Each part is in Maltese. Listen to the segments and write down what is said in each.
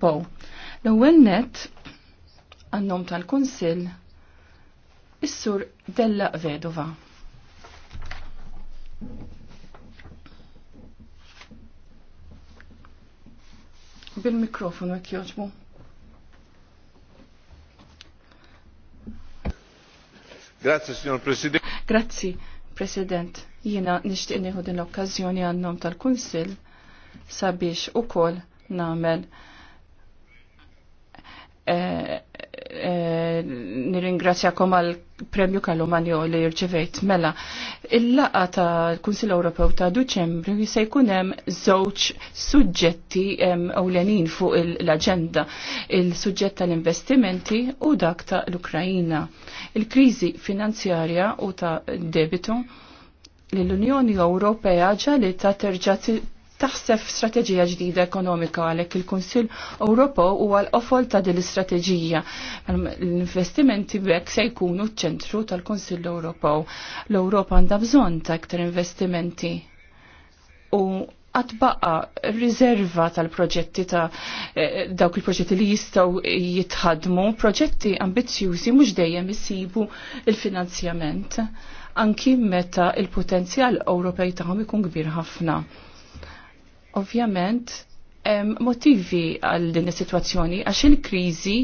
Bow. L-ewwel net għannom tal-Kunsill is-sur Della Vedova. Bil-mikrofonu qed Grazie, signor Presidente. Grazie, President. Jiena nixtieq nieħu din l-okkażjoni għannom tal-Kunsill sabiex ukoll nagħmel Eh, eh, nirringrazzjakom għal premju Kalumanjo li rċivejt mela. Il-laqa ta' Kunsil Ewropew ta' Duċembru se jkun hemm żewġ suġġetti ewlenin fuq l agenda il-suġġett tal-investimenti u dak ta' l-Ukrajina. Il-kriżi finanzjarja u ta' debitu l-Unjoni Ewropea ġali ta' terġa' taħseb strateġija ġdida ekonomika għalhekk il-Kunsill Ewropew huwa l-qofol ta' din l-istrateġija. Ehm, l-investimenti bekk se jkunu ċ-ċentru tal-Kunsill Ewropew. L-Ewropa għandha bżonn ta' iktar investimenti. U għatbaqa riserva tal-proġetti ta' eh, dawk il-proġetti li jistaw jitħadmu, proġetti ambizjużi mhux dejjem jisibu il-finanzjament anki meta il-potenzjal Ewropej tagħhom ikun kbir ħafna. Ovvjament, motivi għal din is-sitwazzjoni għax il-kriżi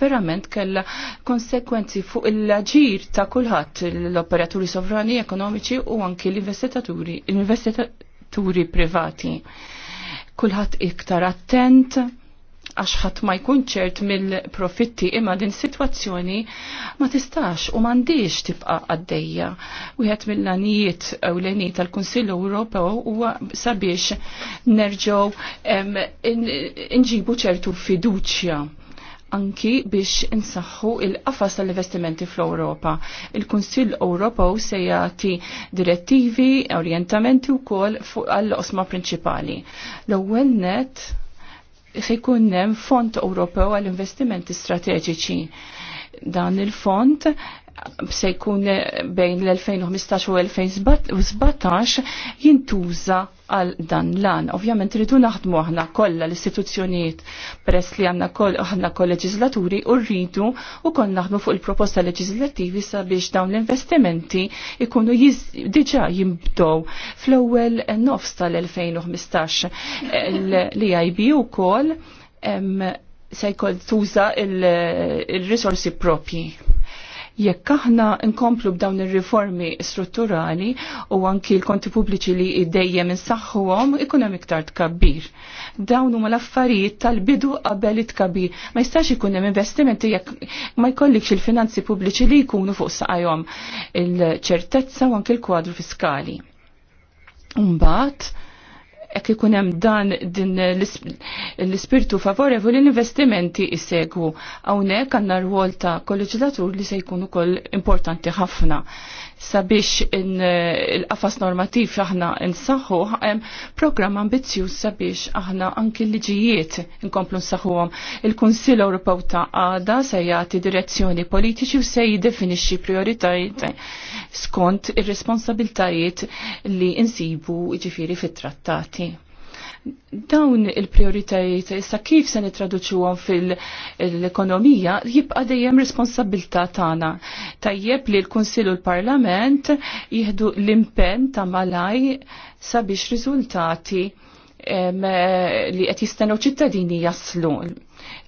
verament kella konsekwenzi fuq il-ġir ta' kulħadd l-operaturi sovrani ekonomiċi u anki l-investitaturi, investitaturi privati. Kulħadd iktar attent, għax ħadd ma jkun ċert mill-profitti imma din situazzjoni ma tistax u m'għandix tibqa' għaddejja. Wieħed mill-għanijiet ewleni tal-Kunsill Ewropew huwa sabiex nerġgħu nġibu ċertu fiduċja anki biex insaħħu il-qafas tal-investimenti fl-Europa. Il-Kunsill Ewropew se jagħti direttivi, orjentamenti wkoll fuq għall-osma prinċipali. L-ewwel net se jkun hemm fond Ewropew għall-investimenti strateġiċi. Dan il-fond se jkun bejn l-2015 u l-2017 jintuża għal dan lan. Ovvjament rridu naħdmu aħna kollha l-istituzzjonijiet press li għandna aħna koll leġislaturi u rridu u koll naħdmu fuq il-proposta leġislattivi sabiex dawn l-investimenti jkunu diġà jimbdow fl-ewwel nofs tal-2015 li IB ukoll se jkoll tuża il-risorsi propji. Jekk aħna nkomplu b'dawn ir-riformi strutturali u anki l-konti pubbliċi li dejjem insaħħuhom ikun hemm iktar tkabbir. Dawn huma l-affarijiet tal-bidu qabel it-tkabbir. Ma jistax ikun hemm investimenti jekk ma jkollikx il-finanzi pubbliċi li jkunu fuq saqajhom il-ċertezza u anki l-kwadru fiskali. Mbagħad jekk ikun hemm dan din l-ispirtu favorevoli l-investimenti jsegwu. Hawnhekk għandna rwol ta' kolleġilatur li se jkun ukoll importanti ħafna sabiex eh, il-qafas normativ aħna nsaħħu hemm programm ambizzjuż sabiex aħna anki l-liġijiet inkomplu nsaħħuhom. Il-Kunsill Ewropew ta' għada se jagħti direzzjoni politiċi u se jiddefinixxi prioritajiet skont ir-responsabiltajiet li insibu ġifieri fit-trattati. Dawn il-prioritajiet issa kif se nitraduċuhom fil-ekonomija jibqa' dejjem responsabilità tagħna. Tajjeb li l-Kunsill u l-Parlament jieħdu l-impenn ta' malaj sabiex riżultati li qed jistennew ċittadini jaslu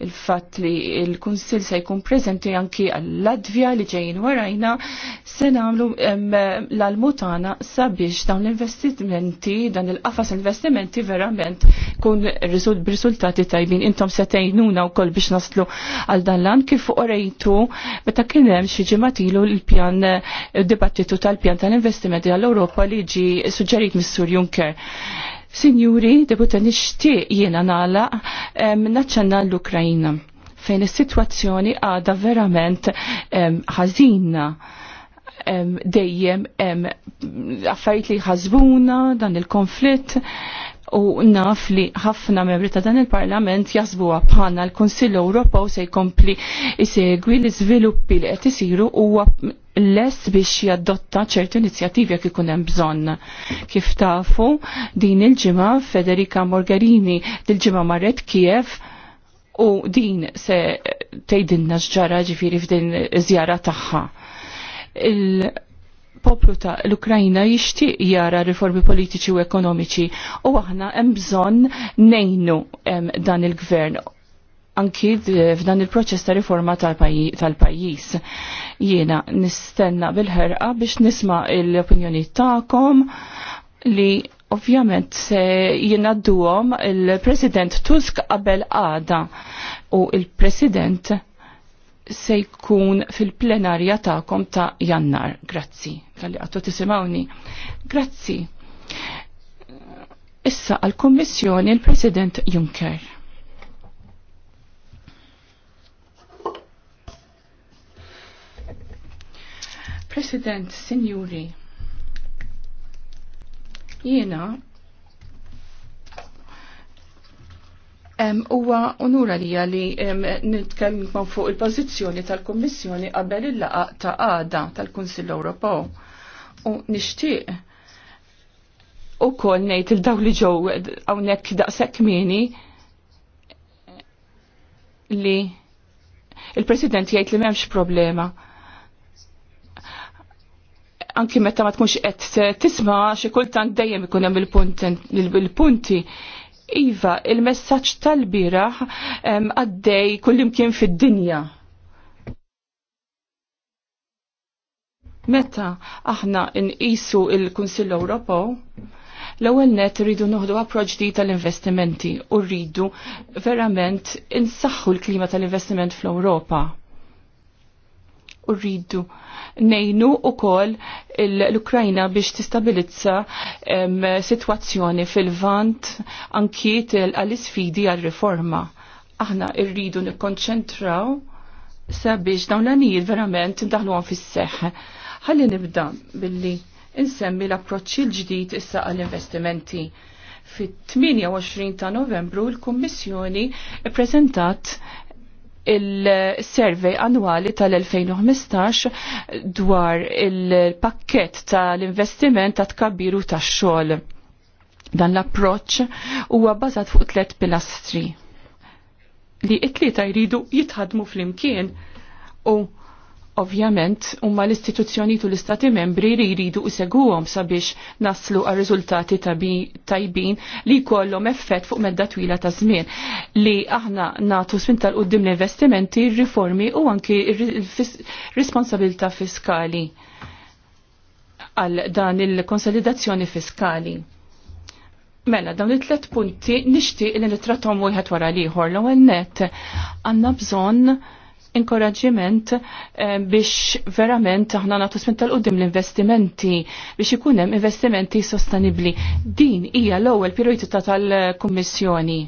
il-fatt li il-Kunsil se jkun preżenti anki għall-Latvja li ġejjin warajna se nagħmlu l-almutana sabiex dawn l-investimenti, dan il-qafas investimenti verament kun b-risultati tajbin intom se u wkoll biex naslu għal dan kif orejtu meta kien hemm xi ġimatilu l-pjan dibattitu tal-pjan tal-investimenti għall-Ewropa li ġi suġġerit mis-Sur Juncker Sinjuri, debuta nixtieq jiena nagħlaq naċċanna l-Ukrajna fejn is-sitwazzjoni għadha verament ħażina dejjem affarijiet li ħażbuna dan il-konflitt u naf li ħafna membri ta' dan il-Parlament jazbuha bħalna l-Kunsill Ewropew se jkompli isegwi l-iżviluppi li qed isiru huwa les biex jaddotta ċertu inizjativi jekk ikun hemm bżonn. Kif tafu din il-ġimgħa Federica Morgarini dil-ġimgħa marret Kiev u din se tgħidilna x-ġara ġifieri f'din iż-żjara tagħha. Il-poplu ta' l-Ukrajna jixtieq jara riformi politiċi u ekonomiċi u aħna hemm bżonn nejnu dan il-gvern anki f'dan il-proċess ta' riforma tal-pajjiż. Jiena nistenna bil-ħerqa biex nisma' l-opinjoni tagħkom li ovvjament jiena dduhom il-President Tusk qabel għada u il-President se jkun fil-plenarja tagħkom ta' jannar. Grazzi. Kalli għattu tisimawni. Grazzi. Issa għal-Kommissjoni il-President Juncker. President, Signori, jiena Huwa onura li li nitkellmu fuq il-pożizzjoni tal-Kummissjoni qabel il-laqa ta' għada tal-Kunsill Ewropew. U nixtieq ukoll ngħid il daw li ġew hawnhekk daqshekk mieni li il-President jgħid li m'hemmx problema anki meta ma tkunx qed tisma' xi kultant dejjem ikun hemm il-punti. Iva, il-messaġġ tal-biraħ għaddej kullimkien fid-dinja. Meta aħna nqisu il-Kunsill Ewropew, l-ewwel net rridu noħdu approċċ di tal-investimenti u rridu verament insaħħu l-klima tal-investiment fl-Ewropa u rridu nejnu u kol l-Ukrajna biex tistabilizza situazzjoni fil-vant anki għal-isfidi għal-reforma. Aħna rridu nikkonċentraw sabiex dawn l-anijiet verament daħlu għan fis-seħ. Ħalli nibda billi insemmi l-approċċ il-ġdid issa għall-investimenti. Fit-28 ta' novembru l-Kummissjoni prezentat il-survey annwali tal-2015 dwar il-pakket tal-investiment ta' tkabbiru ta' xogħol. Dan l-approċ huwa bażat fuq tliet pilastri li it-tlieta jridu jitħadmu fl-imkien u Ovvjament, umma l-istituzzjoni u l-istati membri li jridu u seguhom sabiex naslu għal riżultati tajbin li kollom effett fuq medda twila ta' żmien li aħna natu smin tal-qoddim l-investimenti, riformi u anki responsabilta fiskali għal dan il-konsolidazzjoni fiskali. Mela, dawn it-tlet punti nixtieq li nitratom wieħed wara liħor l-ewwel net għandna bżonn inkoraġġiment eh, biex verament aħna nagħtu smin tal-qudiem l-investimenti biex ikun hemm investimenti sostenibbli. Din hija l-ewwel prijorità tal-Kummissjoni.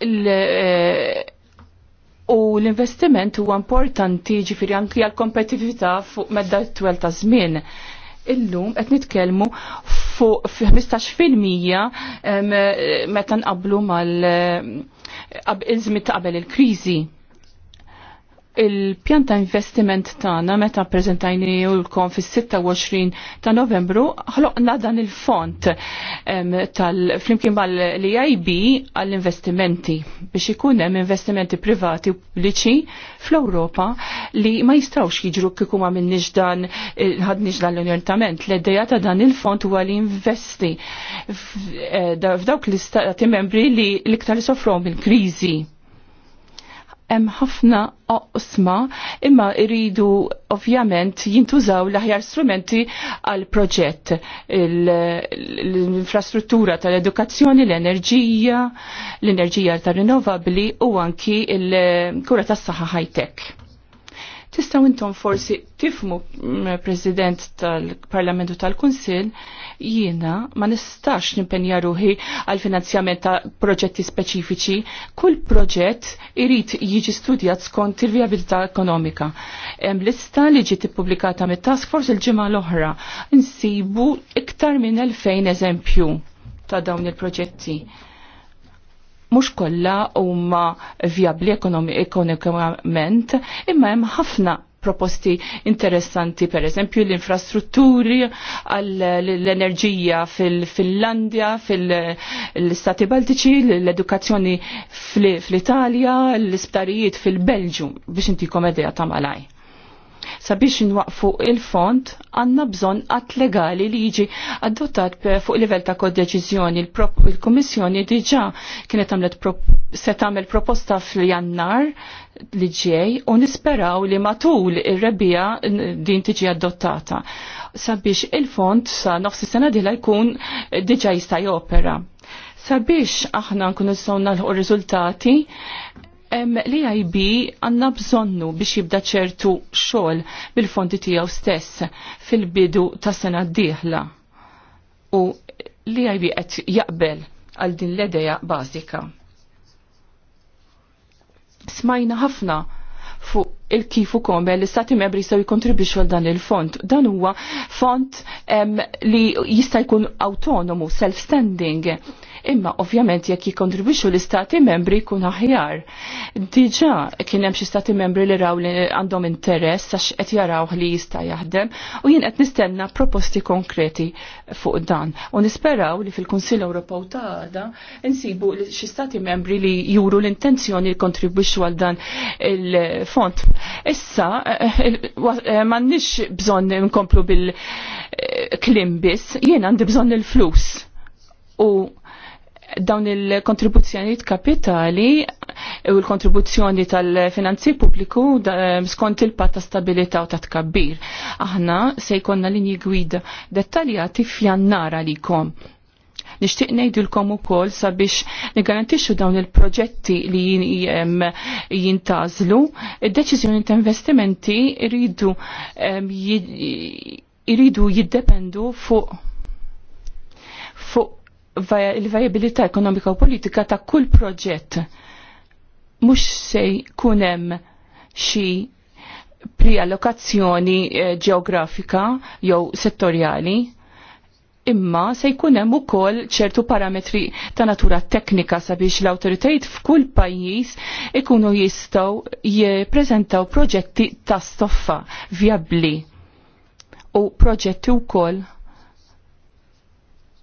Eh, u l-investiment huwa importanti ġifieri anki għal kompetitività fuq medda twel ta' żmien. Illum qed nitkellmu fuq 15% meta nqablu mal eh, żmien ta' qabel il-kriżi il-pjan ta' investiment tagħna meta prezentajni ulkom fis-26 ta' Novembru ħloqna dan il-font tal-flimkien mal-EIB għall-investimenti biex ikun hemm investimenti privati pubbliċi fl-Ewropa li ma jistawx jiġru kieku ma minnix dan ħadniex dan l-orientament. L-idea ta' dan il-font huwa li investi eh, f'dawk l-istati membri li l-iktar sofrom il-kriżi hemm ħafna oqsma imma iridu ovvjament jintużaw l-aħjar strumenti għal proġett l-infrastruttura tal-edukazzjoni, l-enerġija, l-enerġija tal-rinnovabli u anki l-kura tas-saħħa high-tech. Tistaw intom forsi tifmu, mm, President tal-Parlamentu tal-Kunsil, jiena ma nistax nimpenja ruħi għal finanzjament ta' proġetti speċifiċi. Kull proġett irrit jiġi studjat skont il-vijabilità ekonomika. Hemm lista li ġiet ippubblikata mit-Task Force il-ġimgħa l-oħra. Insibu iktar minn 2000 eżempju ta' dawn il-proġetti mhux kollha huma vjabbli ekonomikament, imma hemm ħafna proposti interessanti, per eżempju l-infrastrutturi, l-enerġija fil-Finlandja, fil-Stati Baltiċi, l-edukazzjoni fl-Italja, l-isptarijiet fil-Belġu, biex inti komedija ta' malaj. Sabiex nwaqfu il-font għanna bżon għat legali li jiġi adottat fuq livell ta' deċizjoni Il-Komissjoni diġa kienet għamlet se tagħmel proposta fl-jannar li ġej u nisperaw li matul ir-rebija din tiġi adottata. Sabiex il-font sa' nofsi sena dila jkun diġa jista' jopera. Sabiex aħna nkunu sawna l-riżultati l IB għanna bżonnu biex jibda ċertu xogħol bil-fondi tiegħu stess fil-bidu ta' sena d-dieħla. U li IB qed jaqbel għal din l-edeja bażika. Smajna ħafna fuq il-kifu kombe li stati membri jistaw jikontribixu għal dan il-font. Dan huwa font li jista' jkun autonomu, self-standing Imma ovvjament jekk jikontribwixxu l-istati membri jkun aħjar. Diġà kien hemm xi stati membri li raw li għandhom interess għax qed jaraw li jista' jaħdem u jien qed nistenna proposti konkreti fuq dan. U nisperaw li fil-Kunsill Ewropew ta' għada insibu xi stati membri li juru l-intenzjoni li kontribwixxu għal dan il-font. Issa eh, eh, m'għandniex bżonn nkomplu bil-klim eh, biss, jien għandi bżonn il-flus. U dawn il-kontribuzzjonijiet kapitali u l-kontribuzzjoni tal-finanzi pubbliku eh, skont il-pat ta' stabilità u ta' tkabbir. Aħna se jkonna linji gwida dettaljati f'jannar għalikom. Nixtieq u ukoll sabiex nigarantixxu dawn il-proġetti li jintazlu id-deċiżjoni ta' investimenti jridu jiddependu fuq il-vajabilità ekonomika u politika ta' kull proġett. Mux se kunem xi priallokazzjoni eh, ġeografika jew settorjali, imma se jkun hemm ukoll ċertu parametri ta' natura teknika sabiex l-awtoritajiet f'kull pajjiż ikunu jistgħu jippreżentaw proġetti ta' stoffa vjabbli u proġetti wkoll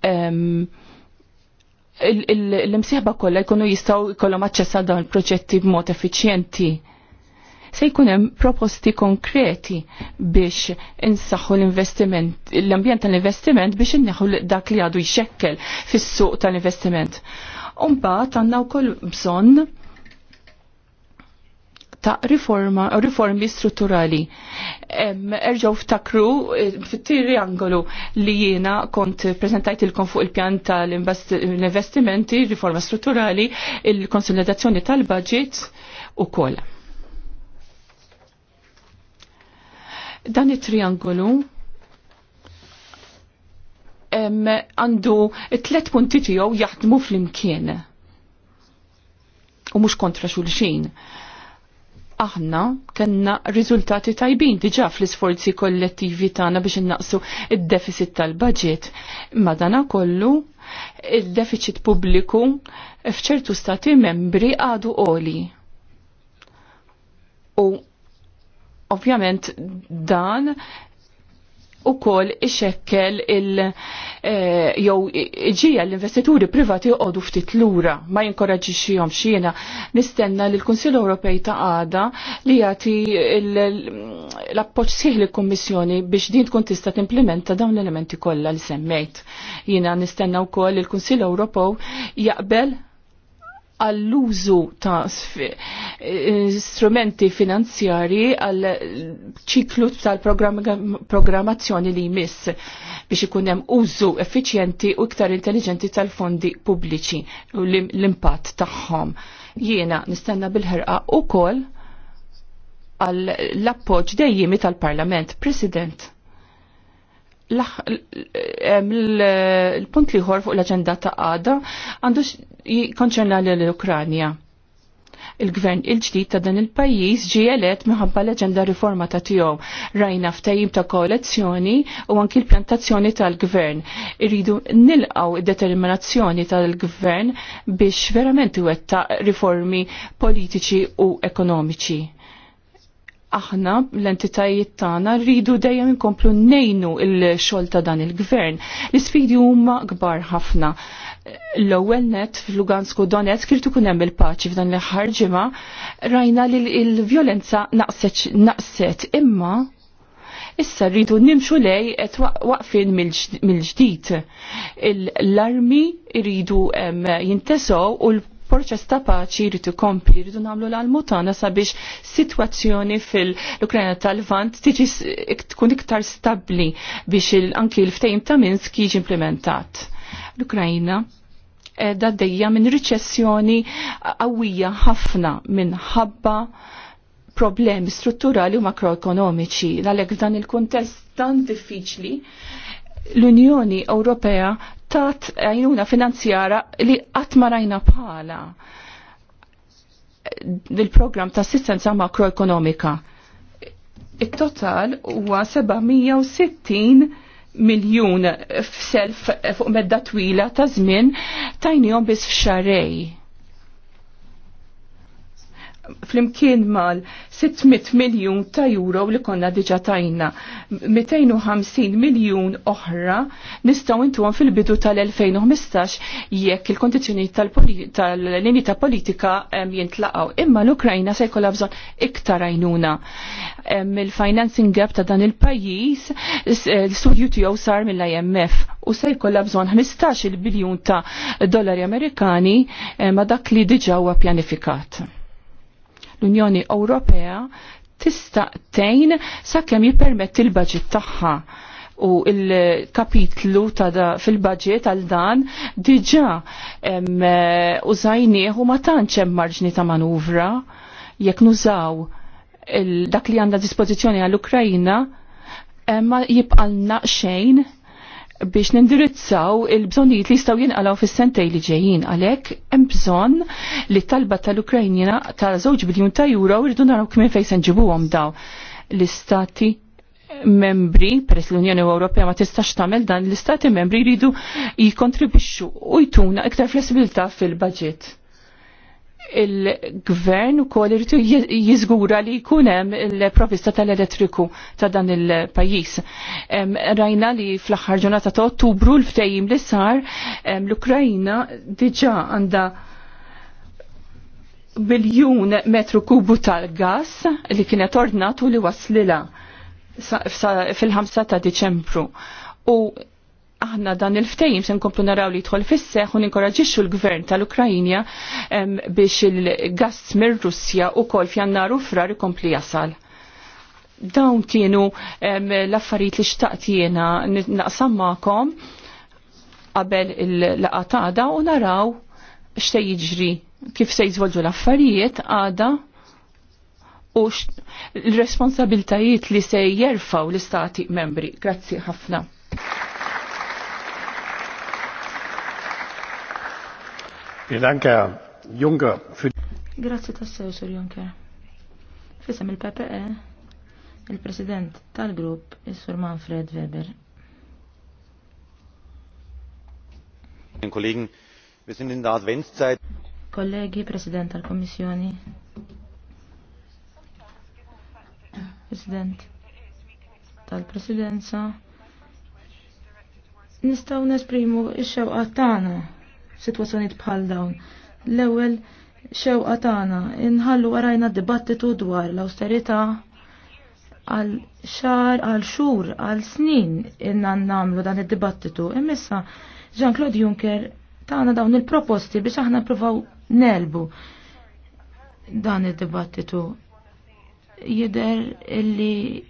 um, l-imsieħba kollha jkunu jistgħu jkollhom aċċessa dawn il-proġetti b'mod effiċjenti. Se jkun hemm proposti konkreti biex insaħħu l-investiment, l-ambjent tal-investiment biex inneħu dak li għadu jxekkel fis-suq tal-investiment. Umbagħad għandna wkoll bżonn ta' riforma, riformi strutturali. Erġaw ftakru eh, fit-triangolu li jiena kont prezentajt il-kon fuq il-pjan tal-investimenti, riforma strutturali, il-konsolidazzjoni tal-budget u kol. Dan it-triangolu għandu tlet punti tiegħu jaħdmu fl-imkien u mhux kontra xulxin aħna kanna riżultati tajbin diġa fl-isforzi kollettivi tagħna biex innaqsu id-deficit tal-budget. Madana kollu il-deficit pubbliku fċertu stati membri għadu oli. U ovvjament dan u kol ixekkel il- eh, jew ġija l-investituri privati għodu ftit lura ma jinkoraġi xijom xina nistenna li l-Konsil Ewropej ta' għada li jati l-appoċ sieħ li kommissjoni biex din tkun tista' timplementa dawn l-elementi kollha li semmejt. Jina nistenna wkoll il-Kunsill Ewropew jaqbel għall-użu ta' eh, strumenti finanzjari għall ċiklu tal-programmazzjoni li jmiss biex ikun hemm użu effiċjenti u iktar intelligenti tal-fondi pubbliċi u l-impatt tagħhom. Jiena nistenna bil-ħerqa ukoll għall appoġġ dejjimi tal-Parlament, President. Eh, l-punt liħor fuq l-agenda ta' għada għandu jikonċerna l-Ukranja. Il-gvern il-ġdid ta' dan il-pajjiż ġie elett minħabba l-aġenda riforma ta' tiegħu. Rajna ftajim ta' koalizzjoni u anki l-pjantazzjoni tal-gvern. Irridu nilqaw id-determinazzjoni tal-gvern biex verament iwettaq riformi politiċi u ekonomiċi aħna l-entitajiet tagħna rridu dejjem inkomplu nejnu il-xogħol ta' dan il-gvern. L-isfidi huma kbar ħafna. L-ewwel net f'Lugansku Donetsk irid ikun hemm il-paċi f'dan l-aħħar ġimgħa rajna li l-vjolenza naqset imma issa rridu nimxu lej et waqfin mill-ġdid. L-armi rridu jintesgħu u l proċess ta' paċi jrid ikompli, jridu nagħmlu l-almutana sabiex sitwazzjoni fil-Ukrajna tal-Vant tiġi tkun iktar stabbli biex anki l ftejn ta' Minsk jiġi implementat. L-Ukrajna edha dejja minn riċessjoni qawwija ħafna minħabba problemi strutturali u makroekonomiċi. għalek dan il-kuntest tan diffiċli l-Unjoni Ewropea tat għajnuna finanzjara li qatt ma rajna bħala dil programm ta' assistenza makroekonomika. Il-total huwa 760 miljun f'self fuq medda twila ta' żmien tajnihom biss f'xarej flimkien mal 600 miljon ta' euro li konna diġa tajna. 250 miljon oħra nistaw intuħan fil-bidu tal-2015 jekk il-kondizjoni tal-linji tal ta' politika jintlaqaw. Imma l-Ukrajna se jkollha bżonn iktar għajnuna. Il-financing gap ta' dan il-pajjiż eh, l-studju tiegħu sar mill-IMF u se jkollha bżonn 15 il biljun ta' dollari Amerikani ma dak li diġa huwa pjanifikat l-Unjoni Ewropea tista' tgħin sakemm jippermetti l-baġit tagħha u il-kapitlu fil-budget għal dan diġa użajnieħu ma tantx hemm marġni ta' manuvra jekk nużaw dak li għandha dispożizzjoni għall-Ukrajna ma jibqalna xejn biex nindirizzaw il-bżonijiet li jistaw jinqalaw fis-sentej li ġejjin għalhekk hemm bżonn li talba tal-Ukrajnina ta' żewġ biljun ta' euro jridu naraw kemm fejn se nġibuhom daw l-istati membri, peress l-Unjoni Ewropea ma tistax tagħmel dan l-istati membri jridu jikkontribwixxu u jtuna iktar flessibilità fil-budget il-gvern u kol irritu jizgura li jkunem il-provista tal-elettriku ta' dan il-pajis. Rajna li fl-axħar ġonata ta' ottubru l-ftejim li sar l-Ukrajna diġa għanda biljun metru kubu tal-gas li kienet ordnatu li waslila fil-5 ta' Deċembru. U aħna dan il-ftejim se nkomplu naraw li jidħol fis u ninkoraġixxu l-gvern tal ukrajina biex il-gass mir-Russja kol f'jannar u frar ikompli jasal. Dawn kienu l-affarijiet li xtaqt jiena naqsam magħkom qabel il-laqa għada u naraw x'se jiġri kif se jiżvolġu l-affarijiet għada u l-responsabiltajiet li se jerfaw l-istati membri. Grazzi ħafna. Grazie tassew, Sir Juncker. Fisem il-PPE, il-President tal-Grupp, il-Sur Manfred Weber. Kollegen, wir sind in der Adventszeit. Kollegi, President tal-Kommissjoni. President tal-Presidenza. Nistaw nesprimu il xewqa tana situazzjonijiet bħal dawn. L-ewwel xewqa tagħna inħallu għarajna dibattitu dwar l-awsterità għal xar, għal xur, għal snin inna namlu dan id-dibattitu. Immissa Jean-Claude Juncker tagħna dawn il-proposti biex aħna provaw nelbu dan id-dibattitu. Jider illi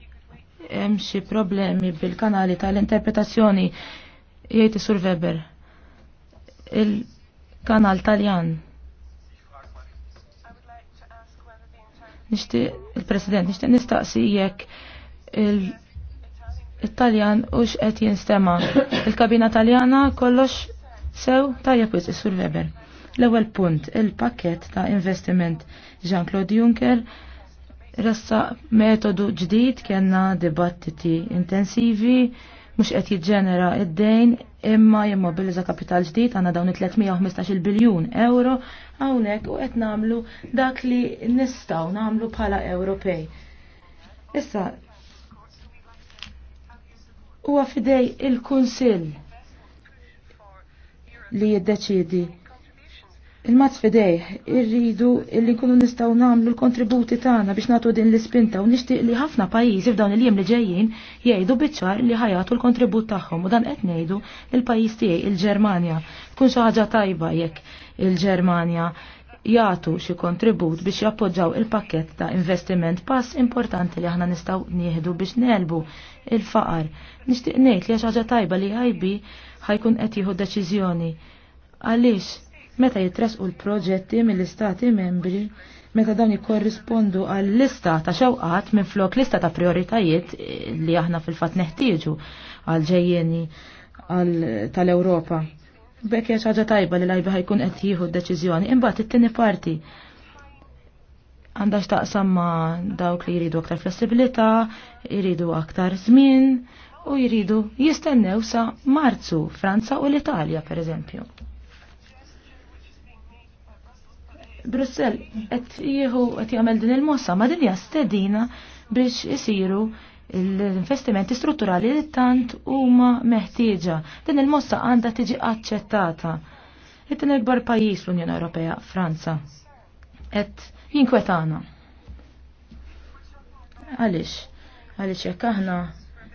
hemm xi problemi bil-kanali tal-interpretazzjoni jgħid Sur Weber il-kanal Taljan. Nishti, il-President, nishti nistaqsi jekk il-Taljan ux qed jinstema. Il-kabina Taljana kollox sew tajjeb is-Sur Weber. L-ewwel punt, il-pakket ta' investiment Jean-Claude Juncker ressa metodu ġdid kienna dibattiti intensivi mhux qed jiġġenera id-dejn imma jimmobilizza kapital ġdid għandna dawn 315 biljun euro hawnhekk u qed nagħmlu dak li nistgħu nagħmlu bħala Ewropej. Issa huwa fidej il-Kunsill li jiddeċiedi il-mazz fidejh irridu illi nkunu nistgħu nagħmlu l-kontributi tagħna biex nagħtu din l-ispinta u nixtieq li ħafna pajjiżi f'dawn il-jiem li ġejjin jgħidu biċċar li ħajatu l-kontribut tagħhom u dan qed ngħidu l-pajjiż tiegħi il-Ġermanja. Tkun xi ħaġa tajba jekk il-Ġermanja jagħtu xi kontribut biex jappoġġaw il-pakkett ta' investiment pass importanti li aħna nistgħu nieħdu biex nelbu il-faqar. Nixtieq ngħid li ħaġa tajba li ħajbi ħajkun qed jieħu deċiżjoni. Għaliex meta jitresqu l-proġetti mill-istati membri meta dan jikorrispondu għal lista ta' xewqat minn flok lista ta' prioritajiet li aħna fil-fat neħtieġu għal ġejjeni tal-Ewropa. Bekk hija ħaġa tajba li lajba ħajkun qed jieħu deċiżjoni. Imbagħad it-tieni parti għandax taqsam ma' dawk li jridu aktar flessibilità, jridu aktar żmien u jridu jistennew sa' Marzu, Franza u l-Italja pereżempju. Brussel qed jieħu qed jagħmel din il-mossa ma' din jastedina biex isiru l-investimenti strutturali li tant huma meħtieġa. Din il-mossa għandha tiġi aċċettata. Qed l-ikbar pajjiż l-Unjoni Ewropea, Franza. Et jinkwetana. Għaliex? Għaliex jekk aħna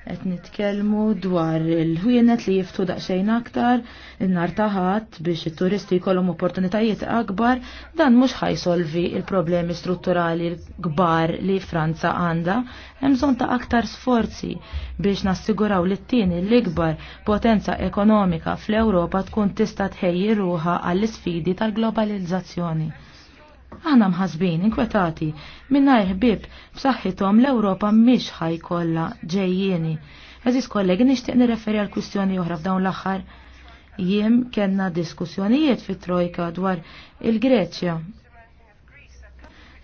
qed nitkellmu dwar il-ħwienet li jiftu daqsxejn aktar, in-nar taħat biex it-turisti jkollhom opportunitajiet akbar, dan mhux ħajsolvi il-problemi strutturali kbar li Franza għandha, hemm bżonn ta' aktar sforzi biex nassiguraw li t-tieni l-ikbar potenza ekonomika fl-Ewropa tkun tista' tħejji ruha għall-isfidi tal-globalizzazzjoni. Aħna mħazbin, inkwetati, minna jħbib, b'saħħithom l-Ewropa mhix ħajkolla ġejjieni. Għaziz kollegi nixtieq nirreferi għal kwistjoni oħra f'dawn l-aħħar. Jiem kellna diskussjonijiet fit-Trojka dwar il-Greċja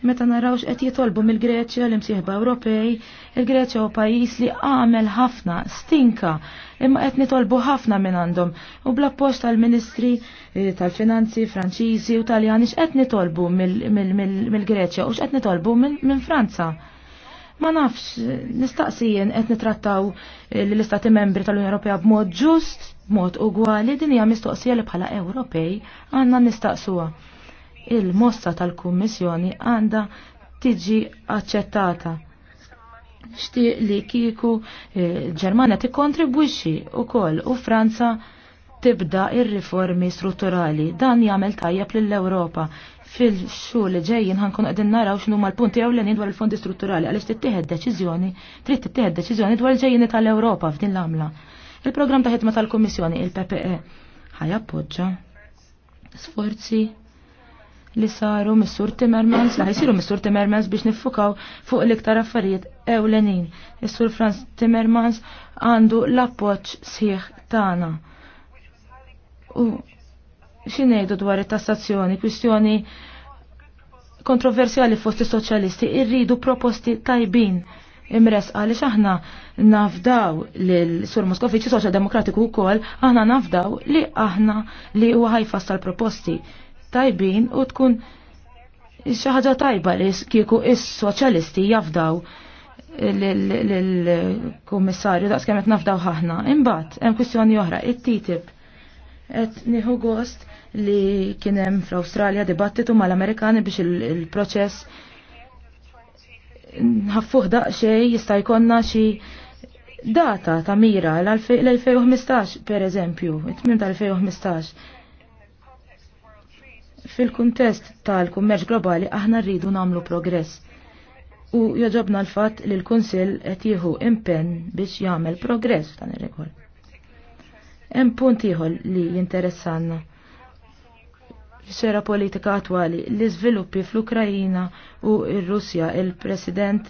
Meta narawx qed jitolbu mill-Greċja l-imsieħba Ewropej, il-Greċja u pajjiż li għamel ħafna, stinka, imma qed nitolbu ħafna minn għandhom. U bla post tal-Ministri eh, tal-Finanzi Franċiżi u Taljani x'qed nitolbu mill-Greċja u x'qed nitolbu minn Franza. Ma nafx, nistaqsijen qed nitrattaw eh, l-istati membri tal-Unjoni Ewropea b'mod ġust, b'mod ugwali, din hija mistoqsija li bħala Ewropej għandna nistaqsuha il-mossa tal-Kummissjoni għandha tiġi aċċettata. Xtieq li kieku eh, Ġermanja tikkontribwixxi wkoll u Franza tibda ir-riformi strutturali. Dan jagħmel tajjeb lill-Ewropa. Fil-xhur li ġejjin ħankun qegħdin naraw x'inhu mal-punti ewlenin dwar il-fondi strutturali għaliex tittieħed deċiżjoni, trid tittieħed deċiżjoni dwar il-ġejjini tal-Ewropa f'din l-għamla. Il-programm ta' ħidma tal-Kummissjoni, il-PPE, ħajappoġġa sforzi li saru Missur Timmermans, li ħajsiru Missur Timmermans biex nifukaw fuq l-iktar affarijiet ewlenin. Is-Sur Franz Timmermans għandu l-appoċ sħiħ tagħna. U xinejdu dwar it-tassazzjoni, kwistjoni kontroversjali fost soċjalisti, irridu proposti tajbin imres għalix aħna nafdaw li l-Sur Moskofiċi Soċjal Demokratiku wkoll aħna nafdaw li aħna li huwa ħajfassal proposti tajbin u tkun xi ħaġa tajba li kieku is-soċjalisti jafdaw l-kummissarju daqs kemm qed nafdaw ħaħna. Imbagħad hemm kwistjoni oħra, it-TTIP. Qed nieħu gost li kien hemm fl-Awstralja dibattitu mal-Amerikani biex il-proċess ħaffuh daqsxejn jista' jkollna xi data ta' mira l-2015 per eżempju, it-tmim tal-2015 Fil-kuntest tal-kummerċ globali aħna rridu namlu progress. U joġobna l-fatt li l-Kunsill qed jieħu impenn biex jagħmel progress f'dan ir-rigward. Hemm punt ieħor li jinteressanna Sera politika attwali li żviluppi fl-Ukrajina u r-Russja il president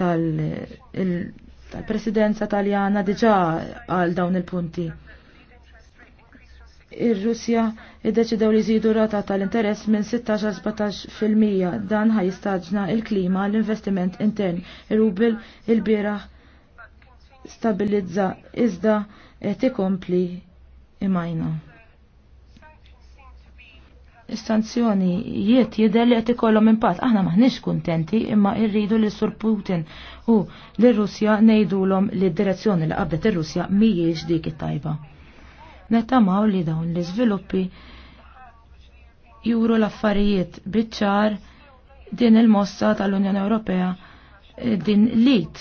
tal-Presidenza tal Taljana diġà għal dawn il-punti. Ir-Russja iddeċidew li jżidu rata tal-interess minn 16-17% dan ħajstaġna il-klima l-investiment intern. Ir-rubel il-bieraħ stabilizza iżda qed ikompli imajna. is jiet jidher li qed ikollhom impatt. Aħna maħniex kuntenti imma rridu li sur Putin u l-Russja ngħidulhom li d-direzzjoni li qabdet ir-Russja mhijiex dik it-tajba maw li dawn l-iżviluppi juru l-affarijiet biċ-ċar din il-mossa tal-Unjoni Ewropea eh, din lit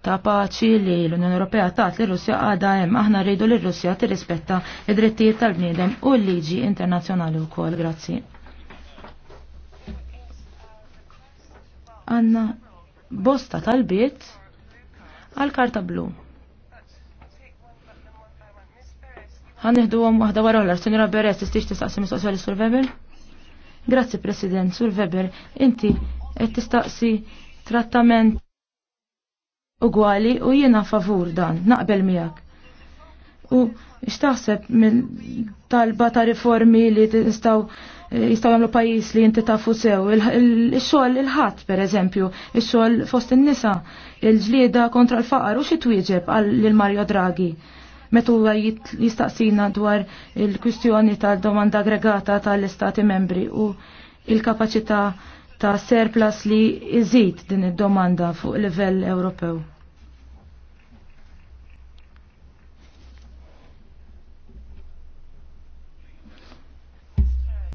ta' paċi li l-Unjoni Ewropea tat li Russja għadha hemm aħna rridu li Russja tirrispetta id-drittijiet tal-bniedem u l-liġi internazzjonali wkoll. Grazzi. Anna, bosta tal-bit għal-karta blu. ħanniħdu għom għahda wara l-ar, Senjora Beres, tistix tistaqsi mistoqsija Sur Weber? Grazzi, President, Sur Weber, inti qed tistaqsi trattament ugwali u jiena favur dan, naqbel miegħek. U x'taħseb mill talba ta' riformi li tistgħu jistgħu jagħmlu pajjiż li inti tafu sew, ix-xogħol il-ħadd pereżempju, ix-xogħol fost in-nisa, il-ġlieda kontra l-faqar u xi twieġeb għal Mario Draghi meta jistaqsina dwar il-kwistjoni tal-domanda aggregata tal-Istati membri u il-kapaċità ta' surplus li iżid din id-domanda fuq livell Ewropew.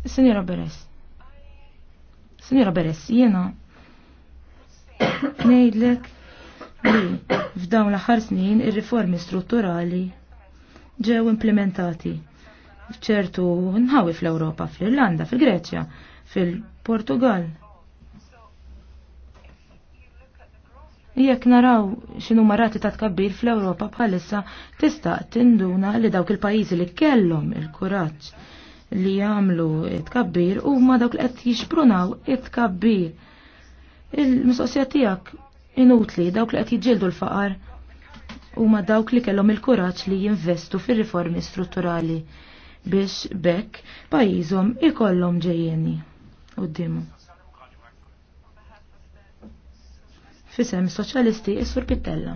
Sinjora Beres. Sinjora Beres, jiena ngħidlek li f'dawn l-aħħar snin ir-riformi strutturali ġew implementati f'ċertu nħawi fl-Ewropa, fl-Irlanda, fil-Greċja, fil-Portugal. Jekk naraw xinu marati ta' tkabbir fl-Ewropa bħalissa tista' tinduna li dawk il-pajjiżi li kellhom il-kuraġġ li jagħmlu tkabbir huma dawk li qed jixprunaw it-tkabbir. Il-mistoqsija tiegħek inutli dawk li qed jiġġieldu l-faqar huma dawk li kellhom il-kuraġġ li jinvestu fir-riformi strutturali biex bekk pajjiżhom ikollhom ġejjeni qudiemu. Fisem soċjalisti is Pittella.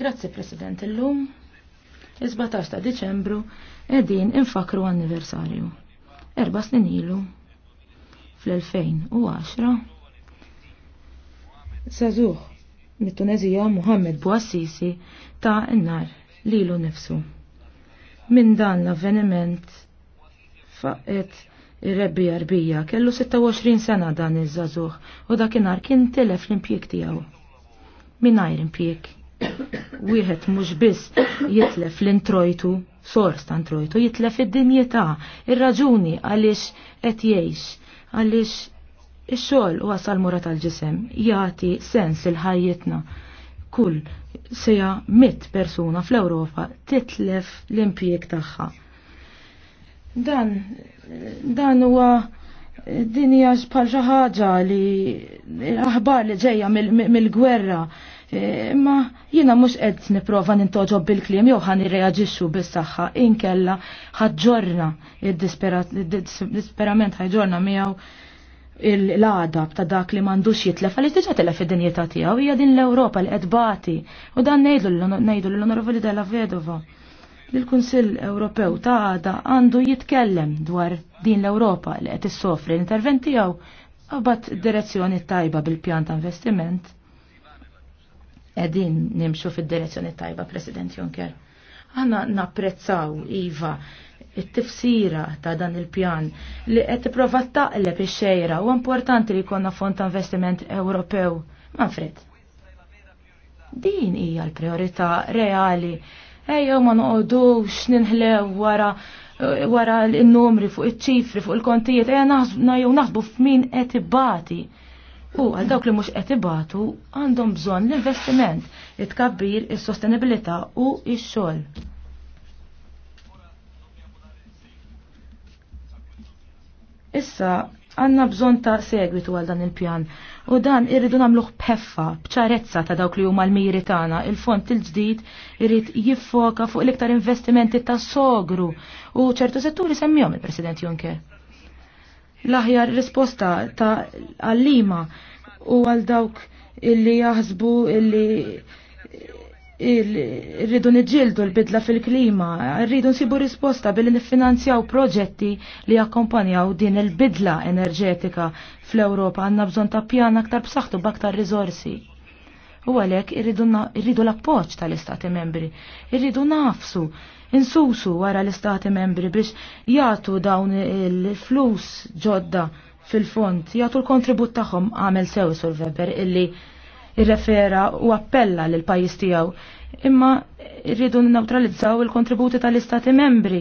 Grazzi President illum. 17 ta' Deċembru edin infakru anniversarju. Erba snin ilu fl-2010 Sazuh mit-Tunezija Muhammed Bouassisi ta' n-nar lilu nifsu. Min dan l-avveniment faqet ir-rebbi jarbija kellu 26 sena dan iż-żazuħ u dakinhar kien telef l-impjieg tiegħu. Mingħajr impjieg. Wieħed mhux biss jitlef l-introjtu, sors ta' introjtu, jitlef id dinjeta ir-raġuni għaliex qed jgħix, għaliex Ix-xogħol huwa sal-mura tal-ġisem jagħti sens il-ħajjitna. Kull seja mit persuna fl-Ewropa titlef l-impjieg tagħha. Dan dan huwa dinja bħal xi ħaġa li aħbar li ġejja mill-gwerra. E, imma jiena mhux qed nipprova nintoġob bil-kliem jew ħan irreaġixxu bis-saħħa inkella ħaġġorna id-disperament ħajġorna miegħu l-għadab ta' dak li mandux jitlef għaliex diġa telef id-dinjeta tiegħu hija din l-Ewropa l edbati u dan ngħidu l-Onorevoli Della Vedova. L-Kunsill Ewropew ta' għada għandu jitkellem dwar din l-Ewropa li qed issofri l interventi tiegħu qabad direzzjoni tajba bil-pjan ta' investiment. Edin nimxu fid-direzzjoni tajba, President Juncker. Għanna napprezzaw, Iva, it-tifsira ta' dan il-pjan li qed tipprova taqleb ix-xejra u importanti li jkollna fond ta' investiment Ewropew. Manfred. Din hija l-priorità reali. Ejjew ma noqogħdux ninħlew wara wara l-numri fuq iċ-ċifri fuq il-kontijiet ejja jew naħsbu f'min qed ibati. U għal dawk li mhux qed ibatu għandhom bżonn l-investiment, it-tkabbir, is-sostenibilità u x-xogħol. Issa għanna bżon ta' segwitu għal dan il-pjan. U dan irridu namluħ peffa, bċarezza ta' dawk li huma l-miri tagħna. Il-fond il-ġdid irrid jiffoka fuq l-iktar investimenti ta' sogru u ċertu setturi semmihom il-President Juncker. L-aħjar risposta ta' għallima u għal dawk illi jaħsbu illi rridu niġildu l-bidla fil-klima, rridu nsibu risposta billi niffinanzjaw proġetti li jakkompanjaw din il-bidla enerġetika fl-Ewropa għanna bżon ta' pjan aktar b'saħħtu b'aktar rizorsi. U għalek irridu l-appoċ tal-Istati membri, irridu nafsu, insusu wara l-Istati membri biex jgħatu dawn il-flus ġodda fil font jgħatu l-kontribut tagħhom għamel sew sur Weber illi irrefera u appella lil pajjiż tiegħu. Imma rridu neutralizzaw il-kontributi tal-istati membri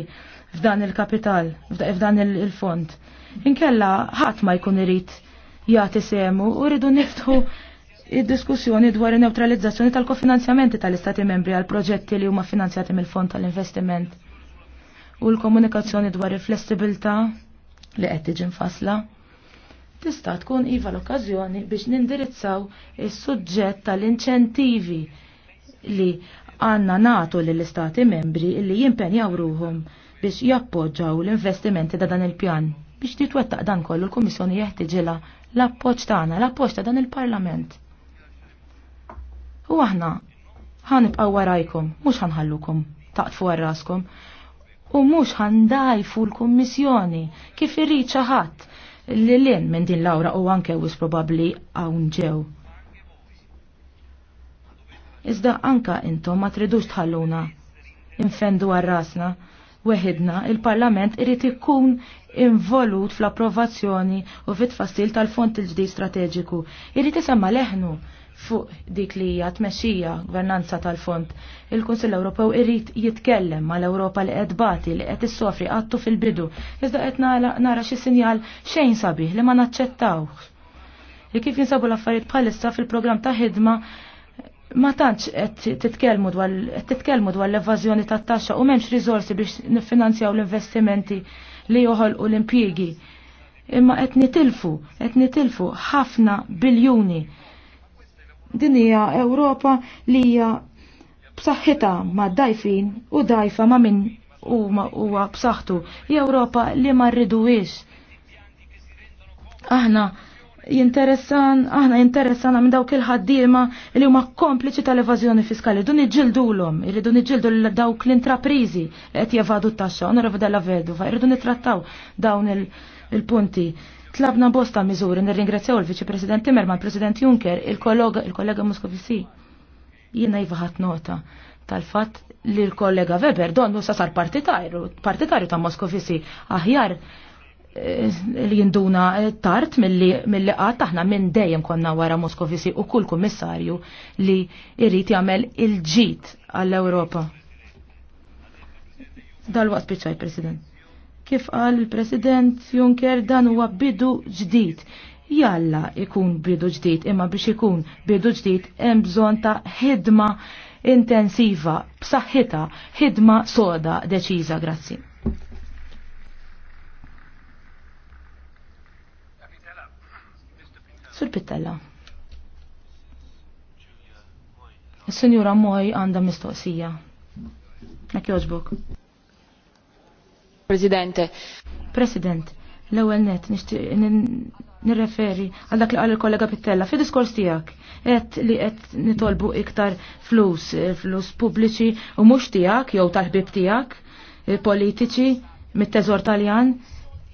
f'dan il-kapital, f'dan il-fond. Inkella ħadd ma jkun irid jagħti semu u rridu niftħu id-diskussjoni dwar in-neutralizzazzjoni tal-kofinanzjamenti tal-istati membri għal proġetti li huma finanzjati mill-fond tal-investiment. U l-komunikazzjoni dwar il-flessibilta li qed tiġi mfassla tista' tkun iva l-okkażjoni biex nindirizzaw is-suġġett tal-inċentivi li għanna natu lill-istati membri li jimpenjaw ruhum biex jappoġġaw l-investimenti da dan il-pjan. Biex titwettaq dan kollu l-Kummissjoni jeħtiġila l-appoġġ tagħna, l-appoġġ ta' dan il-Parlament. U aħna ħanibqgħu warajkom, mhux ħanħallukom taqtfu raskom u mhux ħandajfu l-Kummissjoni kif irrid xi ħadd li l-in minn din Laura u anke wis probabli hawn ġew. Iżda anka intom ma tridux tħalluna. Infendu għarrasna, weħidna il-Parlament irid ikun involut fl-approvazzjoni u fit-tfassil tal-fond il-ġdid strateġiku. Irrit isemma leħnu fuq dik li hija tmexxija gvernanza tal-fond. Il-Kunsill Ewropew irrid jitkellem mal-Ewropa li qed bati li qed issofri qattu fil-bidu. Iżda qed nara xi sinjal xejn sabiħ li ma naċċettawx. Li kif jinsabu l-affarijiet bħalissa fil-programm ta' ħidma ma tantx qed titkellmu dwar l-evażjoni tat-taxxa u m'hemmx riżorsi biex niffinanzjaw l-investimenti li joħolqu l-impjiegi. Imma qed nitilfu, qed nitilfu ħafna biljuni Din hija Ewropa li hija b'saħħitha ma' dajfin u dajfa ma' min huwa b'saħħtu. Ewropa li ma rriduwiex. Aħna jinteressan, aħna jinteressan minn dawk il-ħaddiema li huma kompliċi tal-evażjoni fiskali. Dun iġildulhom, irridu niġildu l dawk l-intraprizi qed jevadu t-taxxa, onorevu della vedova, irridu nittrattaw dawn il-punti. Il Tlabna bosta miżuri nirringrazzjaw il-Viċi President Timmerman, President Juncker, il-kollega il Moscovici. Jiena jivaħat nota tal-fatt li l-kollega Weber donnu sasar partitarju, partitarju ta' Moscovici. Aħjar eh, li jinduna eh, tart mill-li għat taħna minn dejjem konna wara Moskovisi u kull kummissarju li irrit jagħmel il-ġit għall-Ewropa. Dal-waqt bieċaj, President. Kif qal il-President Juncker dan huwa bidu ġdid. Jalla ikun bidu ġdid, imma biex ikun bidu ġdid hemm bżonn ta' ħidma intensiva, b'saħħitha, ħidma soda deċiża, grazzi. Sur Pittella. il sinjura Moj għandha mistoqsija. Ma jogħġbok. Presidente. President, l-ewwel net nirreferi għal dak li qal il-kollega Pittella fi diskors tiegħek qed li qed nitolbu iktar flus, flus pubbliċi u mhux tiegħek jew tal-ħbib tiegħek eh, politiċi mit-teżor Taljan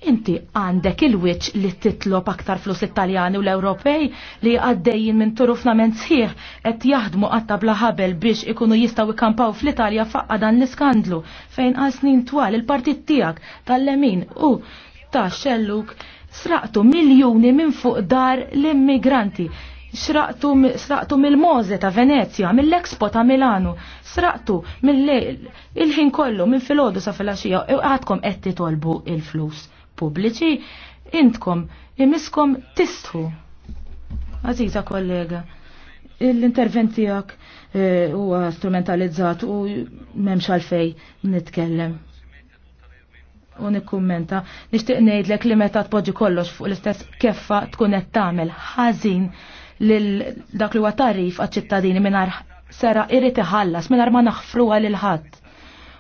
Inti għandek il-wiċ li titlob aktar flus italjani u l-Ewropej li għaddejjin minn menn sħiħ qed jaħdmu għatta bla ħabel biex ikunu jistaw ikampaw fl-Italja faqqa dan l-iskandlu fejn għal snin twal il-partit tiegħek tal-lemin u ta' xelluk sraqtu miljuni minn fuq dar l-immigranti. Sraqtu, mill-Moze ta' Venezia, mill-Expo ta' Milano, sraqtu mill-lejl, il-ħin kollu, minn filodu sa' filaxija, u għadkom qed titolbu il-flus pubbliċi, intkom imiskom tistħu. Aziza kollega, l-intervent u eh, huwa strumentalizzat u memx għalfej nitkellem u nikkummenta. Nixtieq ngħidlek li meta tpoġġi kollox fuq l-istess keffa tkun qed tagħmel ħażin lil dak li huwa tarif għaċ-ċittadini mingħajr sera irrid iħallas mingħajr ma naħfruha lil ħadd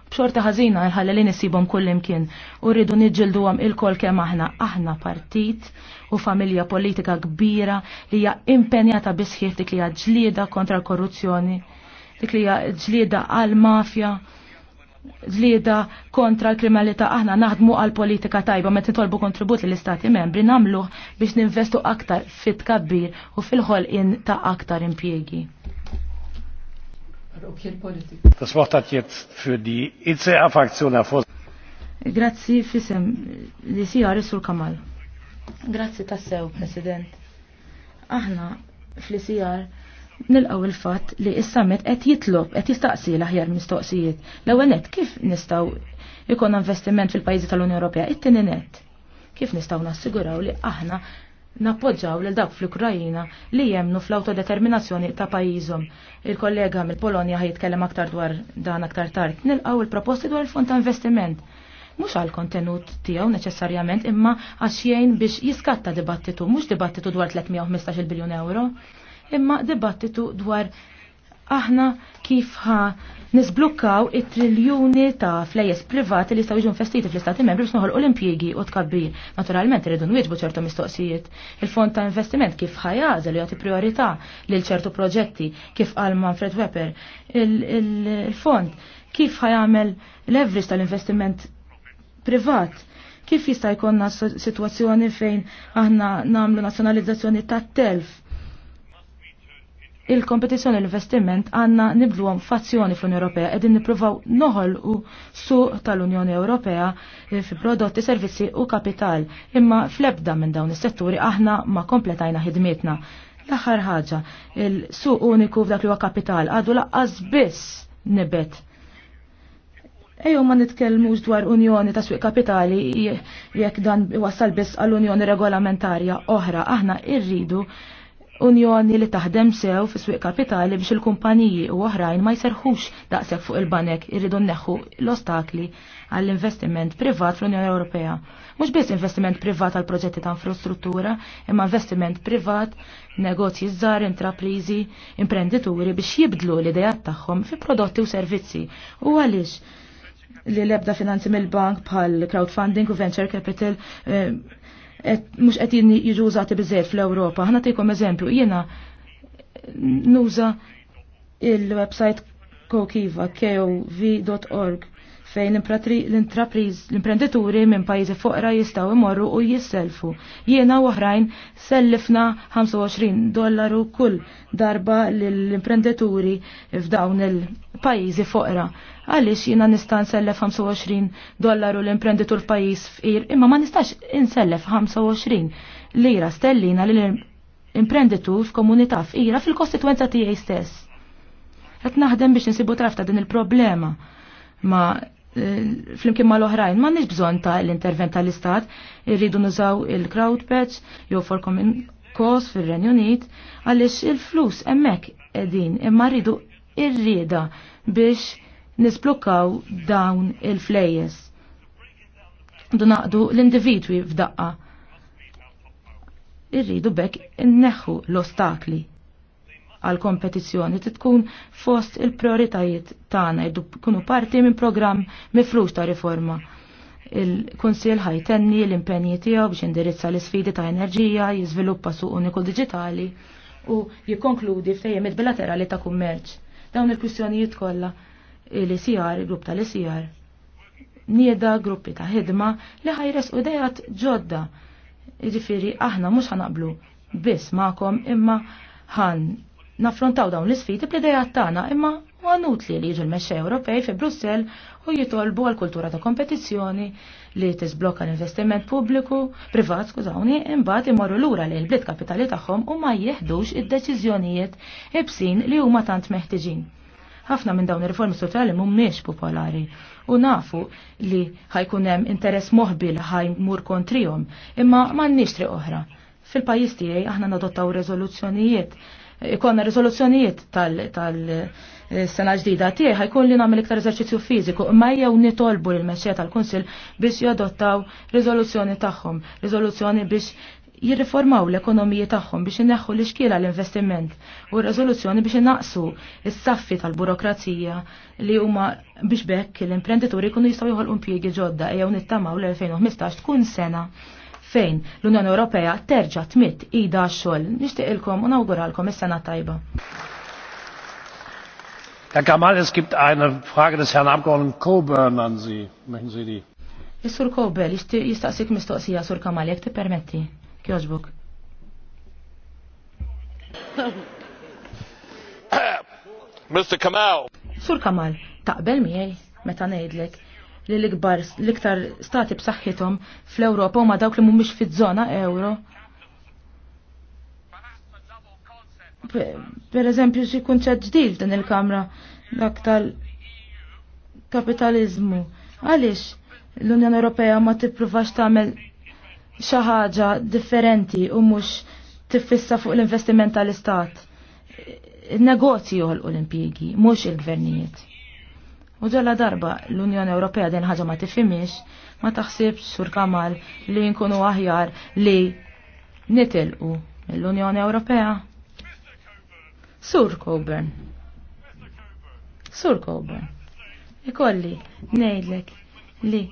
b'xorta ħażina jħalli li nisibhom kullimkien u rridu niġġilduhom il-kol kemm aħna. Aħna partit u familja politika kbira li hija impenjata bisħiet dik li hija ġlieda kontra l-korruzzjoni, dik li hija ġlieda għall-mafja, ġlieda kontra l-kriminalità aħna naħdmu għal politika tajba meta titolbu kontribut lill istati membri nagħmluh biex ninvestu aktar fit kabbir u fil-ħolqien ta' aktar impjiegi. Das Wort hat jetzt für die ica e fraktion Herr Vorsitzender. Grazzi fissem li sijar sul kamal. Grazzi tassew, President. Aħna fl-sijar nilqaw il-fat li is-summit qed jitlob, qed jistaqsi l-aħjar mistoqsijiet. L-ewwel kif nistgħu ikon investiment fil-pajjiżi tal-Unjoni Ewropea? it net. Kif nistgħu nassiguraw li aħna nappoġġaw lil dak fl-Ukrajina li jemnu fl-autodeterminazzjoni ta' pajjiżhom. Il-kollega mill-Polonja ħajtkellem aktar dwar dan aktar tard. Nilqgħu il-proposti dwar il-fond ta' investiment. Mhux għal kontenut tiegħu neċessarjament imma għax jgħin biex jiskatta dibattitu, mhux dibattitu dwar 315 biljun euro, imma dibattitu dwar aħna kif ħa nisblukkaw it-triljuni ta' flejes privati li jistgħu jiġu investiti fl-Istati Membri biex noħolqu l-impjiegi u tkabbir. Naturalment rridu nwieġbu ċertu mistoqsijiet. Il-fond ta' investiment kif ħajażel li priorità lil ċertu proġetti kif għal Manfred Weber. Il-fond kif ħajamel l-evris tal-investiment privat kif jista' jkollna situazzjoni fejn aħna namlu nazzjonalizzazzjoni tat-telf il-kompetizzjoni l-investiment għanna nibluhom fazzjoni fl-Unjoni Ewropea qegħdin nippruvaw noħolqu suq tal-Unjoni Ewropea eh, fi prodotti, servizzi u kapital. Imma fl-ebda minn dawn is-setturi aħna ma kompletajna ħidmietna. L-aħħar ħaġa, il-suq uniku f'dak li huwa kapital għadu laqqas biss nibet. Ejju ma nitkellmux dwar unjoni ta' swieq kapitali jekk dan wassal biss għall-unjoni regolamentarja oħra, aħna irridu Unjoni li taħdem sew fi swieq kapitali biex il-kumpaniji u oħrajn ma jserħux daqshekk fuq il-banek irridu neħu l-ostakli għall-investiment privat fl-Unjoni Ewropea. Mhux biss investiment privat għal proġetti ta' infrastruttura, imma investiment privat, negozji żgħar, intraprizi, imprendituri biex jibdlu l-idejat tagħhom fi prodotti u servizzi. U għaliex li lebda finanzi mill-bank bħal crowdfunding u venture capital eh, mhux qed jiġu użati biżejjed fl-Ewropa. Ħana tgħidkom eżempju, jiena nuża il-website kokiva kov.org fejn l-intrapriż l-imprenditori minn pajjiżi foqra jistgħu imorru u jisselfu. Jiena u oħrajn sellifna 25 dollaru kull darba l-imprenditori f'dawn il-pajjiżi foqra għaliex jiena nista' nsellef 25 dollaru l-imprenditur pajjiż fqir, imma ma nistax insellef 25 lira stellina l imprenditur f'komunità fqira fil-kostituenza tiegħi stess. Qed naħdem biex insibu traf ta' din il-problema ma eh, flimkien mal oħrajn ma nix bżon ta' l-intervent tal-istat, irridu nużaw il-crowd patch, jew for common cause fil renjonit għalix il-flus emmek edin imma rridu irrida biex nisblukkaw dawn il-flejes. Dunaqdu l-individwi f'daqqa. Irridu bekk inneħħu l-ostakli għal kompetizzjoni tkun fost il-prioritajiet tagħna jdu kunu parti minn programm mifrux ta' riforma. Il-Kunsil ħajtenni l-impenji tiegħu biex indirizza l-isfidi ta' enerġija, jiżviluppa suq uniku diġitali u jikkonkludi il bilaterali ta' kummerċ. Dawn il-kwistjonijiet kollha l-ICR, grupp tal-ICR, nieda gruppi ta' ħidma li ħajres u dejat ġodda. Ġifiri, aħna mux ħanaqblu biss ma'kom imma ħan naffrontaw dawn l-sfidi bli dejat tagħna imma għanut li liġu l-mexxej Ewropej fi Brussell u jitolbu għal kultura ta' kompetizzjoni li tisblokka l-investiment pubbliku, privat, skużawni, imbagħad imorru lura li l-blit kapitali tagħhom u ma jieħdux id-deċiżjonijiet ibsin li huma tant meħtiġin. Ħafna minn dawn ir-riformi strutturali mhumiex popolari u nafu li ħajkun hemm interess moħbil ħajmur kontrihom, imma m'għandniex triq oħra. Fil-pajjiż tiegħi aħna nadottaw riżoluzzjonijiet ikonna riżoluzzjonijiet tal-sena ġdida tiegħi ħajkun li nagħmel iktar eżerċizzju fiżiku imma jew nitolbu lill-mexxija tal-Kunsill biex jadottaw riżoluzzjoni tagħhom, riżoluzzjoni biex jirriformaw l-ekonomiji tagħhom biex ineħħu l-iskila l-investiment u r-rezoluzzjoni biex inaqsu s-saffi tal-burokrazija li huma biex bekk l-imprenditori jkunu jistgħu jħolqu impjiegi ġodda ejjew nittamaw l-2015 tkun sena fejn l-Unjoni Ewropea terġa' tmitt ida għax-xogħol. Nixtieqilkom u nawguralkom is-sena tajba. Herr Kamal, es gibt eine Frage des Herrn Abgeordneten Coburn an Sie. Möchten Sie die? Is-Sur Coburn, jistaqsik mistoqsija, Sur Kamal, jek ti permetti? Kjoġbuk. Mr. Kamal. Sur Kamal, taqbel miej, meta ngħidlek li l-ikbar l-iktar stati b'saħħithom fl-Ewropa huma dawk li mhumiex fiż-żona euro. Per eżempju xi kunċett ġdil din il-Kamra dak tal-kapitalizmu. Għaliex l-Unjoni Ewropea ma tippruvax tagħmel xaħġa ħaġa differenti u mhux tiffissa fuq l-investiment tal-istat. Negozji joħolqu l-impjiegi, mhux il-gvernijiet. U ġalla darba l-Unjoni Ewropea din ħaġa ma tifimix, ma taħsibx sur kamal li nkunu aħjar li nitilqu l-Unjoni Ewropea. Sur Coburn. Sur Coburn. Ikolli ngħidlek li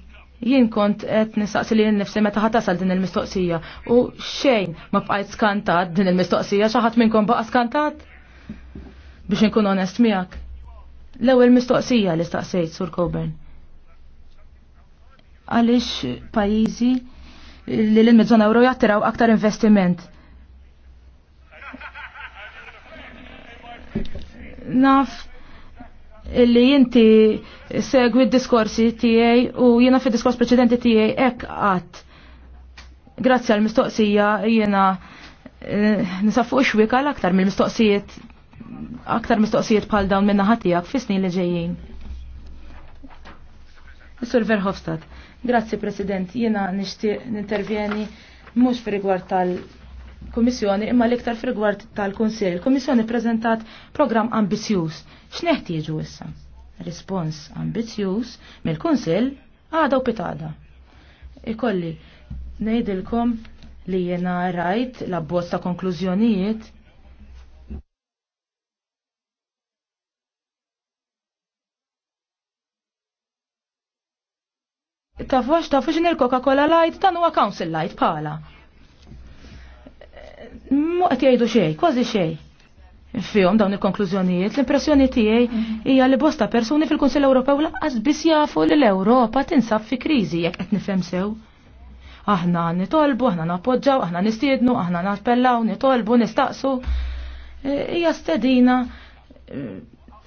jien kont qed nistaqsi li nnifsi meta tasal din il-mistoqsija u xejn ma bqajt skantat din il-mistoqsija xi ħadd minnkom baqa' skantat biex inkun onest miegħek. L-ewwel mistoqsija li staqsejt Sur Coburn. Għaliex pajjiżi li l-medzona euro jattiraw aktar investiment. Naf illi jinti segwi d-diskorsi tijaj u jiena fi diskors preċedenti tijaj ek għat. Grazzi għal-mistoqsija jiena eh, nisafu xwik għal aktar mill-mistoqsijiet aktar mistoqsijiet bħal dawn minna ħatijak fi snin li ġejjin. Sur Verhofstadt, grazzi President, jiena nishtiq nintervjeni mhux fi rigward tal- Komissjoni imma l-iktar frigward tal-Kunsill. Komissjoni prezentat program ambizjuż X'neħtieġu issa? Rispons ambizjus mill-Kunsill għada u pitada. Ikolli ngħidilkom li jena rajt l konklużjonijiet. ta' fox Tafax, tafax il-Coca-Cola Light, dan huwa Council Light, pala. Muqt jgħidu xej, kważi xej fihom dawn il-konklużjonijiet, l-impressjoni tiegħi mhm. hija li bosta persuni fil-Kunsill Ewropew laqqas biss jafu li l-Ewropa tinsab fi kriżi jekk qed nifhem sew. Aħna nitolbu, aħna nappoġġaw, aħna nistiednu, aħna nappellaw, nitolbu, nistaqsu. E, hija stedina, e,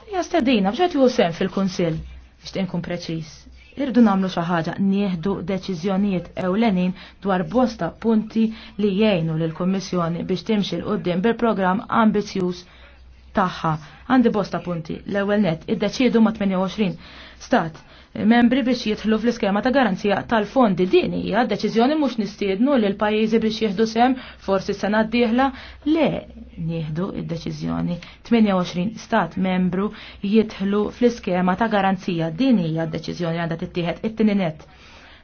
hija stedina b'ġed jieħu sem fil-Kunsill biex tinkun preċiż. Irdu namlu xi ħaġa nieħdu deċiżjonijiet ewlenin dwar bosta punti li jgħinu lill-Kummissjoni biex timxi l qudiem bil-programm ambizzjuż tagħha. Għandi bosta punti. L-ewwel net id-deċidu ma' 28 stat membri biex jidħlu fl-iskema ta' garanzija tal-fondi din hija deċiżjoni mhux nistiednu lil pajjiżi biex jieħdu sem forsi sena d-dieħla le nieħdu id-deċiżjoni 28 stat membru jidħlu fl-iskema ta' garanzija din hija deċiżjoni għandha tittieħed it-tieni net.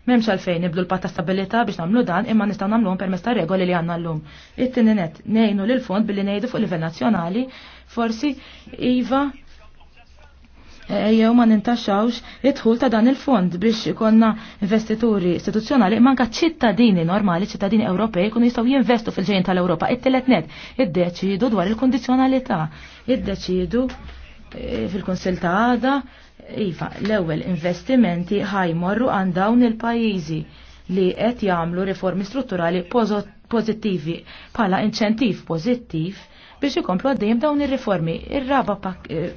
Memx għalfejn nibdu l-patta stabilita biex namlu dan imma nistaw nagħmluhom permezz ta' regoli li għandna llum. It-tieni net ngħinu lil fond billi ngħidu fuq livell nazzjonali forsi iva eh, jew ma nintaxxawx id-dħul ta' dan il-fond biex ikonna investituri istituzzjonali manka ċittadini normali, ċittadini Ewropej kun jistgħu jinvestu fil-ġejn tal-Ewropa. It-telet net iddeċidu dwar il-kondizzjonalità, iddeċidu eh, fil-Kunsil ta' għada, iva, l-ewwel investimenti ħajmorru għand dawn il-pajjiżi li qed jagħmlu riformi strutturali pożittivi bħala inċentiv pożittiv biex ikomplu għaddejjem dawn ir-riformi. Ir-raba eh,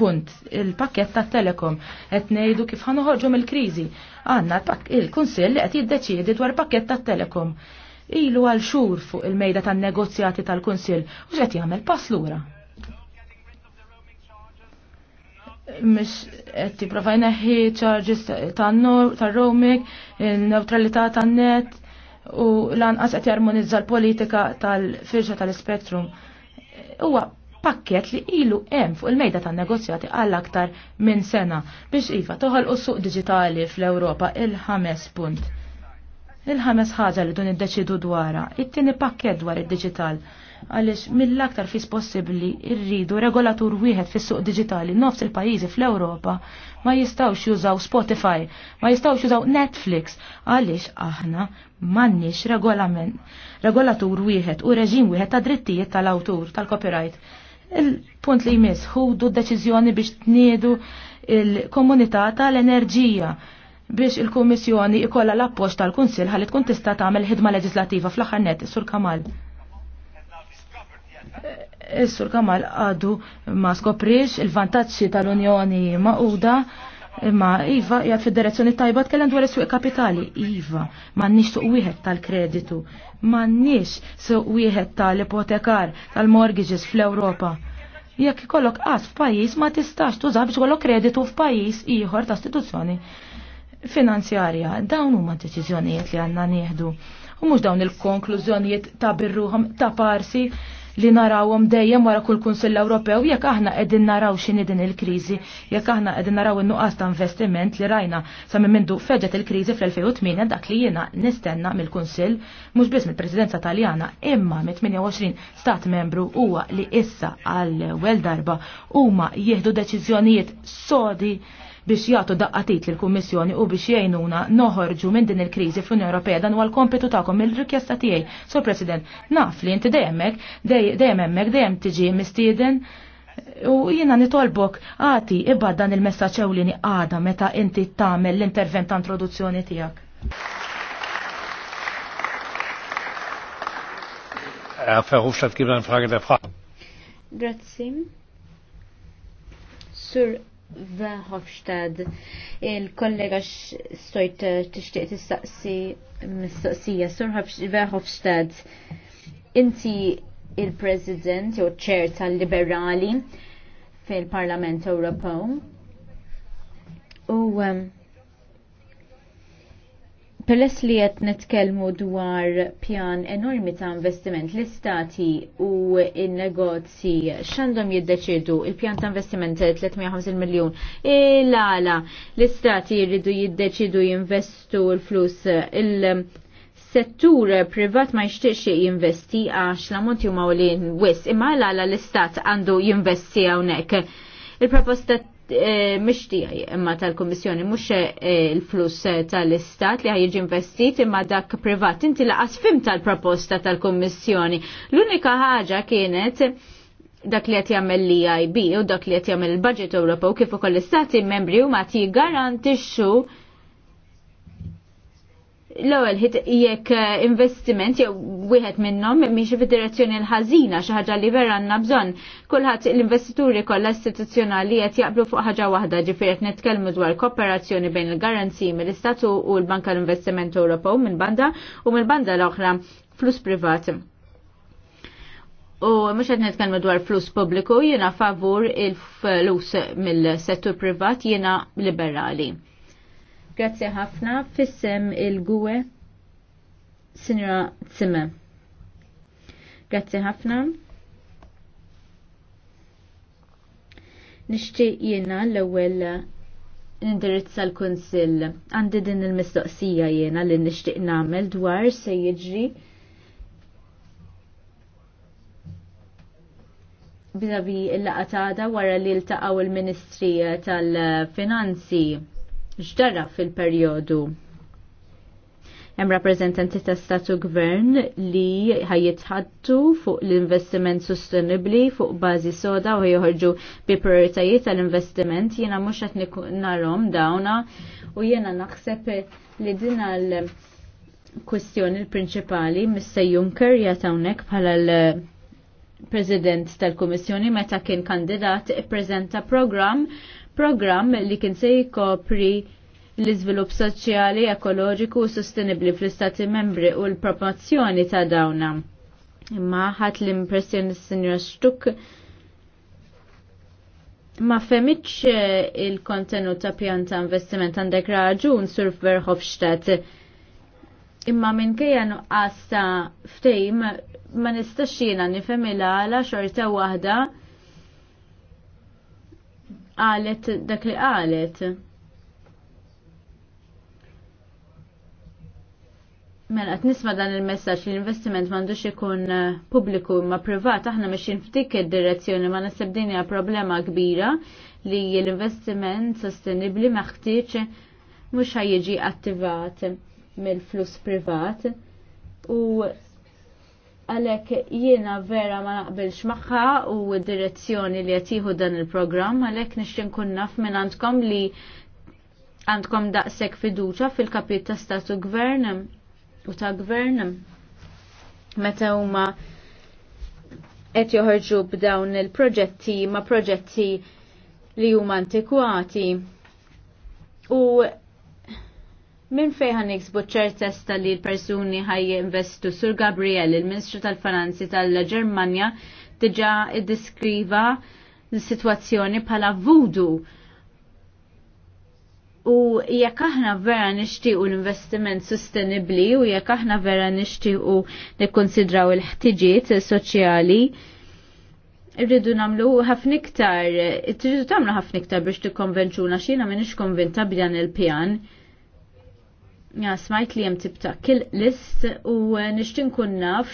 punt, il-pakket ta' telekom, qed ngħidu kif uħorġu mill-kriżi. Għandna il-Kunsill qed jiddeċiedi dwar pakket ta' telekom. Ilu għal xhur fuq il-mejda tan-negozjati tal-Kunsill u x'qed jagħmel pass lura. mish qed tipprova jneħħi charges tan-nur tar-roaming, il-neutralità tan-net u lanqas qed jarmonizza l-politika tal-firxa tal-spektrum. tal firxa tal spektrum tal spektrum huwa pakket li ilu hemm fuq il-mejda tan negozjati għall aktar minn sena biex iva toħol u suq digitali fl-Ewropa il-ħames punt l-ħames ħaġa li dun iddeċidu dwara, it-tieni pakket dwar id-diġital għaliex mill-aktar fis possibbli rridu regolatur wieħed fis-suq digitali nofs il-pajjiżi fl-Ewropa ma jistgħux jużaw Spotify, ma jistgħux jużaw Netflix għaliex aħna m'għandniex regolament, regolatur wieħed u reġim wieħed ta' drittijiet tal-awtur tal-copyright. Il-punt li jmiss ħudu d-deċiżjoni biex tniedu il-komunità tal-enerġija biex il-Kummissjoni ikolla l-appoġġ tal-Kunsill ħalli tkun tista' tagħmel ħidma leġislattiva fl-aħħar net sur Kamal. Is-Sur eh, Kamal għadu ma skoprix il-vantaġġi tal-Unjoni Maquda imma Iva jgħad fid-direzzjoni tajba tkellem dwar is-suq kapitali. Iva, m'għandniex suq wieħed tal-kreditu, m'għandniex suq wieħed tal-ipotekar, tal-mortgages fl-Ewropa jekk ikollok qas f'pajjiż ma tistax tuża biex kollok kreditu f'pajjiż ieħor ta' istituzzjoni finanzjarja. Dawn huma deċiżjonijiet li għandna nieħdu. U mhux dawn il-konklużjonijiet ta' birruhom ta' parsi li narawhom dejjem wara kull Kunsill Ewropew jekk aħna qegħdin naraw x'inhi din il-kriżi, jekk aħna qegħdin naraw in-nuqqas ta' investiment li rajna sa minn mindu feġet il-kriżi fl-2008 dak li jiena nistenna mill-Kunsill mhux biss mill-Presidenza Taljana imma mit-28 stat membru huwa li issa għall ewwel darba huma jieħdu deċiżjonijiet sodi biex jagħtu daqqatit lill-Kummissjoni u biex jgħinuna noħorġu minn din il-kriżi fl-Unjoni Ewropea dan huwa l-kompetu tagħkom il-rikjesta tiegħi. So President, naf li inti dejjem hekk, dejjem hemmhekk, dejjem tiġi mistieden. U jiena nitolbok, għati ibad dan il-messaċ ewlieni għada meta inti tagħmel l-intervent ta' introduzzjoni tiegħek. Herr Verhofstadt gibt eine Frage der Frau. Grazie. Sir, Verhofstad, il-kollega stojt eh, tixtieq tistaqsi mistoqsija, Sur Verhofstad, inti il-President jo ċer tal-Liberali fil-Parlament Ewropew. U um, Peress li qed nitkellmu dwar pjan enormi ta' investiment l-istati u il negozji x'għandhom jiddeċidu il-pjan ta' investiment 350 miljun. Il-għala l-istati jridu jiddeċidu jinvestu l-flus il-settur privat ma jixtieqx jinvesti għax l u huma wis imma l-għala l-istat għandu jinvesti hawnhekk. Il-proposta mhix tiegħi imma tal-Kummissjoni mhux eh, il-flus eh, tal-Istat li ħajjiġi investit imma dak privat. Inti laqas fim tal-proposta tal-Kummissjoni. L-unika ħaġa kienet dak li qed jagħmel l IB u dak li qed jagħmel il-Budget Ewropew kif ukoll kol istati membri huma ti garantixxu l-ewwel jekk eh, investiment jew wieħed minnhom mhix fid-direzzjoni l-ħażina xi ħaġa li vera għandna bżonn. Kulħadd l-investituri kollha istituzzjonali qed jaqblu fuq ħaġa waħda ġifier qed nitkellmu dwar kooperazzjoni bejn il-garanziji mill-Istatu u l-Banka l-Investiment Ewropew minn banda u mill banda l-oħra flus privat. U mhux qed nitkellmu dwar flus pubbliku jiena favur il-flus mill-settur privat jiena liberali Grazzi ħafna fissem il-gwe Sinra Zimmer. Grazzi ħafna. Nixtieq jiena l-ewwel indirizza l-Kunsill. Għandi din il-mistoqsija jiena li nixtieq nagħmel dwar se jiġri bidabi l-laqatada wara li l-taqaw il-Ministri tal-Finanzi x'ġara fil-perjodu. Hemm rappreżentanti ta' statu gvern li ħajjitħattu fuq l-investiment sostenibbli fuq bażi soda u joħorġu bi prioritajiet tal-investiment jiena mhux qed narhom dawna u jiena naħseb li din għall kwestjoni l-prinċipali Mr. Juncker jatawnek bħala l- President tal-Kummissjoni meta kien kandidat ippreżenta programm programm li kien se jkopri l-iżvilupp soċjali, ekoloġiku u sostenibli fl-Istati membri u l promozzjoni ta' dawna. Imma ħadd l-impressjoni s-Sinjor Stuk ma femitx eh, il-kontenut ta' pjan ta' investiment għandek raġun sur Verhofstadt. Imma minn kejja nuqqas ta' ftejm ma nistax jiena nifhem il-għala xorta waħda qalet dak li qalet. Mela, qed nisma dan il-messaġġ li l-investiment m'għandux ikun eh, pubbliku ma privat, aħna mexin ftik id-direzzjoni ma nasib din hija problema kbira li l-investiment sostenibbli meħtieġ mhux ħajġi attivat mill-flus privat u għalek jiena vera ma naqbilx maħħa u direzzjoni li jatiħu dan il-program għalek nixtin kunnaf naf minn għandkom li għandkom daqsek fiduċa fil-kapit ta' statu gvern u ta' gvern meta huma qed joħorġu b'dawn il-proġetti ma' proġetti li huma antikwati u Min fejħan iksbu ċertesta li l-persuni ħaj investu sur Gabriel, il-Ministru tal-Finanzi tal-Ġermanja, diġa id-diskriva l-situazzjoni pala vudu. U jekk aħna vera nixtiequ l-investiment sostenibli u jekk aħna vera nixtiequ nikkonsidraw il-ħtiġiet soċjali, irridu namlu ħafna iktar, irridu tagħmlu ħafna iktar biex tikkonvenċuna xina minix konvinta b'dan il-pjan. il pjan Ja, smajt li jem tibta kill list u eh, nishtin kunna naf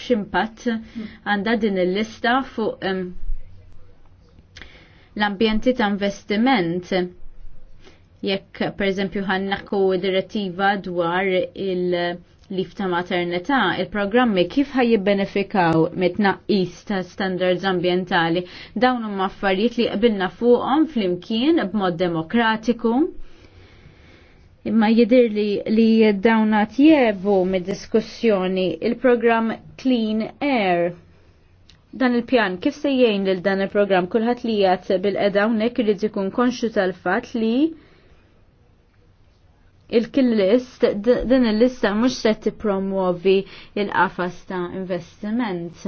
għanda din il-lista fuq l-ambjenti ta' investiment. Jekk, per eżempju, ħannaku direttiva dwar il-lif ta' maternità, il-programmi kif ħaj jibbenefikaw mit-naqis ta' standards ambientali, dawn huma affarijiet li qbilna fuqhom flimkien b'mod demokratiku imma jidir li li dawna tjebu mid-diskussjoni il-program Clean Air dan il-pjan kif se jgħin lil dan il-programm kulħadd li jgħat bil-qeda hawnhekk irid ikun konxu tal-fatt li il list din il-lista mhux se promuovi il-qafas ta' investiment.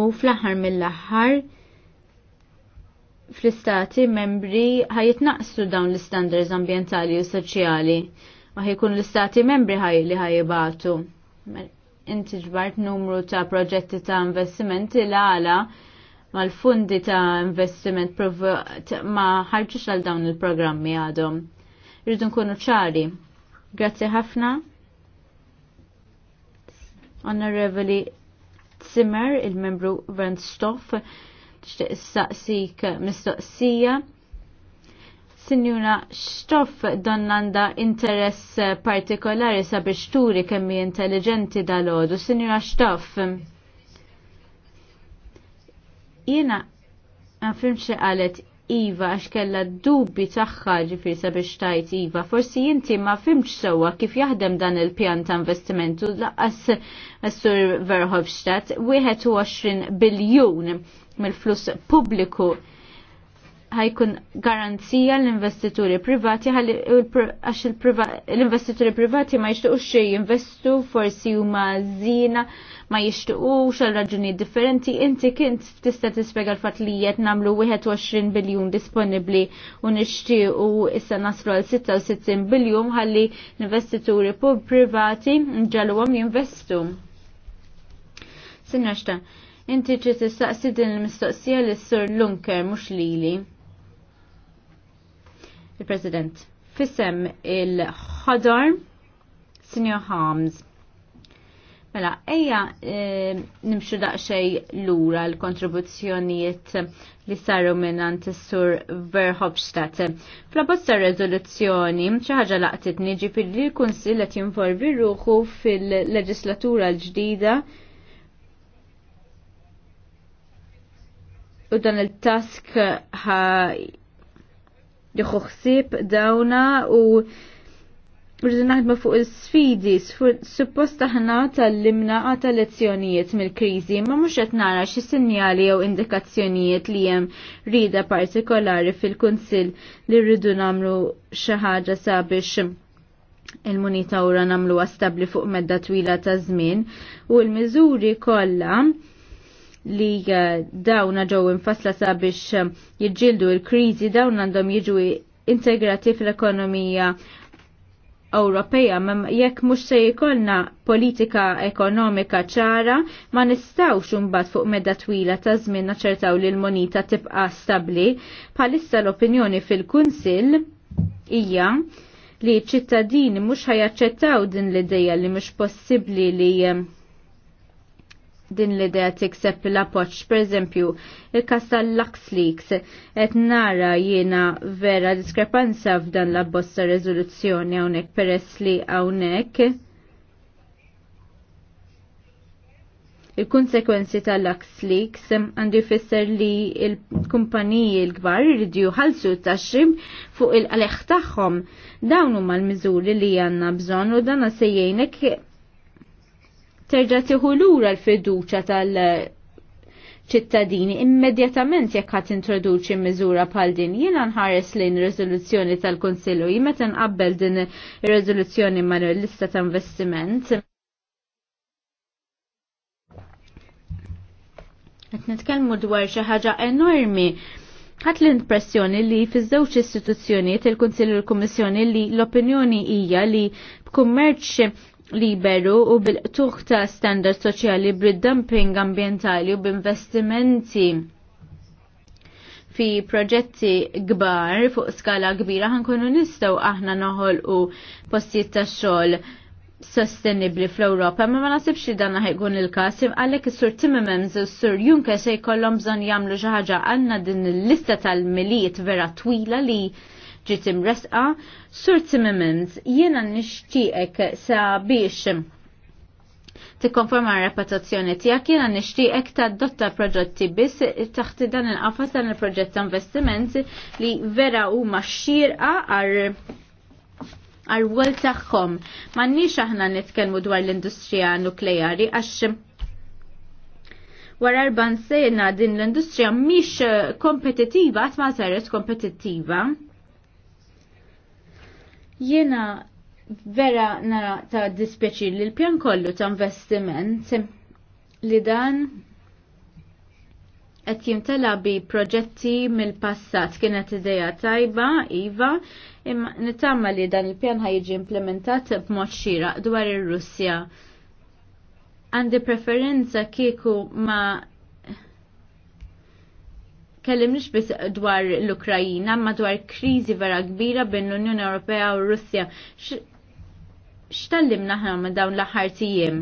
U fl-aħħar mill-aħħar fl-istati membri ħajitnaqsu dawn l-standards ambientali u soċjali Ma ħajkun l-istati membri ħaj li ħajibatu. Inti ġbart numru ta' proġetti ta' investimenti l għala mal-fundi ta' investiment ma ħarġux għal dawn il-programmi għadhom. Rridu nkunu ċari. Grazzi ħafna. Onorevoli Zimmer, il-membru Van Stoff, xtiq saqsik mistoqsija. Sinjura, xtof donnanda interess partikolari sabiex turi kemmi intelligenti dal-ħodu. Sinjuna, xtof? Jena, għanfim xe għalet Iva għax kella dubbi taħħa ġifir sabiex tajt Iva, forsi jinti ma fimx sewa kif jaħdem dan il-pjan ta' investimentu laqqas Sur Verhofstadt 21 biljun mill fluss pubbliku ħajkun garanzija l-investituri privati għax l-investituri privati ma jishtuqux xie jinvestu forsi huma zina ma jishtuqux għal raġuni differenti inti kint tista' tispjega l-fatt li qed nagħmlu 21 biljun disponibbli u nixtiequ issa naslu għal 66 biljum ħalli l-investituri privati privati għam jinvestu. Sinna xta' Inti ġi tistaqsi din il-mistoqsija li s-sur Lunker mux lili. Il-President, fissem il-ħadar Senior Hams. Mela, eja eh, nimxu daqxej lura l-kontribuzzjonijiet li saru minnant sur Verhofstadt. Fl-abbozza rezoluzzjoni, ċaħġa laqtitni ġifir li l-Kunsill qed jinvolvi ruħu fil-leġislatura l-ġdida u dan il-task ħa jħuħsib dawna u rridu naħdmu fuq il-sfidi, supposta ħna tal-limna għata lezzjonijiet mill-krizi, ma mux qed nara xi sinjali jew indikazzjonijiet li hemm rida partikolari fil-Kunsill li rridu namlu xi ħaġa sabiex il-munita ura namlu għastabli fuq medda twila ta' żmien u l-miżuri kollha li eh, dawna ġew infasla sabiex eh, jiġġieldu l-kriżi dawn għandhom jiġu integrati fl-ekonomija Ewropeja, jekk mhux se jkollna politika ekonomika ċara, ma nistgħux imbagħad fuq medda twila ta' żmien naċertaw li l-monita tibqa' stabbli. Bħalissa l-opinjoni fil-Kunsill hija li ċ-ċittadini mhux ħajaċċettaw din l-idea li mhux possibbli li eh, din l-idea tikseb l-appoċ, per eżempju, il kasta l-Lux Leaks, et nara jiena vera diskrepanza f'dan la bossa rezoluzzjoni għonek peress li għonek. Il-konsekwenzi tal-Lux Leaks għandu jfisser li il-kumpaniji l-gbar jridu ħalsu taxxim fuq il għalek tagħhom. Dawn huma l-miżuri li għandna bżonn u dan se jgħinek terġa' tieħu lura l-fiduċja tal- ċittadini immedjatament jekk ħadd introduċi miżura bħal din jiena nħares lejn riżoluzzjoni tal-Kunsillu meta nqabbel din ir-riżoluzzjoni ma' lista ta' investiment. Qed nitkellmu dwar xi ħaġa enormi ħat l-impressjoni li fiż-żewġ istituzzjonijiet il-Kunsill u l-Kummissjoni li l-opinjoni hija li b'kummerċ liberu u bil-tuħ ta' standard soċjali bil dumping ambientali u b'investimenti fi proġetti gbar fuq skala kbira ħankunu nistaw aħna noħol u postijiet ta' xogħol sostenibli fl-Europa, ma ma nasibx li dan ħajkun il-kas, għalek s sur Timmermans, s sur Juncker se jkollhom bżonn jagħmlu xi ħaġa għandna din il-lista tal-miliet vera twila li ġiet imresqa. Sur Timmermans, jiena sa sabiex tikkonforma reputazzjoni tiegħek jiena nixtieqek dotta proġetti biss taħti dan il-qafas dan il-proġett ta' investiment li vera huma maċxirqa għar għal-wol tagħhom. M'għandniex aħna nitkellmu dwar l-industrija nukleari għax wara erban sejna din l-industrija mhix kompetittiva għatma saret kompetittiva. Jena vera nara ta' dispeċi li l-pjan kollu ta' investiment li dan qed jimtela bi proġetti mill-passat kienet ideja tajba, Iva, imma nitamma li dan il-pjan ħajġi implementat b'mod xira dwar ir-Russja. Għandi preferenza kieku ma' tkellimniex biss dwar l-Ukrajina, ma dwar kriżi vera kbira bejn l-Unjoni Ewropea u Russja. X'tallimna naħna ma dawn l-aħħar tiem?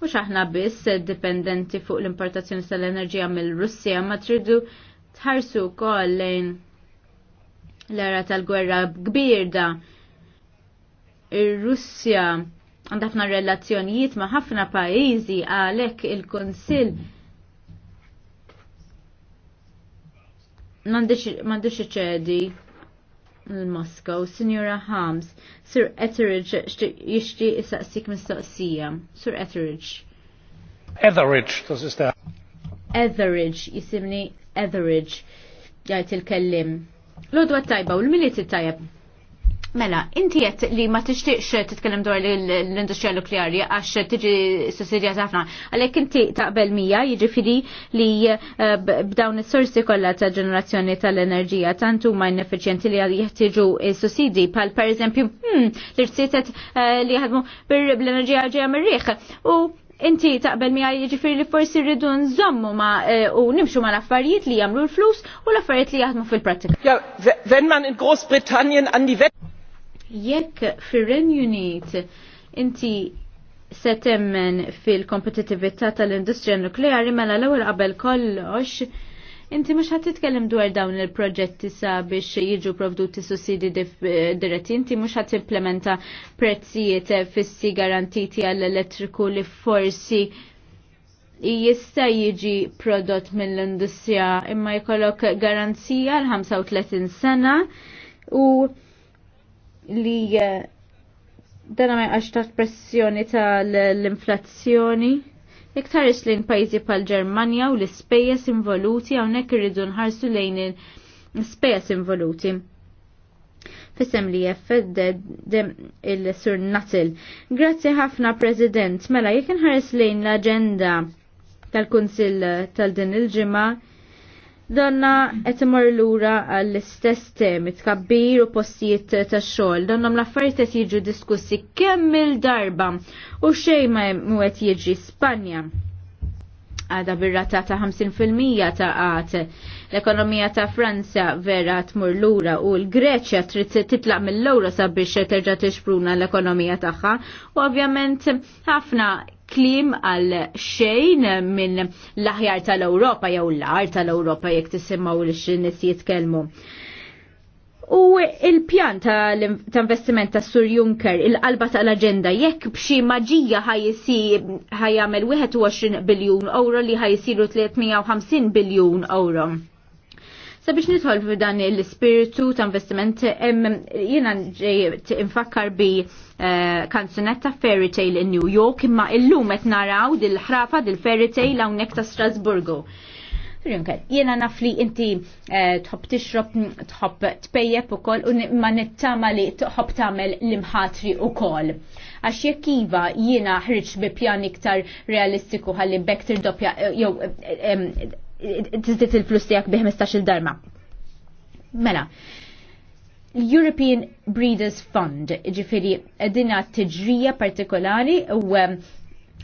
Mhux aħna biss dipendenti fuq l-importazzjoni tal-enerġija mill-Russja, ma tridu tħarsu wkoll lejn l-era tal-gwerra kbirda. Ir-Russja għandha ħafna relazzjonijiet ma' ħafna pajjiżi għalhekk il-Kunsill mandiċ ċedi l-Moskow, Signora Hams, Sir Etheridge jixti isaqsik mistoqsija. Sir Etheridge. Etheridge, ta' ista. Etheridge, jisimni Etheridge, jajt il-kellim. L-odwa tajba u l-militi tajba, Mela, inti jett li ma tixtiqx titkellem dwar l-industrija nukleari għax tiġi sussidja ħafna, għalhekk inti taqbel mija jġifiri li eh, b'dawn is-sorsi kollha ta' ġenerazzjoni tal-enerġija tant huma ineffiċjenti li s sussidi bħal pereżempju hmm, l-irsitet eh, li jaħdmu bl-enerġija ġejja mirriħ U inti taqbel mi jiġifieri li forsi rridu nżommu ma eh, u nimxu ma l-affarijiet li jagħmlu l-flus u l-affarijiet li jaħdmu fil-pratika. Ja, wenn man in Großbritannien an die jekk fir-Renju Unit inti se temmen fil-kompetitività tal-industrija nukleari mela l-ewwel qabel kollox Inti mhux ħadd titkellem dwar dawn il-proġetti sa biex jiġu provduti sussidi diretti, inti mhux ħadd implementa prezzijiet fissi garantiti għall-elettriku li forsi jista jiġi prodott mill-industrija imma jkollok garanzija l-35 sena u li eh, dan ma jgħax ta' pressjoni tal-inflazzjoni. Iktar islin pajzi pal-Ġermanja u l-ispejjeż involuti hawnhekk irridu nħarsu lejn il-spejjeż involuti. Fissem li jeffed il-sur Natil. Grazzi ħafna, President. Mela, jek nħares lejn l-agenda tal-Kunsill tal-din il-ġimma, donna qed imur lura għall-istess temi tkabbir u postijiet ta' xogħol. Donna ml-affarijiet qed jiġu diskussi kemm il-darba u xejn ma qed jiġi Spanja. Għada bir-rata ta' 50% ta' għat. L-ekonomija ta' Franza vera tmur lura u l-Greċja trid titlaq mill-lura sabiex terġa' tixpruna l-ekonomija tagħha u ovvjament ħafna klim għal xejn minn l-aħjar tal-Ewropa jew l-ar tal-Ewropa jekk tisimgħu li x'nies jitkellmu. U il-pjan ta' investiment ta' Sur Juncker, il-qalba tal-agenda, jekk b'xi maġija ħajsi ħajamel 21 biljun euro li ħajsiru 350 biljun euro sabiex nidħol f'dan l-spiritu ta' investiment, jena ġej infakkar bi Eh, kanzunetta Fairy Tale in New York imma illum qed naraw dil-ħrafa dil-Fairy Tale hawnhekk ta' Strasburgu. Jiena jena naf li inti eh, tħob tixrob, tħob tpejjeb u koll, u ma nittama li tħob tamel l-imħatri u koll. Għax jekk iva jena ħriċ bi pjan iktar realistiku għalli bekk tirdoppja, eh, jew tizdit il-flus tijak bi 15 darma. Mela, European Breeders Fund, ġifiri dina t-ġrija partikolari u um,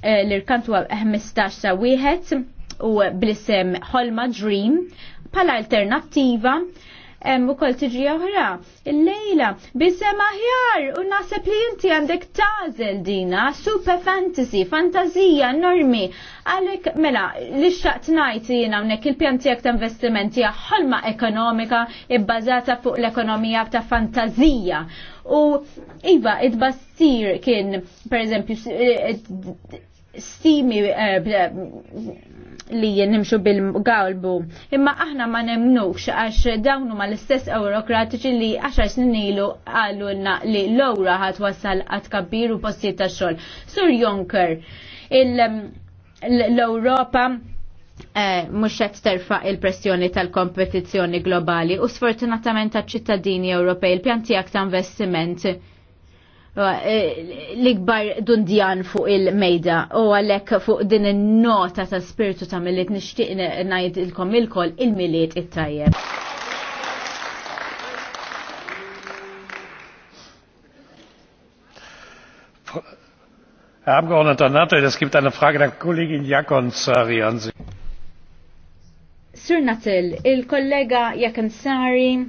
eh, l-irkantu 15 sa wieħed u bl-isem Holma Dream pala alternativa hemm ukoll tiġi oħra. Il-lejla bisem aħjar u naħseb li inti għandek tażel dina, super fantasy, fantazija, normi. Għalek mela li xaqt ngħid jina hawnhekk il-pjanti ta' investimenti ħolma ekonomika ibbażata fuq l-ekonomija ta' fantazija. U iva, id bastir kien, per eżempju, eh, stimi eh, li nimxu bil-galbu. Imma aħna ma nemnux għax dawnu ma l-istess eurokratiċi li 10 snin ilu għallu li l-ewra għat wasal għat kabbir u postiet ta' xol. Sur Junker mm, l-Europa eh, mux qed terfa' il-pressjoni tal-kompetizzjoni globali u sfortunatament ta' ċittadini Ewropej il-pjan tiegħek ta' investiment Eh, l-ikbar dundjan fuq il-mejda u għalek fuq din il-nota ta' spiritu ta' millet nishtiq najd il-kom il-kol il millet il tajjeb Herr Abgeordneter Natter, es gibt eine Frage der Kollegin Jakonsari an Sie. Sir Natel, il-kollega Jakonsari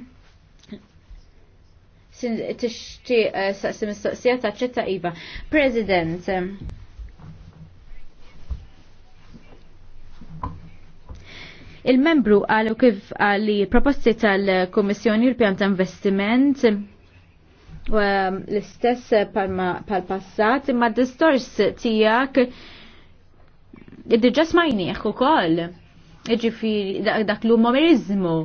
tixtieq eh, saqsi mistoqsija taċċetta iva. President, eh, Il-membru għalu kif għalli proposti tal-Komissjoni Europjan ta' Investiment eh, l-istess pal-passat imma distors tijak id-ġa smajnieħ u koll ġifiri dak l-umorizmu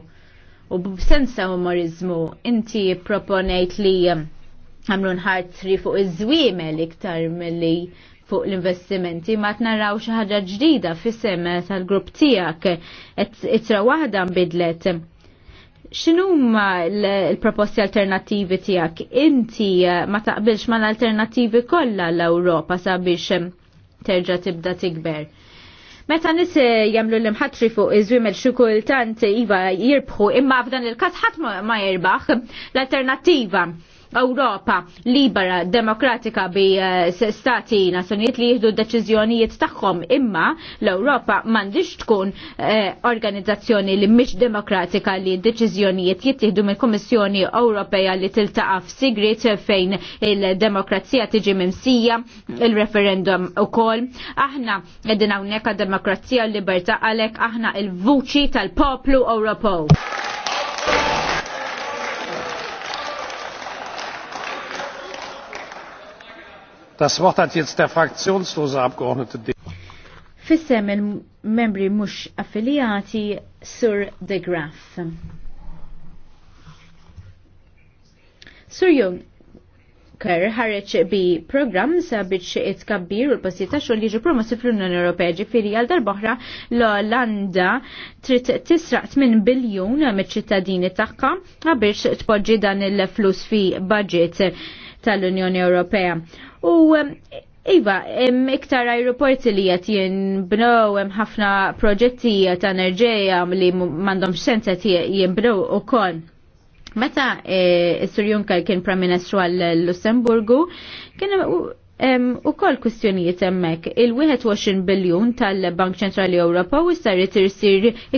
u b'sensa umorizmu inti proponejt li um, għamlu nħartri fuq iż-żwiemel iktar mill-li fuq l-investimenti ma t-naraw xaħġa ġdida fis-sem tal-grupp tijak it-tra wahda mbidlet. Xinu ma l-proposti alternativi tijak? Inti uh, ma taqbilx ma l-alternativi kolla l-Europa sabiex um, terġa tibda tikber. Meta nis eh, jamlu l-imħatri fuq iż-żwimel xi kultant iva jirbħu imma f'dan il-każ ħadd ma jirbaħ l-alternattiva Ewropa libera demokratika bi eh, stati nazzjonijiet li jieħdu deċiżjonijiet tagħhom imma l-Ewropa m'għandix tkun eh, organizzazzjoni li mhix demokratika li deċiżjonijiet jittieħdu mill-Kummissjoni Ewropea li tiltaqa' f'sigrit fejn il-demokrazija tiġi mimsija, il-referendum ukoll. Aħna qegħdin hawnhekk demokrazija u libertà għalhekk aħna il-vuċi tal-poplu Ewropew. Das Wort hat jetzt der fraktionslose Abgeordnete. Fissem il-membri mux affiljati Sur de Graaf. Sur Jung, Kerr ħareċ bi program sabiex it-kabbir u l posita xo xogħol jiġu promossi fl-Unjoni Ewropea ġifieri għal darbohra l-Olanda trid tisraq 8 biljun miċ-ċittadini tagħha sabiex tpoġġi dan il-flus fi budget tal-Unjoni Ewropea. U Iva, iktar aeroporti li qed jinbnew hemm ħafna proġetti ta' enerġeja li mandom xsenza jimbnow u kon. Meta e, Sir Juncker kien Prim Ministru għal Lussemburgu, kien u kol kwistjonijiet hemmhekk: il-21 biljun tal-Bank Ċentrali Ewropa u issa rrit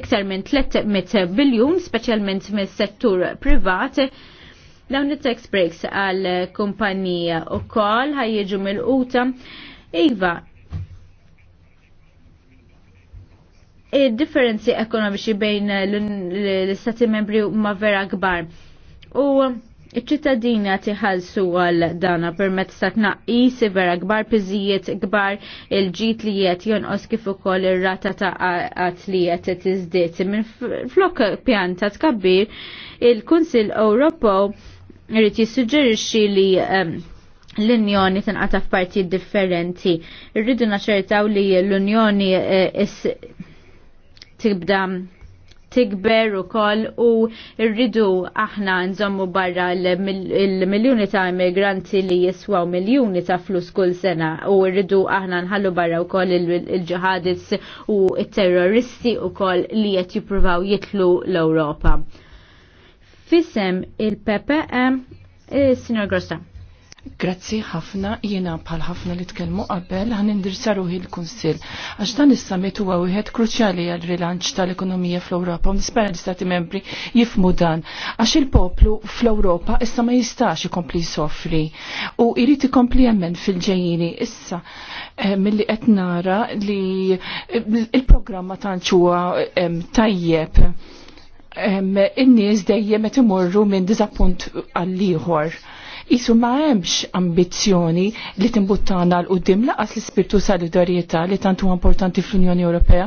iktar minn 300 biljun, specialment mis settur privat, Dawn it-tax breaks għal kumpanija u kol ħajġu mill-quta. Iva, differenzi ekonomiċi bejn l-istati membri ma vera kbar. U iċ-ċittadina tiħalsu għal dana permezz ta' tnaqqis vera kbar piżijiet kbar il-ġit li qed jonqos kif ukoll ir-rata ta' għat li qed tiżdied. Minn flok pjanta tkabbir il-Kunsill Ewropew irrid jissuġġerixxi li ehm, l-Unjoni tinqata f'parti differenti. Irridu naċertaw li l-Unjoni eh, tibda tikber u koll u rridu aħna nżommu barra l-miljoni ta' immigranti li jiswaw miljoni ta' flus kull sena u rridu aħna nħallu barra u koll il-ġihadis u il-terroristi u koll li jett jipruvaw jitlu l-Europa fissem il pepe il-Sinjor Grossa. Grazzi ħafna, jiena bħal ħafna li tkellmu qabel ħan indirsaru il-Kunsil. Għax dan is-summit huwa wieħed kruċjali għal rilanċ tal-ekonomija fl-Ewropa u nispera li stati membri jifmu dan. Għax il-poplu fl-Ewropa issa ma jistax ikompli jsofri u jrid ikompli hemmhekk fil-ġejjini issa eh, milli qed nara li eh, il-programma tantx huwa eh, tajjeb in-nies dejjem qed imorru minn diżappunt għal ieħor. Isu ma hemmx ambizzjoni li timbuttana l qudiem laqas l-ispirtu solidarjetà li tant huwa importanti fl-Unjoni Ewropea.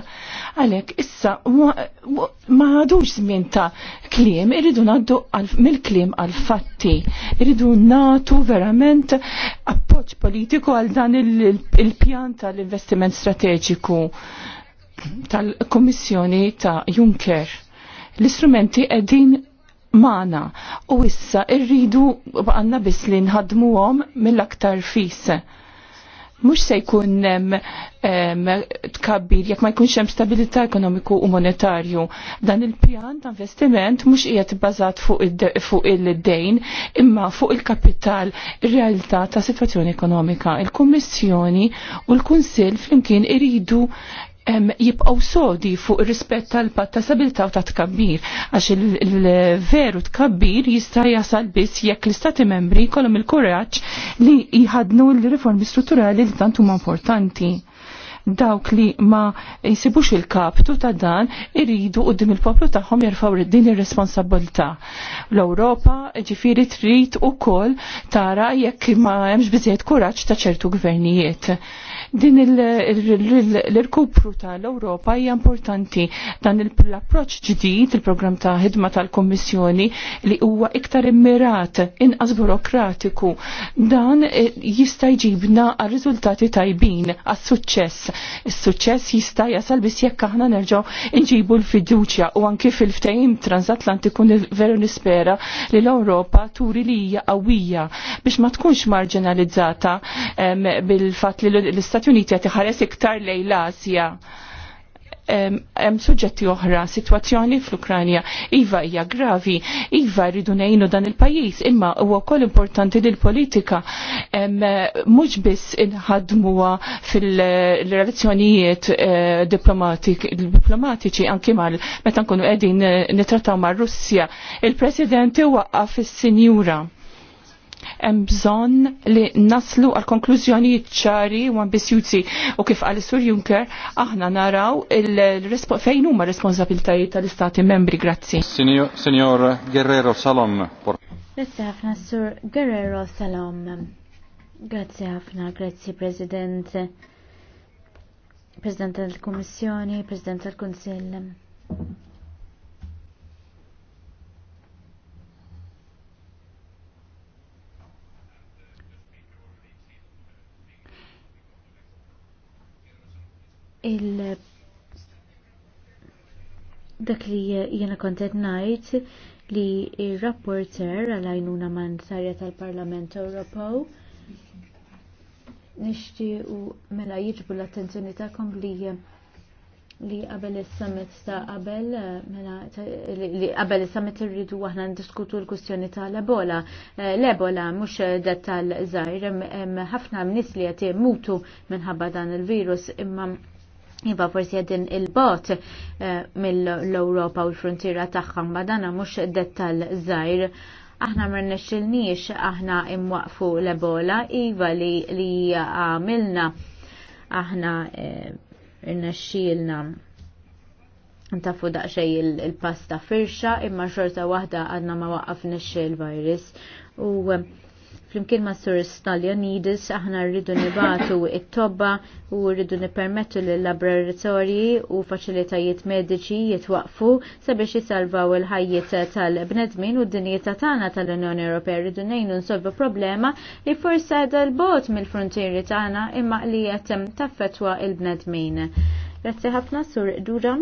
Għalhekk issa ma għadux żmien ta' kliem, irridu ngħaddu mill-kliem għal fatti. Irridu natu verament appoġġ politiku għal dan il-pjan tal-investiment strateġiku tal-Kommissjoni ta' Juncker L-istrumenti għedin mana u issa irridu għanna biss li nħadmuhom mill-aktar fis. Mux se jkun tkabbir jekk ma jkunx hemm stabilità ekonomiku u monetarju. Dan il-pjan ta' investiment mhux qiegħed bazat fuq il-dejn imma fuq il-kapital il realtà ta' sitwazzjoni ekonomika. Il-Kummissjoni u l-Kunsill flimkien iridu jibqaw sodi fuq rispett tal-pat ta' sabilta u ta' tkabbir, għax il-veru tkabbir jista' jasal biss jekk l-istati membri kolom il-kuraġġ li jħadnu l-riformi strutturali li tant huma importanti dawk li ma jisibux il-kaptu ta' dan irridu u dim il-poplu taħħom jirfaw din il-responsabilta. L-Europa ġifiri trid u kol tara jekk ma jemx bizziet kuraċ ta' ċertu gvernijiet. Din l-irkupru tal-Ewropa hija importanti dan l-approċ ġdid, il-programm ta' ħidma tal-Kommissjoni li huwa iktar immirat, inqas burokratiku. Dan eh, jista' jġibna għal riżultati tajbin, għas suċċess Is-suċċess jista' jasal biss jekk aħna nerġgħu nġibu l-fiduċja u anke fil-ftehim transatlantiku veru nispera li l-Ewropa turi li hija qawwija biex ma tkunx marginalizzata bil-fatt li l istat l Uniti għati ħares iktar lej l-Asja hemm suġġetti oħra, situazzjoni fl-Ukranja iva hija gravi, iva rridu nejnu dan il-pajjiż, imma huwa wkoll importanti din l-politika mhux biss inħadmuha fil-relazzjonijiet eh, diplomatiċi anki mal meta nkunu qegħdin nitrattaw mar-Russja. Il-President waqqaf is-Sinjura hemm bżonn li naslu għal konklużjonijiet ċari u ambizjuzi u kif għal Sur Juncker aħna naraw fejn huma responsabiltajiet tal-Istati membri. Grazzi. Signor Guerrero Salom. Grazzi ħafna Sur Guerrero Salom. Grazzi ħafna, grazzi President. President tal kummissjoni President tal-Kunsill. il- dak li jena kontet najt li il-rapporter għal-għajnuna sarja tal-Parlament Ewropew nishti u mela jiġbu l-attenzjoni ta'kom li li qabel is-summit ta' qabel mela li qabel is-summit irridu aħna ndiskutu l-kwistjoni tal-Ebola. Eh, L-Ebola mhux dat tal-żgħir hemm ħafna nies li qed mutu minħabba dan il-virus imma Iba forsi għedin il-bot eh, mill-Europa u l-frontiera tagħha badana mux mhux dettal żgħir. Aħna ma rnexxilniex aħna imwaqfu l-Ebola, iva li li għamilna aħna eh, xilna. ntafu daqxej il-pasta firxa imma xorta waħda għadna ma waqqafniex il-virus u eh, Flimkien ma' Sur Staljanidis aħna rridu nibatu it-tobba u rridu nipermettu l laboratorji u faċilitajiet mediċi jitwaqfu sabiex jisalvaw il-ħajjiet tal-bnedmin u d-dinjeta tagħna tal-Unjoni Ewropea rridu ngħinu nsolvu problema li forsa dal-bot mill-frontieri tagħna imma li qed taffetwa il-bnedmin. Grazzi ħafna Sur Dura.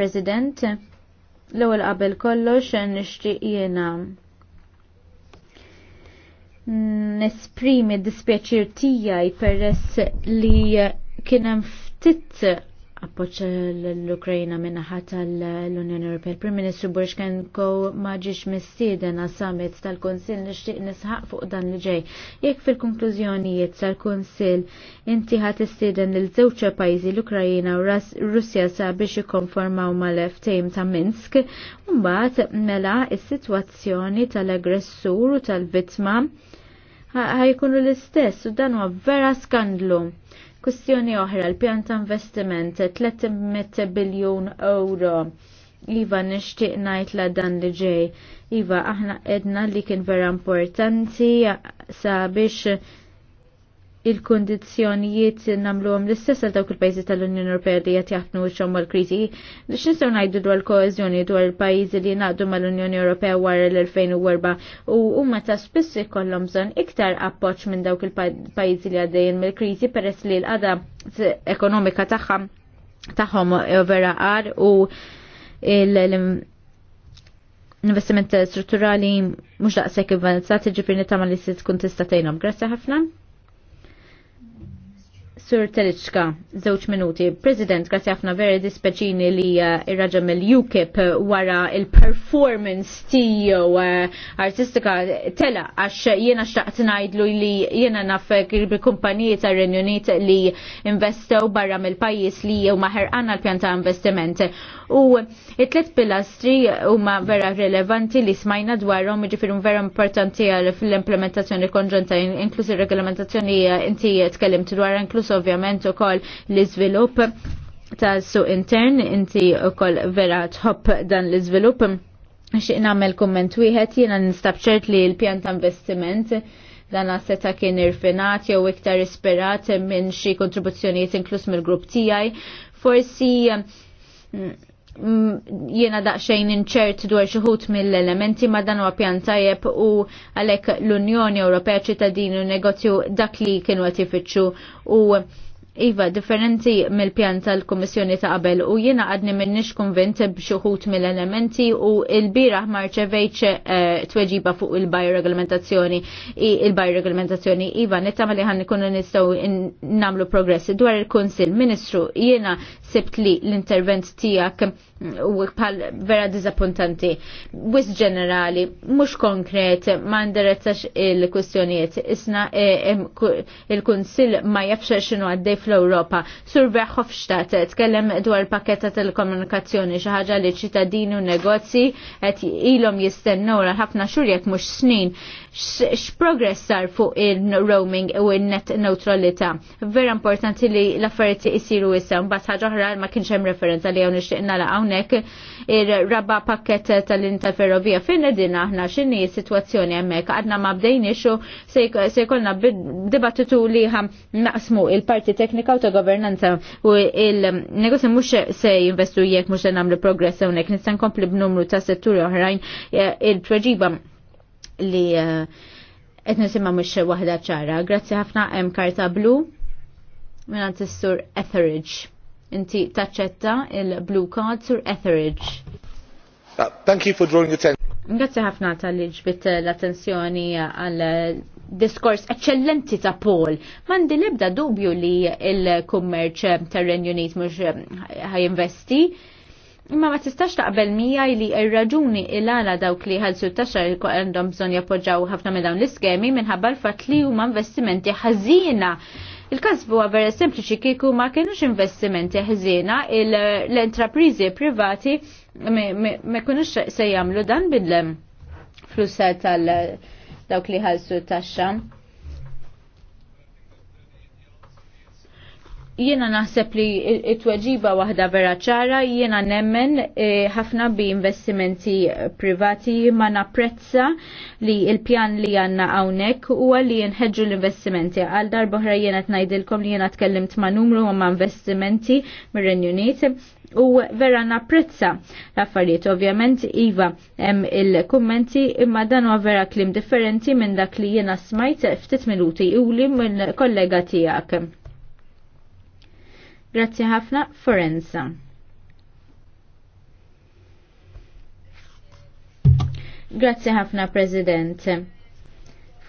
President, l-ewwel qabel kollox nixtieq jiena nesprimi dispjaċir tijaj peress li kienem ftit appoċ l-Ukrajna minnaħa tal-Unjoni Ewropea. Prim Ministru Burx kien ko maġiġ mistieden għal summit tal-Konsil nixtieq nisħaq fuq dan li ġej. Jekk fil-konklużjonijiet tal-Konsil inti ħadd istieden lil żewġ pajjiżi l ukrajina u Russja sa biex ikkonformaw mal-ftehim ta' Minsk, mbagħad mela s u tal-vittma tal aggressur u tal tal aggressur u tal vittma ħajkunu l-istess u dan huwa vera skandlu. Kustjoni oħra, l-pjan ta' investiment 300 biljun euro. Iva nishtiq najt la dan li ġej. Iva aħna edna li kien vera importanti sabiex il-kondizjonijiet għom l-istess għal dawk il-pajjiżi tal-Unjoni Ewropea li jaħtnu xom għal mal-kriżi. nistaw ngħidu dwar koeżjoni dwar il-pajjiżi li ngħaqdu mal-Unjoni Ewropea wara l-2004 u huma ta' spiss ikollhom bżonn iktar appoġġ minn dawk il-pajjiżi li għaddejjin mill-kriżi peress li l-qada ekonomika tagħhom taħħom vera għar u l investiment strutturali mhux daqshekk avvanzati ġifieri nitama li s tkun tista' tgħinhom. Grazzi ħafna. Sur Teliċka, żewġ minuti. President, grazie ħafna veri dispeċini li eh, irraġa mill-UKIP wara il-performance uh, artistika tela għax jiena xtaqt ngħidlu li jiena naf kribi kumpaniji tar Renjunit li investew barra mill-pajjiż li huma ħerqan għall-pjan ta' investiment. U it-tlet pilastri huma vera rilevanti li smajna dwarhom jiġifieri vera importanti għal fil-implementazzjoni konġunta inkluż ir-regolamentazzjoni eh, inti tkellimt dwar inklusi ovvjament ukoll l-iżvilupp ta' suq intern inti ukoll vera tħobb dan l-iżvilupp Xi nagħmel kumment wieħed jiena nistab ċert li l-pjan ta' investiment dan seta kien irfinat jew iktar isperat minn xi kontribuzzjonijiet inkluż mill-grupp tiegħi. Forsi Mm, jiena daqxajn inċert dwar xuħut mill-elementi ma dan huwa pjan tajjeb u għalhekk l-Unjoni Ewropea ċittadini u negozju dak li kienu qed ifittxu u Iva, differenti mill-pjan tal-Komissjoni ta' qabel u jiena għadni minnix konvint b'xuħut mill-elementi u il-biraħ marċevejċ eh, tweġiba fuq il-bajregolamentazzjoni. Il-bajregolamentazzjoni, Iva, nittama li ħanni ikunu nistaw namlu progressi. dwar il-Konsil. Ministru, jiena sibt li l-intervent tijak u pal vera dizappuntanti. Wis ġenerali, mux konkret, ma ndirezzax il kustjoniet Isna e, il-Kunsil ma jafxa xinu għaddej fl-Europa. Surveħ Hofstadt, tkellem dwar paketta telekomunikazzjoni, xaħġa li ċittadini u negozji għet ilom jistennu ħafna xurjek mux snin x'progress sar fuq il-roaming u il-net neutralità. Vera importanti li l-affarijiet isiru issa mbagħad ħaġa oħra ma kienx hemm referenza li hawn nixtieq la hawnhekk ir-raba pakket tal-interferrovija fejn edina aħna x'inhi s-sitwazzjoni hemmhekk għadna ma bdejni xo se jkollna dibattitu li ħam naqsmu il-parti teknika u ta' governanza u il-negozju mhux se jinvestu jekk mhux se nagħmlu progress hawnhekk nista' nkompli b'numru ta' setturi oħrajn eh, il-proġiba li qed nisimha mhux waħda ċara. Grazzi ħafna hemm karta blu minn is-sur Etheridge. Inti taċċetta il-blue card sur Etheridge. Thank you for drawing attention. Grazzi ħafna tal-li ġbit l-attenzjoni għal diskors eccellenti ta' Paul. Mandi lebda dubju li il-kummerċ tar-Renju Unit mhux ħajinvesti Imma ma tistax taqbel mija li ir-raġuni il-għala dawk li ħalsu t-taxra li għandhom bżon jappoġġaw ħafna minn dawn l-iskemi minħabba l-fat li huma investimenti ħażina il kasbu huwa vera sempliċi kieku ma kienux investimenti ħżiena l-entreprizi privati ma kienux se jagħmlu dan bidlem flusset tal dawk li ħalsu taxxa. Jiena naħseb li it-tweġiba waħda vera ċara, jiena nemmen e, ħafna bi investimenti privati ma napprezza li il-pjan li għanna għawnek u li jenħedġu l-investimenti. Għal darbohra jiena t-najdilkom li jiena tkellimt ma numru ma investimenti mir-Renju u vera napprezza l-affarijiet. Ovvjament, Iva, hemm il-kummenti imma dan huwa vera klim differenti minn dak li jiena smajt ftit minuti u li minn kollega tiegħek. Grazzi ħafna, Forenza. Grazzi ħafna, President.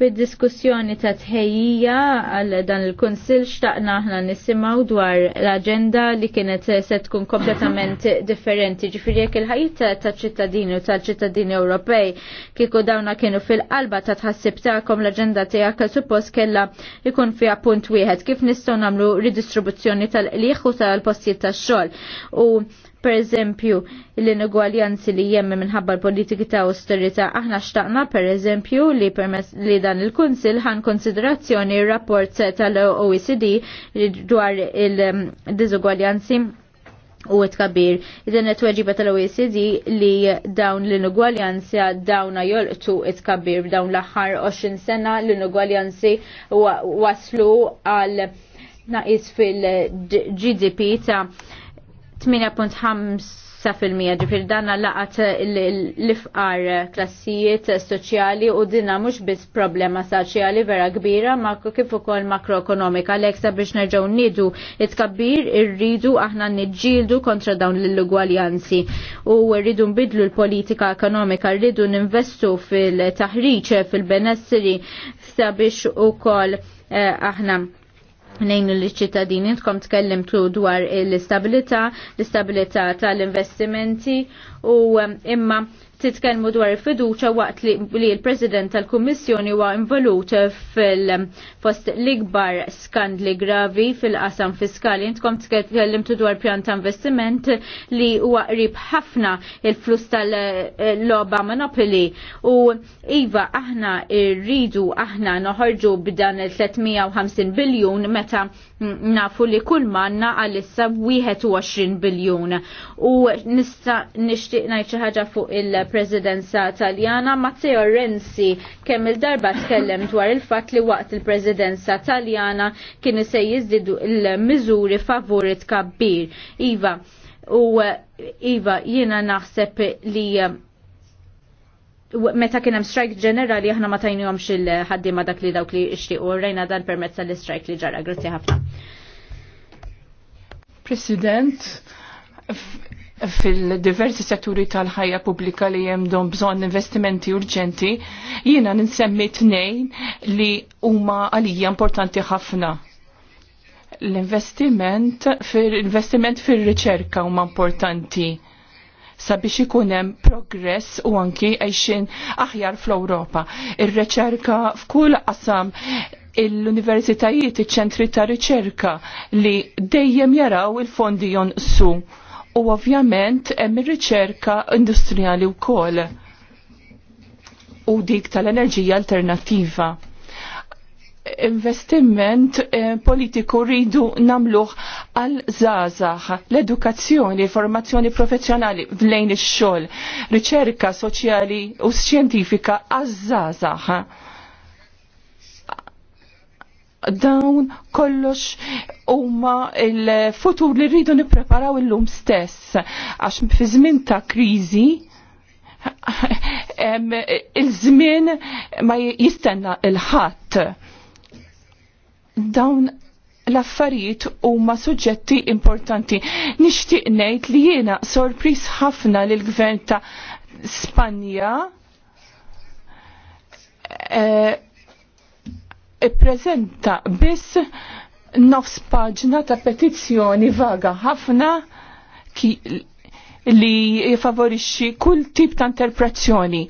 Fid-diskussjoni ta' tħejjija għal dan il konsil xtaqna aħna nisimaw dwar l-aġenda li kienet se tkun kompletament differenti. Ġifieri jekk il-ħajja ta' ċittadini u tal-ċittadini Ewropej kieku dawna kienu fil-qalba ta' tħassib tagħkom l-aġenda tiegħek suppost kellha ikun fiha punt wieħed kif nistgħu nagħmlu ridistribuzzjoni tal-qliħ u tal-postijiet tax-xogħol. U Per eżempju, l-inugwaljanzi li jemmi minħabba l-politiki ta' austerita, aħna xtaqna per eżempju li permess li dan il-Kunsil ħan konsiderazzjoni il-rapport tal-OECD dwar il-dizugwaljanzi u t-kabir. Idan it weġibet tal-OECD li dawn l-inugwaljanzi dawna jolqtu it-kabir dawn l aħħar 20 sena l-inugwaljanzi waslu għal naqis fil-GDP ta' 8.5% ġifir danna laqat l-ifqar klassijiet soċjali u dinna mux biss problema soċjali vera kbira ma kif ukoll makroekonomika l biex nerġaw nidu it-kabbir irridu aħna nidġildu kontra dawn l-ugwaljanzi u rridu nbidlu l-politika ekonomika rridu ninvestu fil-taħriċ fil-benessri sabiex ukoll eh, aħna nejnu li ċittadini tkom tkellimtu dwar l-istabilità, l-istabilità tal-investimenti u um, imma titkellmu dwar il-fiduċa waqt li l-President tal-Kummissjoni huwa involut fil-fost l-ikbar skandli gravi fil-qasam fiskali. Intkom tkellimtu dwar pjan ta' investiment li huwa qrib ħafna il-flus tal-loba Monopoly u iva aħna rridu aħna noħorġu b'dan il-350 biljun meta nafu li kull manna għalissa 21 biljun. U nista nixtieq ngħid xi ħaġa fuq il-Presidenza Taljana Matteo Renzi kemm il-darba tkellem dwar il-fatt li waqt il-Presidenza Taljana kien se jiżdidu il-miżuri favorit kabbir. Iva, u Iva, jiena naħseb li meta kien hemm strike ġenerali aħna ma tajnihomx il-ħaddiema dak li dawk li ixtiequ rejna dan permezz tal-strike li ġara. Grazzi ħafna. President, fil-diversi setturi tal-ħajja pubblika li jemdom bżon investimenti urġenti, jiena ninsemmi tnejn li huma għalija importanti ħafna. L-investiment fil-investiment fil-riċerka huma importanti sabiex ikun hemm progress u anki għajxin aħjar fl-Ewropa. Ir-reċerka f'kull qasam l-universitajiet, iċ-ċentri ta' riċerka li dejjem jaraw il-fondi jonqsu. U ovvjament hemm ir-riċerka industrijali wkoll u dik tal-enerġija alternattiva investiment eh, politiku rridu namluħ għal zazax, l-edukazzjoni, formazzjoni professjonali vlejn ix-xogħol, riċerka soċjali u xjentifika għaż zazax. Dawn kollox huma l-futur li rridu nippreparaw illum stess għax fi żmien ta' kriżi il-żmien ma jistenna il-ħadd dawn l-affarijiet huma suġġetti importanti. Nixtieq ngħid li jiena sorpris ħafna lil gvern ta' Spanja eh, ippreżenta e, biss nofs paġna ta' petizzjoni vaga ħafna li jifavorixxi kull tip ta' interpretazzjoni,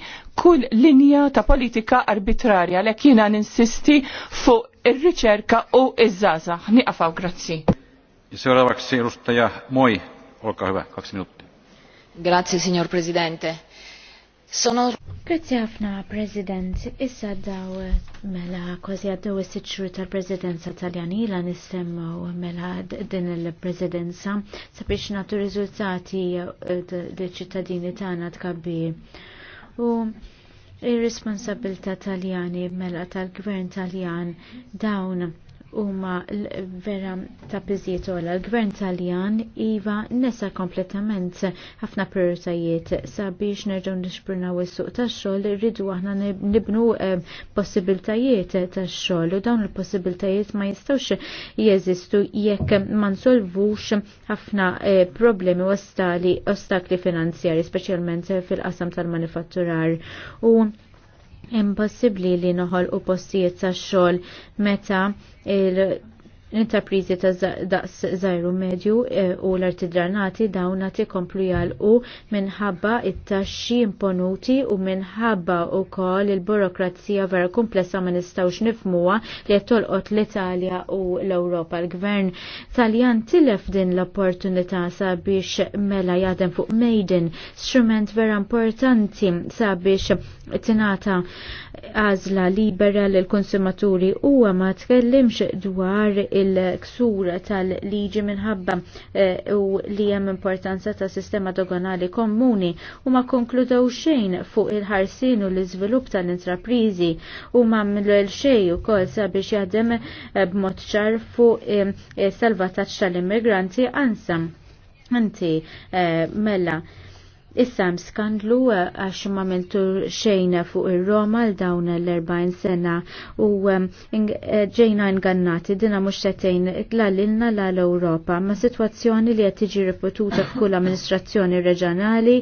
kull linja ta' politika arbitrarja li jina ninsisti fuq ir-riċerka u iż-żaza. Niqafaw grazzi. Grazie signor Presidente Sono Grazie ħafna, President. Issa daw mela kważi għaddew is-sitt tal-Presidenza Taljanila nissemmaw mela din il-Presidenza sabiex nagħtu riżultati liċ-ċittadini eh, tagħna tkabbir. U ir-responsabilità Taljani mela tal-Gvern Taljan dawn huma vera ta' piżiet ola l-gvern Taljan iva nesa kompletament ħafna prioritajiet sabiex nerġgħu nixprunaw is-suq tax-xogħol irridu aħna nibnu eh, possibiltajiet tax-xogħol u dawn il-possibiltajiet ma jistgħux jeżistu jekk ma nsolvux ħafna eh, problemi ostakli finanzjari speċjalment fil-qasam tal-manifatturar impossibbli li noħol u postijiet tax xogħol meta il l-interprizi ta' daqs zaħru medju e, u l-artidranati dawna ti komplu jalqu minħabba it-taxxi imponuti u minħabba u kol il-burokrazija vera komplessa ma nistawx nifmuwa li tolqot l-Italja u l-Europa. L-gvern taljan tilef din l-opportunità sabiex mela jadem fuq Maiden, strument vera importanti sabiex tinata għazla libera l-konsumaturi u ma tkellimx dwar il il-ksur tal-liġi minħabba eh, u li hemm importanza ta' sistema dogonali komuni u ma konkludew xejn fuq il-ħarsin u l-iżvilupp tal-intraprizi u ma mlel xejn ukoll sabiex jaħdem eh, b'mod ċar fuq eh, salvataġġ tal-immigranti ansam. Anti, mela, Issa mskandlu skandlu eh, għax ma mentu xejn fuq ir-Roma l dawn l-40 sena u ehm, eh, ġejna ingannati dina mhux setejn la lilna la l-Ewropa ma' situazzjoni li qed tiġi f'kull amministrazzjoni reġanali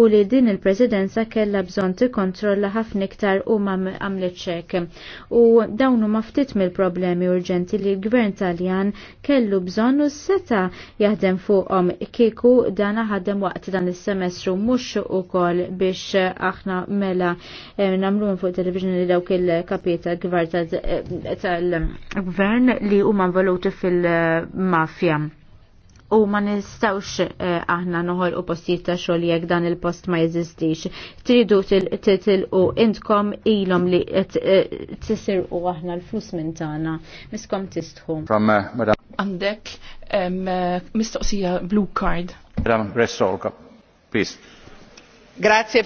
u li din il-Presidenza kellha bżonn tikkontrolla ħafna iktar u ma għamlet ċek. U dawn huma ftit mill-problemi urġenti li l-Gvern Taljan kellu bżonn u seta jaħdem fuqhom kieku dana ħadem waqt dan is-semestru u mux u kol biex aħna mela eh, namlu fuq television li dawk il-kapiet eh, tal-gvern li huma involuti fil-mafja u ma nistawx eh, aħna noħol u postijiet ta' xogħol jekk dan il-post ma jeżistix. Tridu titilqu intkom ilom li u aħna l-flus minn tagħna. Miskom tistħu. Għandek mistoqsija blue card. Madam Resolka. Grazie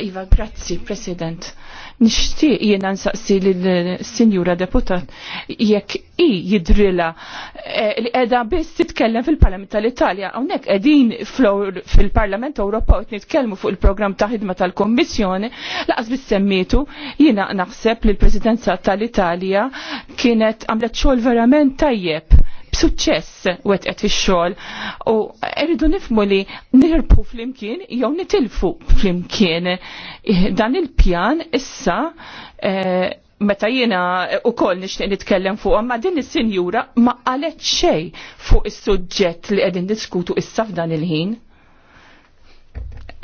Iva, President. Nixtieq jiena nsaqsi lill-Sinjura eh, Deputat jekk i jidrilla eh, li qiegħda biss titkellem fil-Parlament tal-Italja hawnhekk qegħdin fil-Parlament Ewropew qed nitkellmu fuq il-programm ta' ħidma tal-Kommissjoni laqas biss semmitu jiena naħseb li l-Presidenza tal-Italja kienet għamlet xogħol verament tajjeb b'suċċess qed ix-xogħol u rridu nifmu li nirbu flimkien jew nitilfu flimkien. Eh, Dan il-pjan issa eh, meta jiena u koll nishtiq nitkellem fuq, ma din is-sinjura ma qalet xej fuq is-suġġett li qegħdin diskutu issa f'dan il-ħin.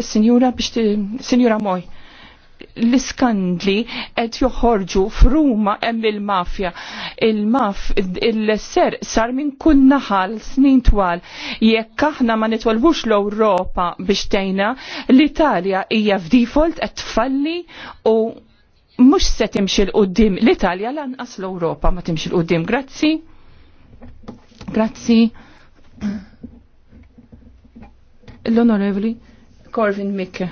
Sinjura biex Sinjura Moj l-iskandli qed joħorġu f'Ruma hemm il-mafja. Il-maf il-ser sar minn kull naħal snin twal jekk aħna ma nitwalbux l-Ewropa biex tejna, l-Italja hija f'default qed tfalli u mhux se timxi l qudiem l-Italja lanqas l-Ewropa ma timxi l qudiem Grazzi. Grazzi. L-Onorevoli Corvin Mikke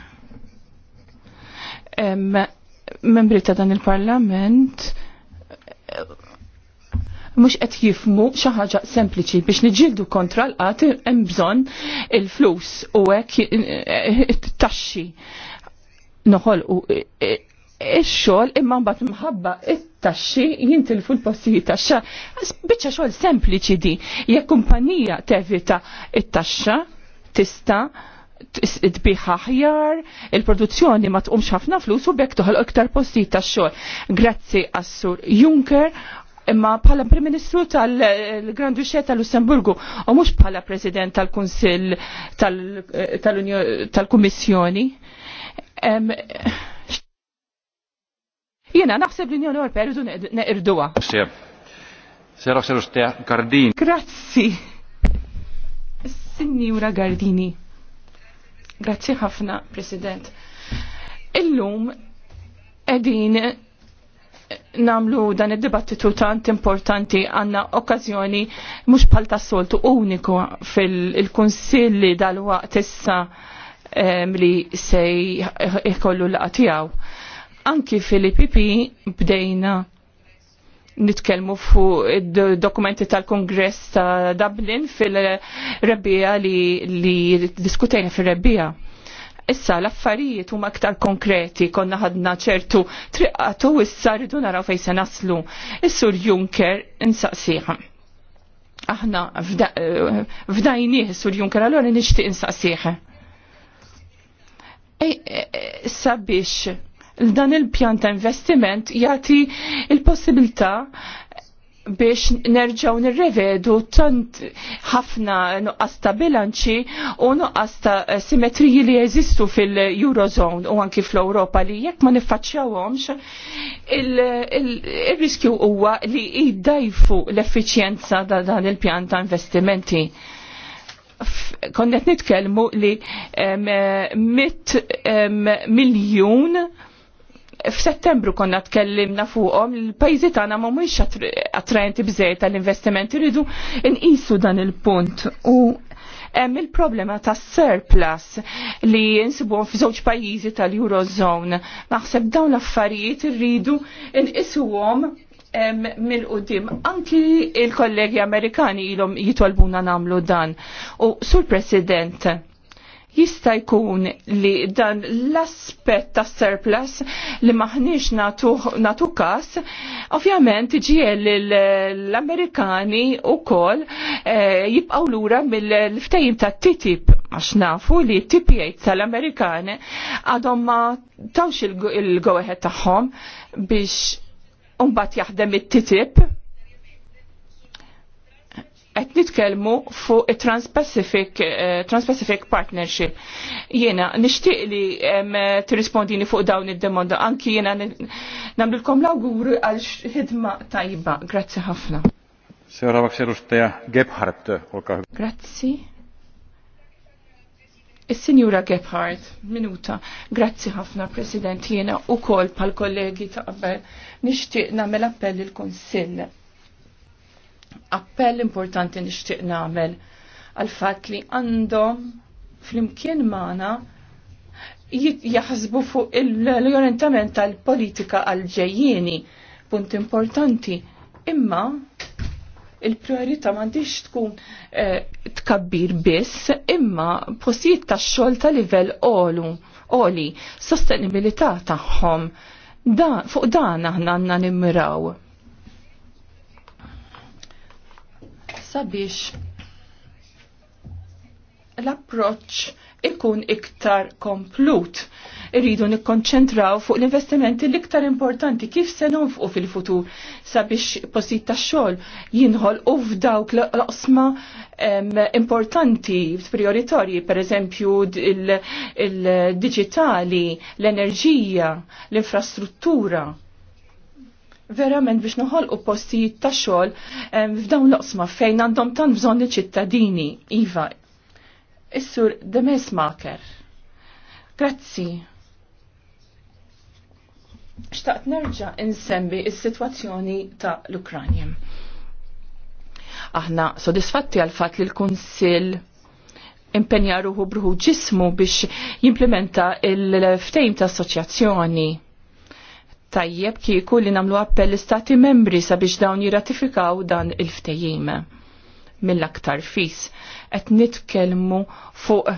membri ta' dan il-parlament mux qed jifmu xi ħaġa sempliċi biex niġildu kontra l-qat hemm bżonn il-flus u hekk it-taxxi noħolqu ix-xogħol imma mbagħad mħabba it-taxxi jintilfu l-postijiet taxxa. Biċċa xogħol sempliċi di. Jekk kumpanija tevita it-taxxa tista' tbiħ ħjar, il-produzzjoni ma tqumx ħafna flus u bekk toħol iktar postijiet tax-xogħol. Grazzi għas-Sur Juncker imma bħala Prim Ministru tal-Grand tal-Lussemburgu u mhux bħala President tal-Kunsill tal-Kummissjoni. Jiena naħseb l-Unjoni Ewropea rridu neqirduha. Sera Gardini. Grazzi. Signora Gardini. Grazzi ħafna, President. Illum edin namlu dan id-dibattitu tant importanti għanna okkazjoni mux pal soltu uniku fil-konsilli dal-waqt issa li sej ikollu laqatijaw. Anki fil-IPP bdejna nitkellmu fuq id-dokumenti tal-Kongress ta' Dublin fil-rebbija li, li diskutejna fil-rebbija. Issa l-affarijiet huma aktar konkreti, konna ħadna ċertu triqatu issa rridu naraw fejn se naslu. Is-Sur Juncker insaqsiħa. Aħna f'dajnieh is-Sur Juncker allora nixtieq insaqsiħa. Ej, eh, eh, sabiex dan il-pjan ta' investiment jagħti il-possibilità biex nerġaw nirrevedu tant ħafna nuqqas ta' bilanċi u nuqqas ta' simetriji li jeżistu fil-Eurozone u anki fl-Europa li jekk ma niffaċċjawhomx il-riskju huwa li jiddajfu l-effiċjenza ta' da dan il-pjan ta' investimenti. Konnet nitkellmu li mit miljun F'Settembru konna tkellimna fuqhom il-pajjiżi tagħna ma mhux attraenti bżejt tal-investiment iridu nqisu dan il-punt u hemm il-problema ta' surplus li jinsibu f'żewġ pajjiżi tal-Eurozone. Naħseb dawn l-affarijiet irridu nqisuhom mill-qudiem. Anki il-kollegi Amerikani ilhom jitolbuna nagħmlu dan. U sur President, jista' jkun li dan l-aspett ta' surplus li maħniex natu kas, ovvjament ġiel l-Amerikani u kol eh, jibqaw l lura mill-ftajim ta' TTIP għax nafu li TPA tal-Amerikani għadhom ma tawx il-go-ahead tagħhom biex umbat jaħdem it-TTIP qed nitkellmu fuq Trans-Pacific eh, Trans-Pacific Partnership. Jiena nixtieq li tirrispondini fuq dawn id-demanda anki jiena nagħmlilkom l-awguri għal ħidma tajba. Grazzi ħafna. Baxer Ustea Gebhardt, olkaa hyvä. Grazzi. Is-Sinjura Gebhardt, minuta. Grazzi ħafna, President, jiena u kol pal-kollegi ta' qabel nixtieq nagħmel appell il-Konsill appell importanti nixtieq nagħmel għal fatt li għandhom flimkien maħna jaħsbu fuq l-orientament tal-politika għal-ġejjieni punt importanti imma il-priorità għandix tkun eh, tkabbir biss imma postijiet tax-xogħol ta' livell għolu oli sostenibilità tagħhom da, fuq dan aħna għandna nimmiraw. sabiex l-approċ ikun iktar komplut. Irridu nikkonċentraw fuq l-investimenti l-iktar importanti kif se nonfqu fil-futur sabiex posit ta' xogħol jinħol u f'dawk l-qosma importanti, prioritorji, per eżempju il-digitali, l-enerġija, l-infrastruttura verament biex noħolqu postijiet ta' xogħol f'dawn l-oqsma fejn għandhom tan bżonn ċittadini iva. Is-sur Demes Maker. Grazzi. Xtaqt nerġa' insembi is-sitwazzjoni ta' l-Ukranja. Aħna sodisfatti għal fatt li l-Kunsill impenja ruħu bruħu ġismu biex jimplementa il-ftejm ta' assoċjazzjoni tajjeb kieku li namlu appell l-istati membri sabiex dawn jiratifikaw dan il-ftejim mill-aktar fis. Et nitkelmu fuq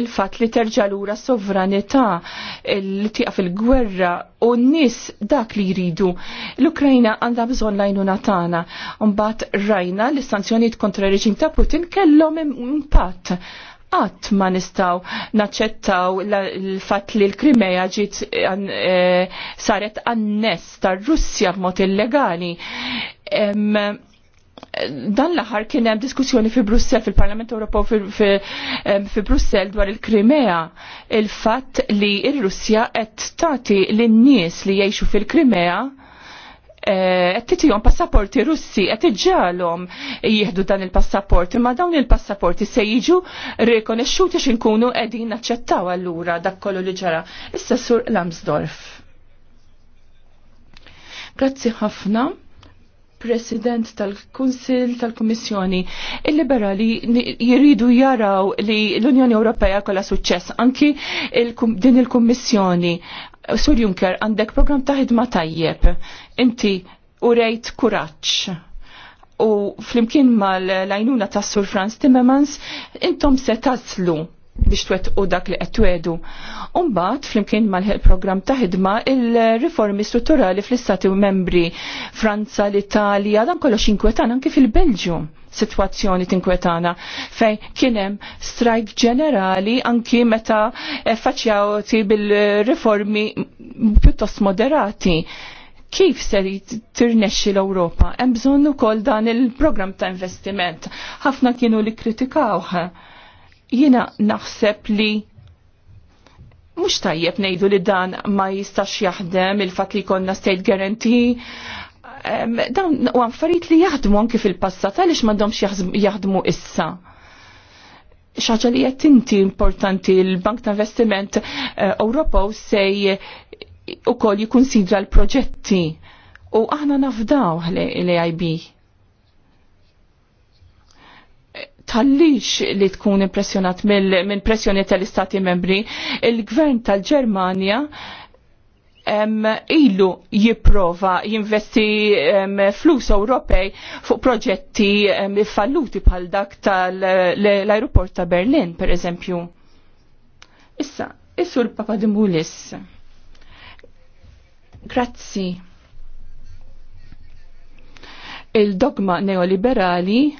il-fat li terġa lura sovranità li tiqa fil-gwerra u n-nis dak li jridu. L-Ukrajna għandha bżonn lajnu natana. Mbagħad rajna l-istanzjoniet kontra reġim ta' Putin kellhom impatt qatt ma nistaw naċċettaw l-fatt li l-Krimeja ġiet e, saret anness tar-Russja b'mod illegali dan l-aħħar kien hemm diskussjoni fi Brussell fil-Parlament Ewropew fi, fi Brussell dwar il-Krimea il-fatt li r-Russja qed tagħti lin-nies li jgħixu fil-Krimea Eh, qed titihom passaporti Russi qed ġalom jieħdu dan il-passaporti, ma dawn il-passaporti se jiġu rekonexxuti x'inkunu qegħdin naċċettaw allura dak kollu li ġara. Issa sur Lamsdorf. Grazzi ħafna. President tal-Kunsil tal-Kummissjoni, il-liberali jiridu jaraw li l-Unjoni Ewropea kolla suċċess, anki il din il-Kummissjoni. Sur Juncker, għandek program ta' ħidma tajjeb. Inti urejt kuraċ u flimkien mal-lajnuna ta' Sur Franz Timmermans, intom se taslu biex twettqu dak li qed twedu. Umbagħad flimkien mal-programm ta' ħidma il-riformi strutturali fl-istati membri Franza, l-Italja, dan kollox inkwetana anke fil-Belġju situazzjoni tinkwetana fej kienem strajk ġenerali anki meta faċjawti bil-riformi pjuttost moderati kif ser tirnexxi l-Ewropa. Hemm bżonn ukoll dan il-programm ta' investiment. Ħafna kienu li kritikawh. Jiena naħseb li mhux tajjeb ngħidu li dan ma jistax jaħdem il-fatt li jkollna state guarantee Dan u affarijiet li jaħdmu anki fil-passat, għaliex m'għandhomx jaħdmu issa. Xaġa li qed inti importanti l-Bank ta' Investiment eh, Ewropew sej u kol jikonsidra l-proġetti u aħna nafdaw l-AIB. Tallix li tkun impressjonat mill-pressjoni tal-istati membri, il-gvern tal-Germania ilu jipprova jinvesti um, flus Ewropej fuq proġetti um, falluti bħal dak tal-aeroport ta' Berlin, per eżempju. Issa, issu l-Papa Dimulis. Grazzi. Il-dogma neoliberali,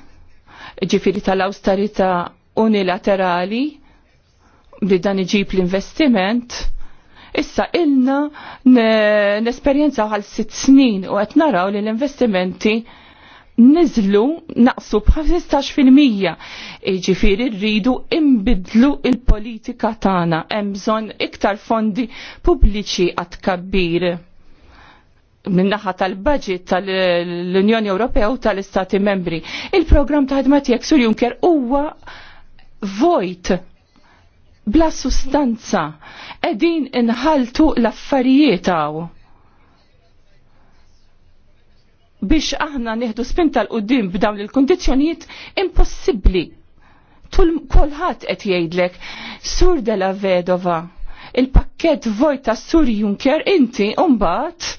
ġifiri tal-austerita unilaterali, li dan iġib l-investiment, issa ilna n-esperienza għal sitt snin u għet naraw li l-investimenti nizlu naqsu b-15% iġifiri rridu imbidlu il-politika tana, emżon iktar fondi pubbliċi għat kabbiri minnaħa tal-budget tal-Unjoni Ewropea u tal-Istati Membri. Il-programm ta' ħadma tiegħek Sur Juncker huwa vojt bla sustanza. Qegħdin inħaltu l-affarijiet hawn. Biex aħna nieħdu spinta l-qudiem b'dawn il-kundizzjonijiet impossibbli. Tul kulħadd qed jgħidlek Sur della Vedova il-pakket vojt ta' Sur Juncker inti mbagħad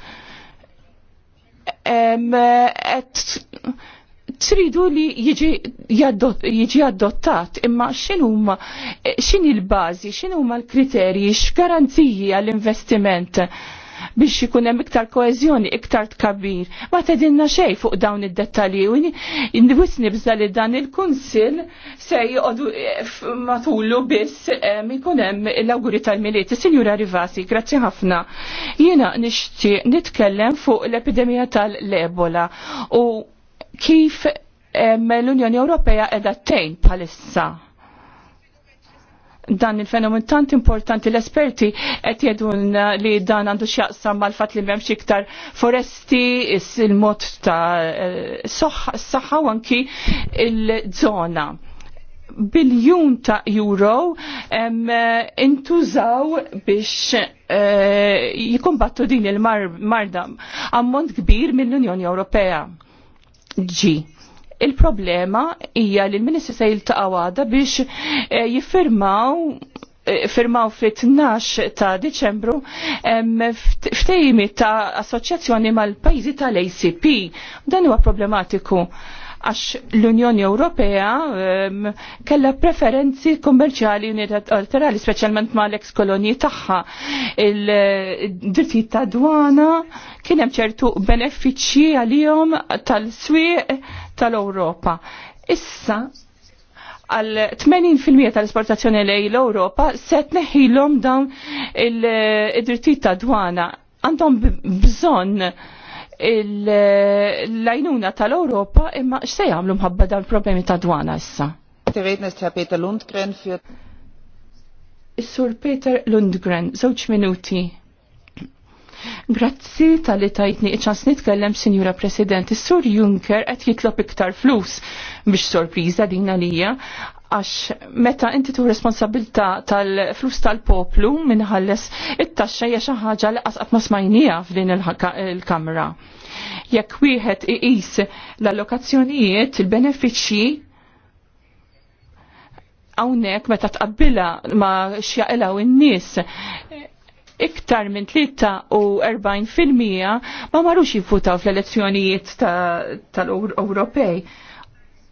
qed tridu li jiġi adottat imma x'inhuma x'in il-bażi, x'inhuma l-kriterji, x'garanziji għall-investiment biex ikun hemm iktar koeżjoni, iktar tkabbir. Ma tedinna xejn fuq dawn id-dettalji u nibża li dan il-kunsil se jqodu eh, matullu biss eh, ikun hemm l-awguri tal-miliet. Sinjura Rivasi, grazzi ħafna. Jiena nixtieq nitkellem fuq l-epidemija tal-Ebola u kif eh, l-Unjoni Ewropea qiegħda tgħin bħalissa dan il-fenomen tant importanti l-esperti qed jedun li dan għandu x'jaqsam mal-fatt li m'hemmx iktar foresti il-mod ta' saħħa u anki il-żona biljun ta' euro intużaw biex eh, jikumbattu din il-marda ammont kbir mill-Unjoni Ewropea. Ġi Il-problema hija li l-Ministri se jiltaqa' għada biex eh, jiffirmaw eh, firmaw fit-12 ta' Diċembru ftejmi ta' assoċjazzjoni mal-pajzi tal-ACP. Dan huwa problematiku għax l-Unjoni Ewropea kella preferenzi kummerċjali unilaterali, speċjalment ma l ex kolonji tagħha. Il-drittijiet ta' dwana kien hemm ċertu benefiċċji għalihom tal-swieq tal-Ewropa. Issa għal 80% tal-esportazzjoni lej l ewropa set neħilhom dawn il-drittijiet ta' dwana. Għandhom bżonn l-lajnuna tal-Europa imma x'se jagħmlu mħabba dan problemi ta' dwana issa. Sur Peter Lundgren, żewġ minuti. Grazzi tal-li tajtni iċans nitkellem, Sinjura President, Is-Sur Juncker qed jitlob iktar flus biex sorpriża din għalija għax meta inti tu responsabilta tal-flus tal-poplu minnħalles it-taxxa hija xi ħaġa li qasqat ma smajnija f'din il-kamra. Jekk wieħed iqis l-allokazzjonijiet, il-benefiċċji hawnhekk meta tqabbilha ma xjaqilgħu in-nies iktar minn 43% ma marux jivvutaw fl-elezzjonijiet tal-Ewropej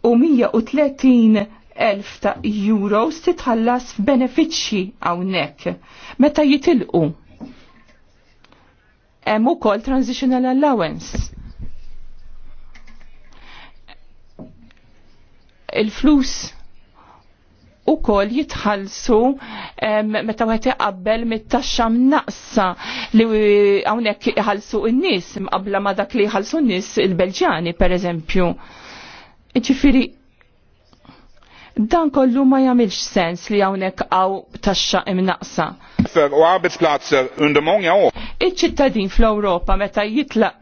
u 130 elf ta' euros titħallas f'benefiċċji hawnhekk meta jitilqu. Hemm ukoll transitional allowance. Il-flus u kol jitħalsu meta għet iqabbel mit-taxxa mnaqsa li hawnhekk iħallsu n-nies qabla ma dak li jħallsu n-nies il-Belġjani pereżempju. Jiġifieri Dan kollu ma jagħmilx sens li hawnhekk għaw taxxa imnaqsa. U Iċ-ċittadin fl-Ewropa meta jitlaq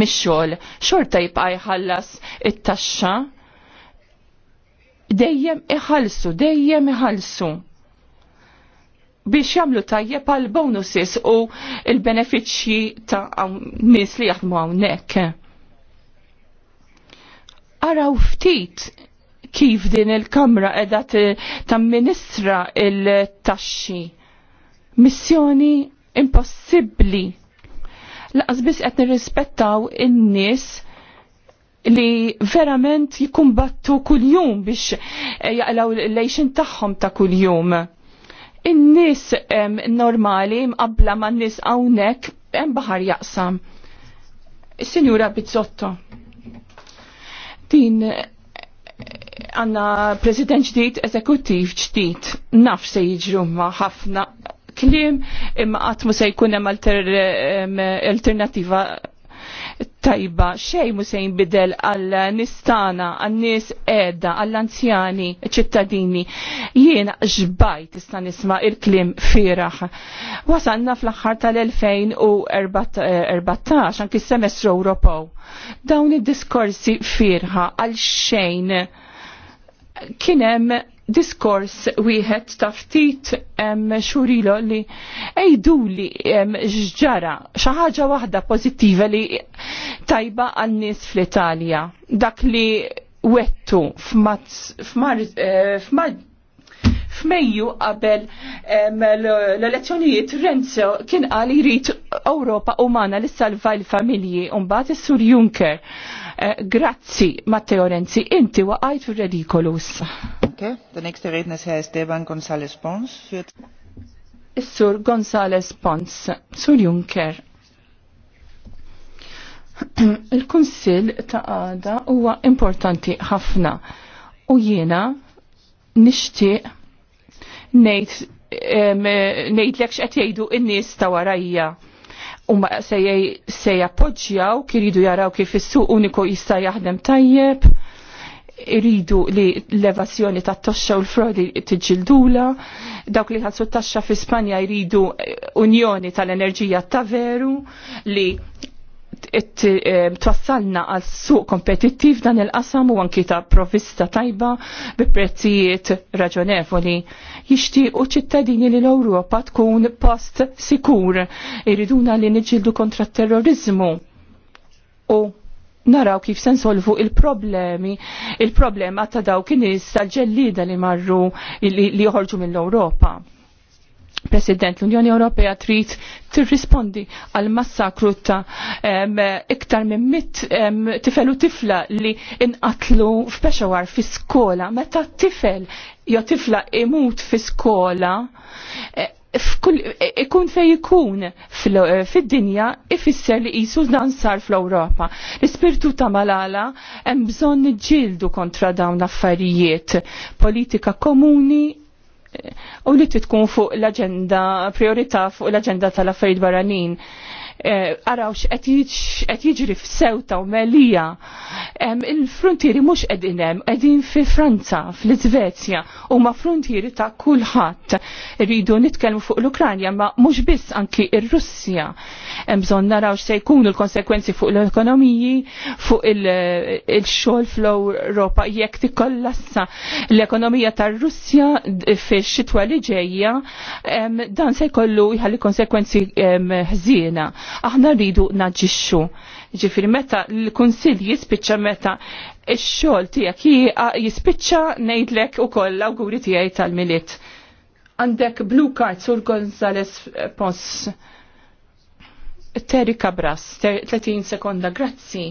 mix-xogħol xorta jibqa' jħallas it-taxxa dejjem iħallsu, dejjem iħallsu biex jamlu tajjeb għal bonuses u il-benefiċċji ta' nies li jaħdmu hawnhekk. Araw ftit kif din il-Kamra edha tamministra il-taxxi. Missjoni impossibbli. Laqas biss qed nirrispettaw in-nies li verament jikumbattu kuljum biex eh, jaqlaw l-lejxin tagħhom ta' kuljum. In-nies normali mqabbla ma' n-nies hawnhekk hemm baħar jaqsam. Is-Sinjura Bizzotto. Din għanna president ġdid, eżekuttiv ġdid, naf se jiġru ma ħafna klim imma għatmu se jkun hemm alternativa tajba xej mu se jinbidel għal nistana, għal nis edda, għall anzjani ċittadini. Jiena ġbajt tista' nisma' il-klim firax. Wasanna fl-aħħar tal-2014 anki semestru Ewropew. Dawn id-diskorsi firħa għal xejn kienem diskors wieħed ta' ftit xurilo li ejdu li xġara xi ħaġa waħda pożittiva li tajba għan nies fl-Italja. Dak li wettu eh, f'Mejju qabel l-elezzjonijiet Renzo kien qal jrid Ewropa umana li salva l-familji u mbagħad is-Sur Juncker Eh, grazzi, Matteo Renzi, inti waqajt fil-redikolus. Okay, the next here is Esteban González Pons. sur González Pons, sur Juncker. Il-Kunsill ta' għada huwa importanti ħafna u jiena nixtieq ngħid eh, ngħidlek x'qed jgħidu n-nies ta' warajja huma se jappoġġjaw kiridu jaraw kif is-suq uniku jista' jaħdem tajjeb, iridu li l-evasjoni tat toxxa u l-frodi tiġġildula, dawk li ħassu t-taxxa fi Spanja jridu eh, unjoni tal-enerġija ta' veru li Eh, twassalna għal suq kompetittiv dan il-qasam u anki ta' provvista tajba bi prezzijiet raġonevoli. Jixtiequ ċittadini li l-Ewropa tkun post sikur iriduna li nġildu kontra terrorizmu u naraw kif se nsolvu il-problemi, il-problema ta' daw kienis tal-ġellida li marru li joħorġu mill-Ewropa President, l-Unjoni Ewropea trid tirrispondi għal massakru ta' iktar minn mit tifel u tifla li inqatlu f'Peshawar fi skola. Meta tifel jew tifla imut fi skola, e, e, ikun fej ikun e, fid-dinja ifisser li qisu dan sar fl-Ewropa. L-ispirtu ta' Malala hemm bżonn niġġieldu kontra dawn l-affarijiet. Politika komuni u li tkun fuq l-agenda priorità fuq l-agenda tal-affarijiet barranin. Eh, arawx x'qed jiġri f'sewta u melija. Il-frontieri mhux qegħdin hemm, qegħdin fi Franza, fl-Iżvezja, huma frontieri ta' kulħadd. Rridu nitkellmu fuq l-Ukranja, ma mhux biss anki r russja Hemm bżonn naraw se jkunu l-konsekwenzi fuq l-ekonomiji, fuq il-xogħol fl-Ewropa jekk tikkollassa l-ekonomija tar-Russja fix-xitwa li ġejja, dan se jkollu jħalli konsekwenzi ħżiena aħna rridu naġixxu. Ġifiri meta l-Kunsill jispiċċa meta x-xogħol tiegħek jispiċċa ngħidlek ukoll l-awguri tiegħi tal milied Għandek blue card sur Gonzales Pons. Terry Cabras, 30 sekonda, grazzi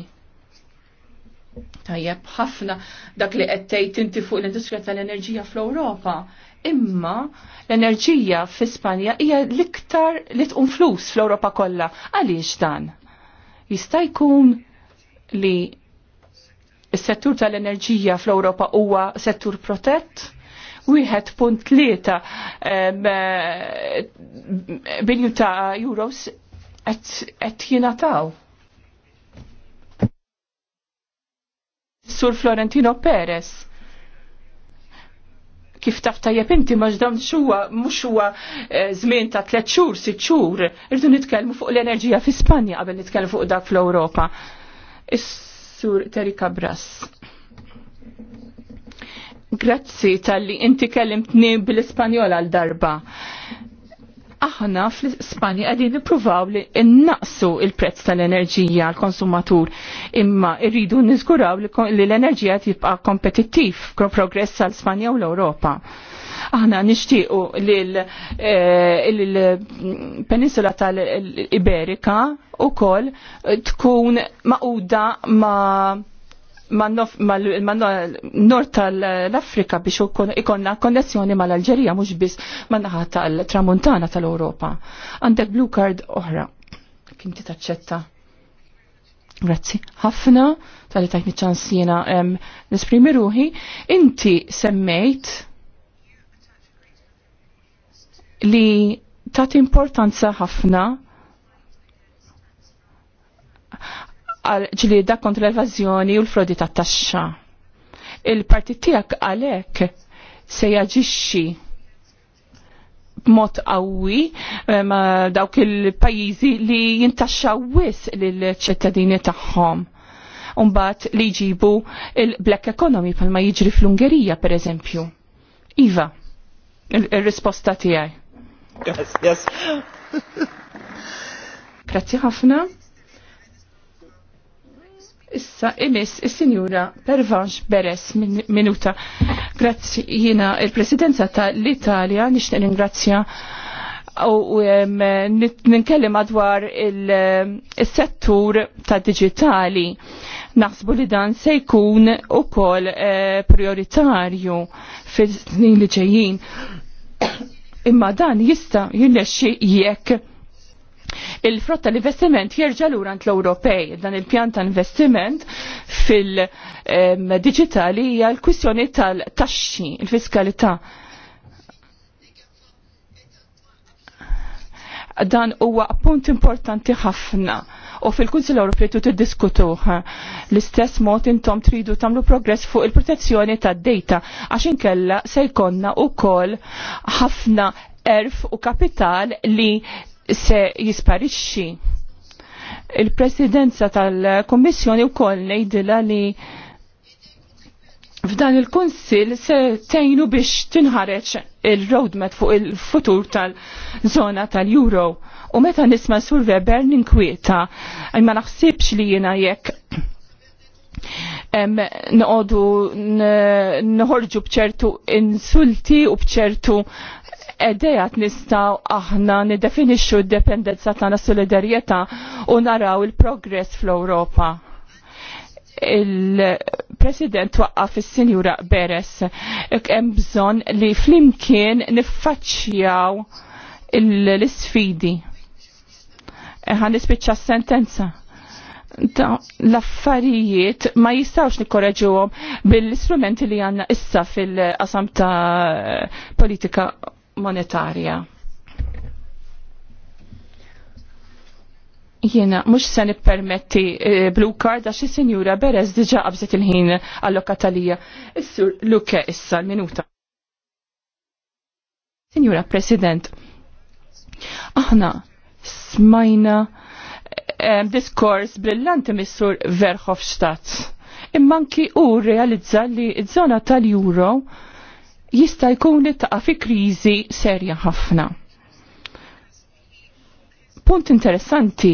tajjeb ħafna dak li qed tgħid inti fuq l-industrija tal-enerġija fl-Ewropa. Imma l-enerġija fi Spanja hija l-iktar li tqum flus fl-Ewropa kollha. Għaliex dan? Jista' jkun li s-settur tal-enerġija fl-Ewropa huwa settur protett? wieħed punt tlieta eh, bilju ta' euros qed jingħataw Sur Florentino Perez kif taf tajjeb inti maġdam xuwa, mux xuwa zmin eh, ta' tlet xhur, sitt xhur, irdu nitkellmu fuq l-enerġija fi Spanja qabel nitkelmu fuq dak fl-Ewropa. Is-sur Terika Bras. Grazzi tal-li inti kellimtni bil-Ispanjola għal darba aħna fl-Ispanja għadin nipruvaw li innaqsu il-prezz tal-enerġija għal-konsumatur imma irridu nizguraw li l-enerġija tibqa kompetittiv progress għal-Spanja u l-Europa. Aħna nishtiqu li l-peninsula eh, tal-Iberika u kol tkun maquda ma' ma nor tal-Afrika biex ikonna konnessjoni mal-Alġerija mhux biss man-naħa tal-Tramuntana tal-Ewropa. Għandek blue card oħra. Kinti taċċetta. Grazzi. Ħafna tal-li tajtni ċansina nesprimi ruħi. Inti semmejt li tat importanza ħafna għal ġlieda kontra l evazjoni u l-frodi tat-taxxa. Il-partit tiegħek għalhekk se jaġixxi b'mod qawwi ma' dawk il-pajjiżi li jintaxxaw wis lill-ċittadini tagħhom. Umbat li jġibu il-black economy palma jiġri fl-Ungerija, per eżempju. Iva, il-risposta tijaj. Yes, yes. Grazie ħafna issa imis is-Sinjura Pervanx Beres minuta. Grazzi jina il-Presidenza ta' l-Italja nixtieq ringrazzja u ninkellem dwar il-settur ta' digitali. Naħsbu li dan se jkun ukoll e, prioritarju fil-snin li ġejjin. Imma dan jista' jinnexxi jekk il-frott tal-investiment jerġa' lura ant l-Ewropej. Dan il-pjan ta' investiment fil-digitali hija l-kwistjoni tal-taxxi, il-fiskalità. Dan huwa punt importanti ħafna u fil-Kunsil Ewropej tu tiddiskutuh l-istess mod intom tridu tagħmlu progress fuq il-protezzjoni tad-data għax inkella se jkollna wkoll ħafna erf u kapital li se jisparixxi. Il-presidenza tal-Kommissjoni wkoll ngħidilha li f'dan il kunsill se tgħinu biex tinħareġ il-roadmap fuq il-futur tal-żona tal-Euro. U meta nisma' Sur Weber ninkwieta, ma naħsibx li jiena jekk noqogħdu noħorġu bċertu insulti u bċertu edejat nistaw aħna nidefinixxu d-dependenza tagħna solidarjetà u naraw il-progress fl-Ewropa. Il-President waqqaf is-Sinjura Beres hemm bżonn li flimkien niffaċċjaw l-isfidi. Ħan nispiċċa sentenza l-affarijiet ma jistawx nikkoraġuhom bil-istrumenti li għanna issa fil-qasam ta' politika monetarja. Jiena mhux se nippermetti eh, blue card għax il sinjura Beres diġà qabżet il-ħin allokatalija. Is-sur Luke issa l-minuta. Senjura, President, aħna smajna eh, diskors brillanti mis-sur Verhofstadt. Immanki u realizza li ż-żona tal-Euro jista' jkun li taqa' fi kriżi serja ħafna. Punt interessanti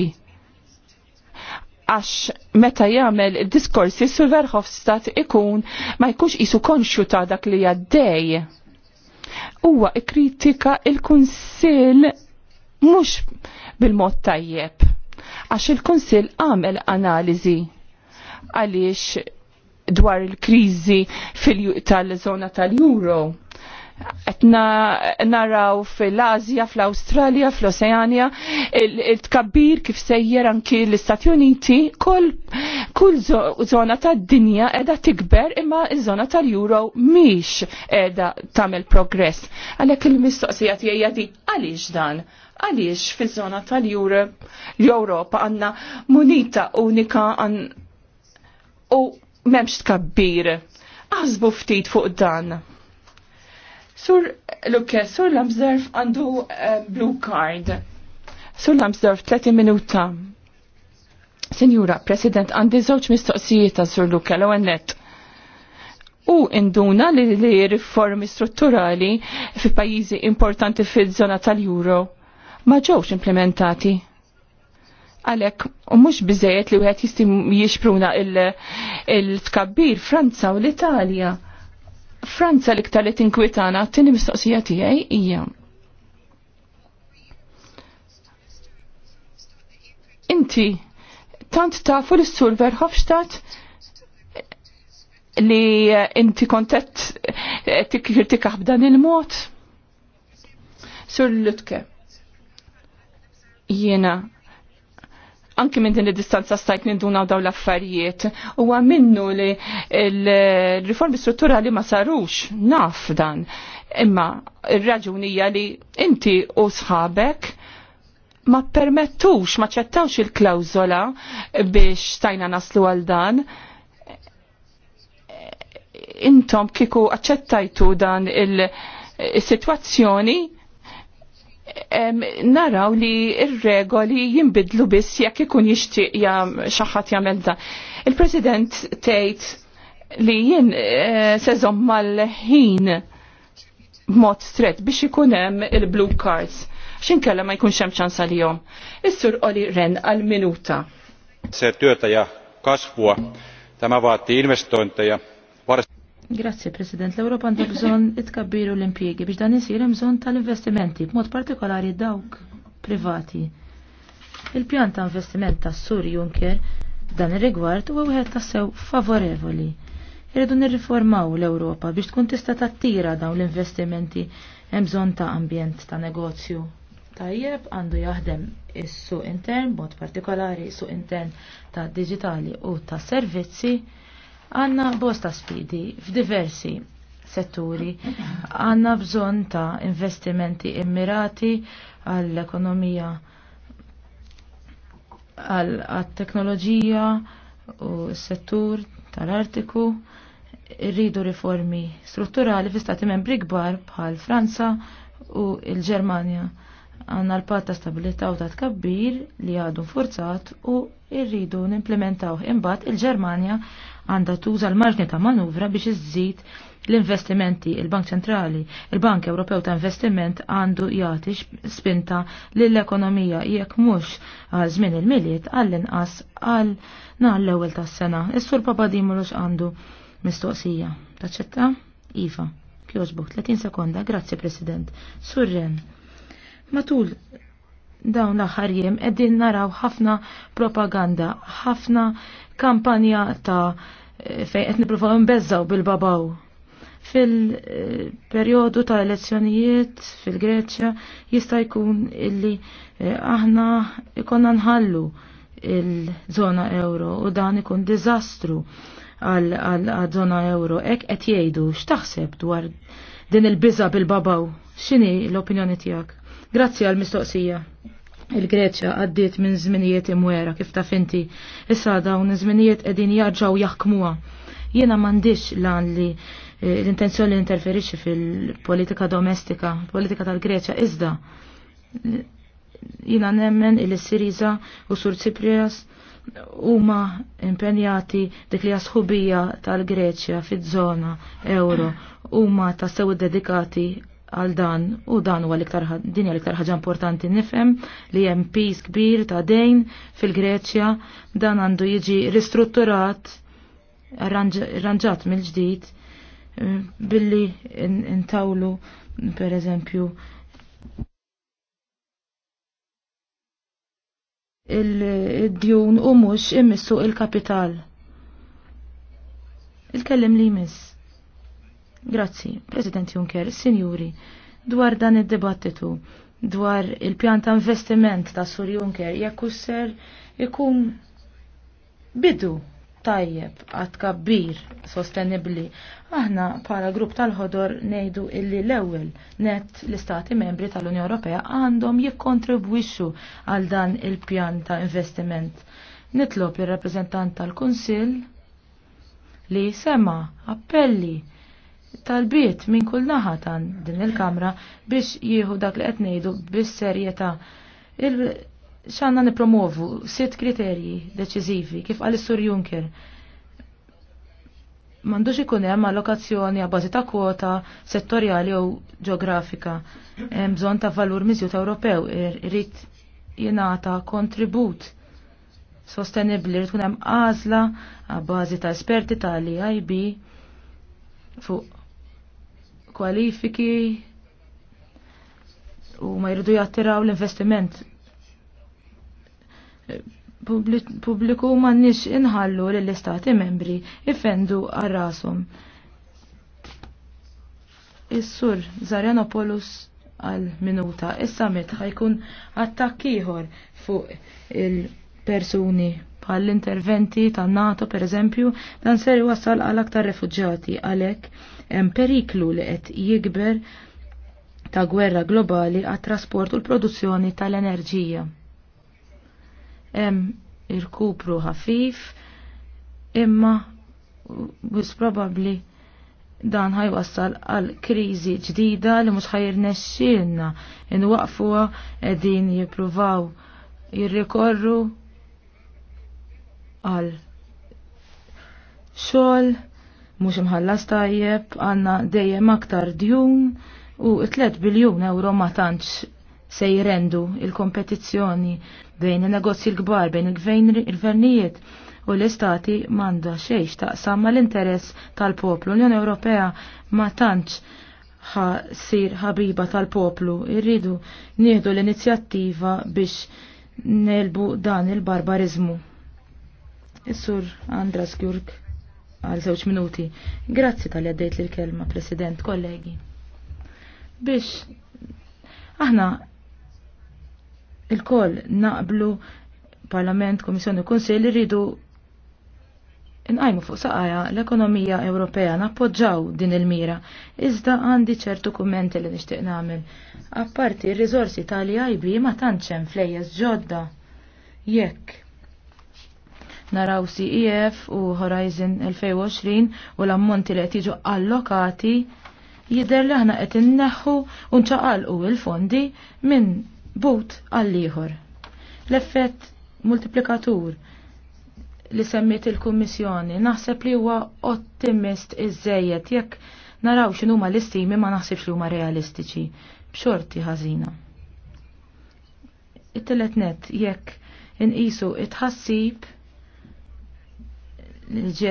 għax meta jagħmel diskorsi sul Verhofstadt ikun ma jkunx isu konxju ta' dak li għaddej. Huwa kritika il-Kunsill mhux bil-mod tajjeb għax il-Kunsill għamel analiżi għaliex dwar il-kriżi tal-żona tal-Euro etna naraw fil-Azja, fl-Australia, fl oceania il-tkabbir kif sejjer anki l-Istati Uniti, kull kol zona tal dinja edha tikber imma il zona tal-Euro miex edha tamel progress. Għalek il-mistoqsija tiegħi di għaliex dan? Għaliex fil-zona tal-Euro l-Europa għanna munita unika għan u memx tkabbir. Għazbu ftit fuq dan. Sur, Luke, Sur Lamsdorf għandu eh, blue card. Sur Lamsdorf, 30 minuta. Senjura, President, għandi zoċ mistoqsijiet ta' Sur Luke, l għennet. U induna li, li riformi strutturali fi pajizi importanti fil-zona tal-Euro ma ġewx implementati Għalek, u mux bizzejet li wieħed jistim jixpruna il-tkabbir il Franza u l-Italja. Franza l-iktar li t-tini mistoqsija tiegħi hija. Inti, tant tafu l-Sur Verhofstadt li inti kontet tikkirtikaħ b'dan il-mod? Sur Lutke, jiena anki minn din id-distanza stajt nindunaw daw l-affarijiet. U minnu li l-riformi strutturali ma sarux, naf dan. Imma il-raġunija li inti u sħabek ma permettux, ma ċettawx il-klawzola biex tajna naslu għal dan. Intom kiku aċċettajtu dan il-situazzjoni il situazzjoni il naraw li ir-regoli jimbidlu biss jekk ikun jixtieq xi xaħat jagħmel dan. Il-President tgħid li jien eh, seżom mal-ħin b'mod stret biex ikun hemm il-blue cards. X'inkella ma jkunx hemm ċans għalihom. Is-sur Oli Ren għal-minuta. Se työtä ja kasvua. Tämä vaatii investointeja. Grazzi, President. L-Europa għandha bżonn itkabbiru l-impjiegi biex dan isir hemm bżonn tal-investimenti b'mod partikolari dawk privati. Il-pjan ta' investiment ta' Sur Juncker dan ir-rigward huwa wieħed tassew favorevoli. Irridu nirriformaw l-Ewropa biex tkun tista' tattira dawn l-investimenti hemm bżonn ta' ambjent ta' negozju. Tajjeb għandu jaħdem is-suq intern, b'mod partikolari suq intern ta' digitali u ta' servizzi Għanna bosta spidi f'diversi setturi. Għanna bżon ta' investimenti immirati għall-ekonomija, għall-teknoloġija u s-settur tal-artiku. rridu riformi strutturali fi stati membri kbar bħal Franza u il-Ġermanja. Għanna l-pat ta' stabilità u ta' tkabbir li għadu forzat u irridu nimplementaw imbagħad il-Ġermanja għandha tuża l-marġni ta' manuvra biex iżżid l-investimenti il-Bank Ċentrali, il-Bank Ewropew ta' Investiment għandu jagħti spinta lill-ekonomija jekk mhux żmien il-miliet għall-inqas għal nhar l-ewwel tas-sena. Is-Sur Papadimulux għandu mistoqsija. Taċċetta? Iva. Kjożbuk, 30 sekonda, grazzi President. Surren. Matul dawn l-aħħar jiem qegħdin naraw ħafna propaganda, ħafna kampanja ta' fejn qed nippruvaw nbeżżaw bil-babaw. Fil-perjodu ta' elezzjonijiet fil-Greċja jista' jkun illi eh, aħna ikonna nħallu il-żona euro u dan ikun diżastru għal-żona euro. Ek qed jgħidu x'taħseb dwar din il-biża bil-babaw. X'inhi l-opinjoni tiegħek? Grazzi għal-mistoqsija. Il-Greċja għaddiet minn żminijiet imwera kif taf inti. Issa dawn żminijiet qegħdin jarġgħu jaħkmuha. Jiena m'għandix lan li eh, l-intenzjoni li interferixxi fil-politika domestika, politika tal-Greċja iżda. Jiena nemmen il-Siriza u Sur Tsiprias huma impenjati dik li sħubija tal-Greċja fiż-żona euro huma ta' sew dedikati għal dan u dan huwa l-iktar din hija l-iktar ħaġa importanti nifhem li hemm pis kbir ta' dejn fil-Greċja dan għandu jiġi ristrutturat arranġat mill-ġdid eh, billi intawlu per eżempju il-djun u mhux immissu il-kapital. Il-kellim li jmiss. Grazzi, President Juncker, Sinjuri, dwar dan id-dibattitu, dwar il-pjan ta' investiment ta' Sur Juncker, jekk ser ikun bidu tajjeb għat kabbir sostenibli. Aħna pala grupp tal-ħodor nejdu illi l-ewel net l-istati membri tal-Unjoni Ewropea għandhom jikkontribwixxu għal dan il-pjan ta' investiment. Nitlob il rappreżentant tal-Kunsill li sema appelli tal-biet minn kull naħa tan din il-kamra biex jieħu dak li qed ngħidu bis-serjetà. X'għandna nippromovu sitt kriterji deċiżivi kif qal is-Sur Juncker. M'għandux ikun hemm allokazzjoni għal bażi ta' kwota settorjali jew ġeografika. Hemm bżonn ta' valur miżjut Ewropew irid jingħata kontribut sostenibbli rrid tkun hemm għażla għal bażi ta' esperti tal-IB fuq kwalifiki u ma jridu jattiraw l-investiment pubbliku ma nix inħallu l-istati membri ifendu għarrasum. Is-sur Zarianopoulos għal minuta. Is-summit ħajkun attakkiħor fuq il-persuni bħal interventi tan NATO per eżempju, dan ser wasal għal aktar refugġati għalhekk hemm periklu li qed jikber ta' gwerra globali għat trasport u l-produzzjoni tal-enerġija. Hemm irkupru ħafif imma wis probabbli dan ħajwassal għal kriżi ġdida li mhux ħajirnexxielna inwaqfuha qegħdin jippruvaw jirrikorru għal xogħol mhux imħallas tajjeb għandna dejjem aktar djun u 3 biljun euro ma tantx se jirendu il-kompetizzjoni bejn il-negozji l-kbar bejn il-gvernijiet u l-istati manda ta' taqsam mal interess tal-poplu. L-Unjoni Ewropea ma tantx ħa sir ħabiba tal-poplu. Irridu nieħdu l-inizjattiva biex nelbu dan il-barbarizmu. Is-sur Andras Gjurk għal żewġ minuti. Grazzi tal-li għaddejt li l-kelma, President, kollegi. Biex, aħna il-koll naqblu Parlament, Komissjoni u Konsil rridu inqajmu fuq saqajja l-ekonomija Ewropea nappoġġaw din il-mira. Iżda għandi ċertu kummenti li nixtieq nagħmel. Apparti r-riżorsi tal-IB ma tantx hemm flejjes ġodda. Jekk naraw CEF u Horizon 2020 u l-ammonti li qed jiġu allokati jidher li aħna qed inneħħu u nċaqalqu il-fondi minn but għal ieħor. L-effett multiplikatur li semmiet il-Kummissjoni naħseb li huwa ottimist iżejjed jekk naraw x'inhuma l-istimi ma naħsibx li huma realistiċi b'xorti ħażina. It-telet net jekk inqisu it-ħassib l-ġi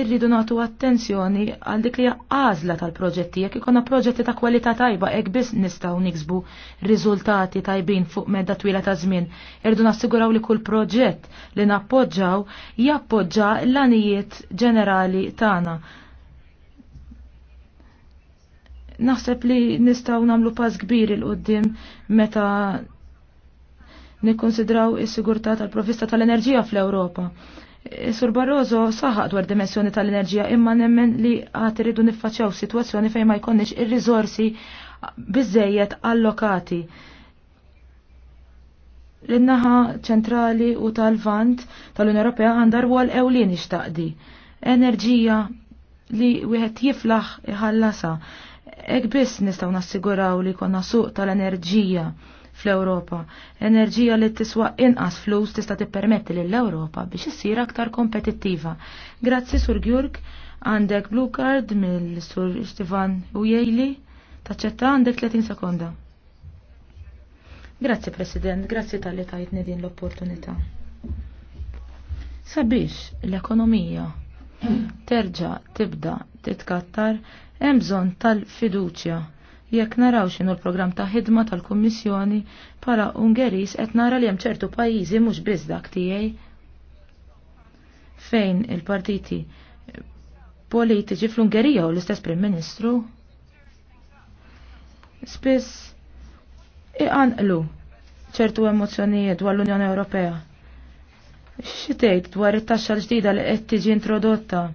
irridu nagħtu attenzjoni għal dik li għażla tal-proġetti jek ikonna proġetti ta' kwalità tajba hekk biss nistgħu niksbu riżultati tajbin fuq medda twila ta' żmien. Irridu nassiguraw li kull proġett li nappoġġaw jappoġġa l-anijiet ġenerali tagħna. Naħseb li nistgħu nagħmlu pass kbir il qudiem meta nikkonsidraw is-sigurtà tal-provista tal-enerġija fl-Ewropa Sur Barroso saħaq dwar dimensjoni tal-enerġija imma nemmen li għat irridu niffaċċjaw situazzjoni fejn ma jkollniex ir-riżorsi biżejjed allokati. L-naħa ċentrali u tal-vant tal-Unjoni Ewropea għandha rwol ewlieni xtaqdi. Enerġija li wieħed jiflaħ iħallasa. Ek biss nistgħu nassiguraw li konna suq tal-enerġija fl-Ewropa. Enerġija li tiswa inqas flus tista' tippermetti lill ewropa biex issir aktar kompetittiva. Grazzi Sur Gjurk, għandek blue card mill-Sur Stefan Ujejli. Taċċetta għandek 30 sekonda. Grazzi President, grazzi tal-li tajtni din l-opportunità. Sabiex l-ekonomija terġa' tibda titkattar hemm bżonn tal-fiduċja Jekk naraw x'inhu l-programm ta' ħidma tal-Kummissjoni para Ungeris qed nara li hemm ċertu pajjiżi mhux biss dak tiegħi fejn il-partiti politiċi fl-Ungerija u l-istess Prim Ministru spiss iqanqlu ċertu emozjonijiet dwar l-Unjoni Ewropea. Xi tgħid dwar it-taxxa l-ġdida li qed tiġi introdotta?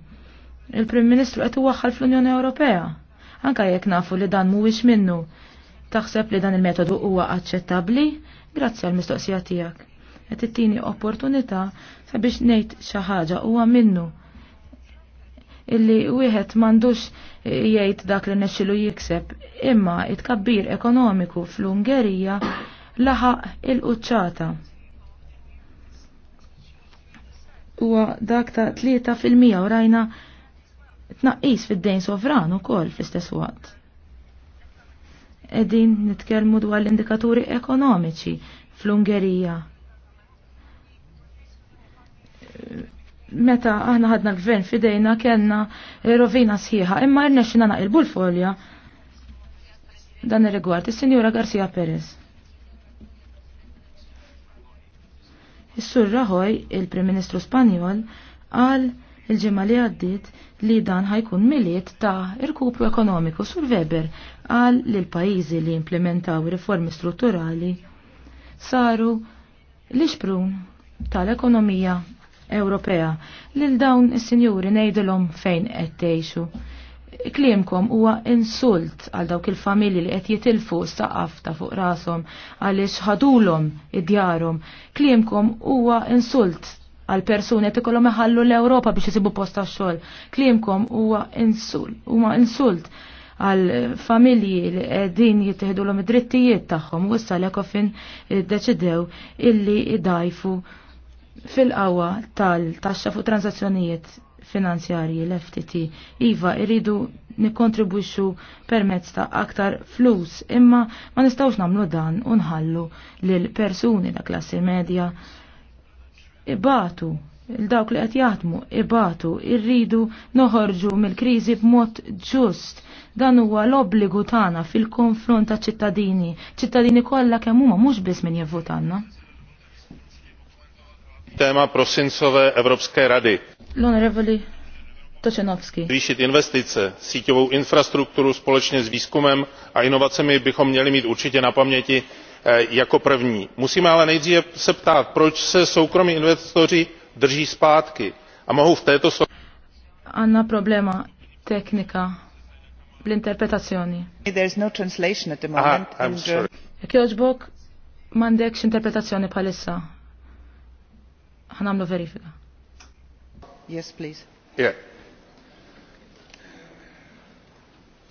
Il-Prim Ministru qed iwaħħal fl-Unjoni Ewropea anka jekk nafu li dan mhuwiex minnu. Taħseb li dan il-metodu huwa aċċettabbli? Grazzi għall mistoqsija tiegħek. Qed ittini opportunità sabiex ngħid xi ħaġa huwa minnu illi wieħed m'għandux eh, jgħid dak li nexxilu jikseb, imma it-kabbir ekonomiku fl-Ungerija laħaq il-quċċata. Huwa dak ta' 3% u rajna tnaqqis fid-dejn sovran ukoll fl-istess waqt. Edin nitkellmu dwar l-indikaturi ekonomiċi fl-Ungerija. Meta aħna ħadna l-gvern fidejna kellna rovina sħiħa, imma nagħna qilbu l-folja dan ir-rigward is-Sinjura Garcia Perez. Is-Sur Rajoy, il-Prim Ministru Spanjol, qal il-ġimma li għaddit li dan ħajkun miliet ta' irkupru ekonomiku sur Weber għal li l-pajizi li implementaw riformi strutturali saru li xprun tal-ekonomija Ewropea lil dawn is-sinjuri nejdilom fejn qed tgħixu. Klimkom huwa insult għal dawk il-familji li qed jitilfu saqaf ta' fuq rashom għaliex ħadulhom id-djarhom. Klimkom huwa insult għal persuni qed ikollhom iħallu l-Ewropa biex jisibu posta xogħol. Klimkom huwa insult, huma insult għal familji li jittihdu l id-drittijiet tagħhom u issa l-ekofin iddeċidew illi idajfu fil-qawwa tal-taxxa fuq transazzjonijiet finanzjarji l-FTT. Iva, irridu nikkontribwixxu permezz ta' aktar flus, imma ma nistgħux nagħmlu dan u nħallu persuni ta' klassi medja ibatu il-dawk li qed jaħdmu ibatu irridu noħorġu mill-kriżi b'mod ġust. Dan huwa l-obbligu tagħna fil-konfront ta' ċittadini, ċittadini kollha kemm huma mhux biss min jivvutanna. Tema prosincové Evropské rady. L-Onorevoli Točenovský. Rixit investice, síťovou infrastrukturu společně s výzkumem a inovacemi bychom měli mít určitě na paměti Eh, jako první. musíme ale nejdříve se ptát proč se soukromí investoři drží zpátky a mohu v této Għanna problema teknika bl-interpretazzjoni. There's no translation at the moment. Ah, I'm uh, sorry. Jekk joġbok m'għandekx interpretazzjoni bħalissa. Ħanamlu verifika. Yes, please. Yeah.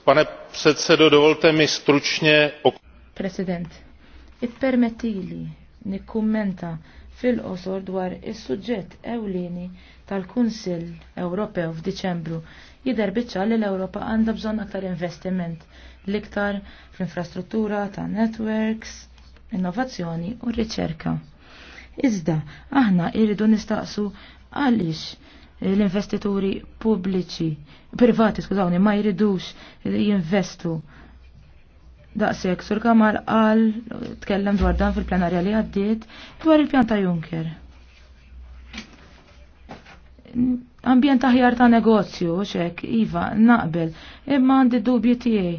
Pane předsedo, dovolte mi stručně... President Ippermettili nikkummenta fil-qosor dwar is-suġġett ewlieni tal-Kunsill Ewropew f'Diċembru jidher biċċa li l-Ewropa għandha bżonn aktar investiment l-iktar fl-infrastruttura ta' networks, innovazzjoni u riċerka. Iżda, aħna irridu nistaqsu għaliex l-investituri pubbliċi, privati, skużawni, ma jridux jinvestu Daqsek, Sur Kamal qal, tkellem dwar dan fil-plenarja li għaddiet, dwar il-pjan ta' Juncker. Ambjent aħjar ta' negozju, xek, Iva, naqbel, imma għandi dubji tiegħi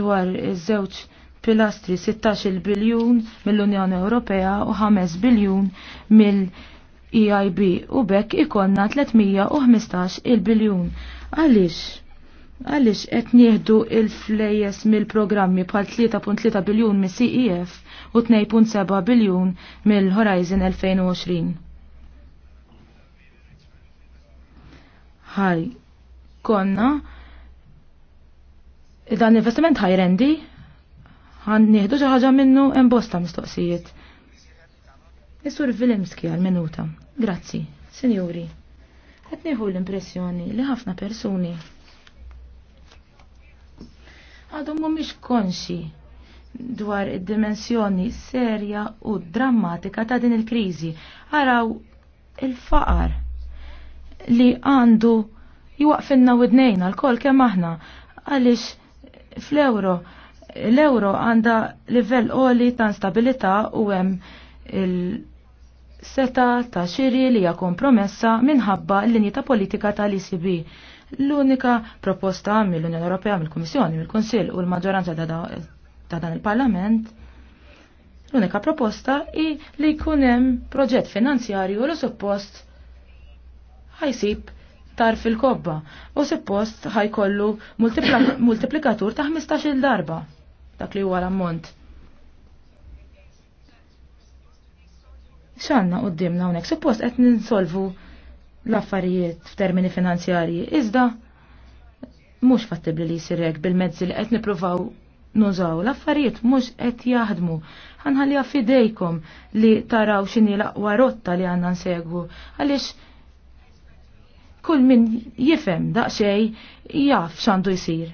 dwar iż-żewġ pilastri 16 biljun mill-Unjoni Ewropea u 5 biljun mill- EIB u bekk ikonna 315 il-biljun. Għalix? Għalix qed nieħdu il-flejjes mill-programmi bħal 3.3 biljun mis CEF u 2.7 biljun mill-Horizon 2020. Ħaj, konna dan investiment ħajrendi għan njihdu xi ħaġa minnu embosta mistoqsijiet. Isur Vilimski għal-minuta. Grazzi, Sinjuri. Qed nieħu l-impressjoni li ħafna persuni għadhom mhumiex konxi dwar id-dimensjoni serja u drammatika ta' din il-kriżi. Araw il-faqar li għandu jwaqfinna u d-nejn għal-kol kemm aħna għaliex fl-euro l-euro għanda livell għoli ta' stabilità u hemm il-seta ta' xiri li hija kompromessa minħabba l-linji ta' politika tal-ECB. L-unika proposta mill-Unjoni Ewropea, mill-Kummissjoni, mill-Kunsill u l-maġġoranza ta' dan il-Parlament l-unika proposta i li jkun hemm proġett finanzjarju li suppost ħajsib tar fil-kobba u suppost ħajkollu multiplikatur ta' 15-il darba dak li huwa l-ammont. X'għandna dimna hawnhekk suppost qed ninsolvu l-affarijiet f'termini finanzjarji. Iżda mhux fattibli li jsirek bil-mezzi li qed nippruvaw nużaw. L-affarijiet mhux qed jaħdmu. Ħanħalliha fidejkom li taraw x'inhi l-aqwa rotta li għandna nsegwu għaliex kull min jifem daqxej jaf x'għandu jsir.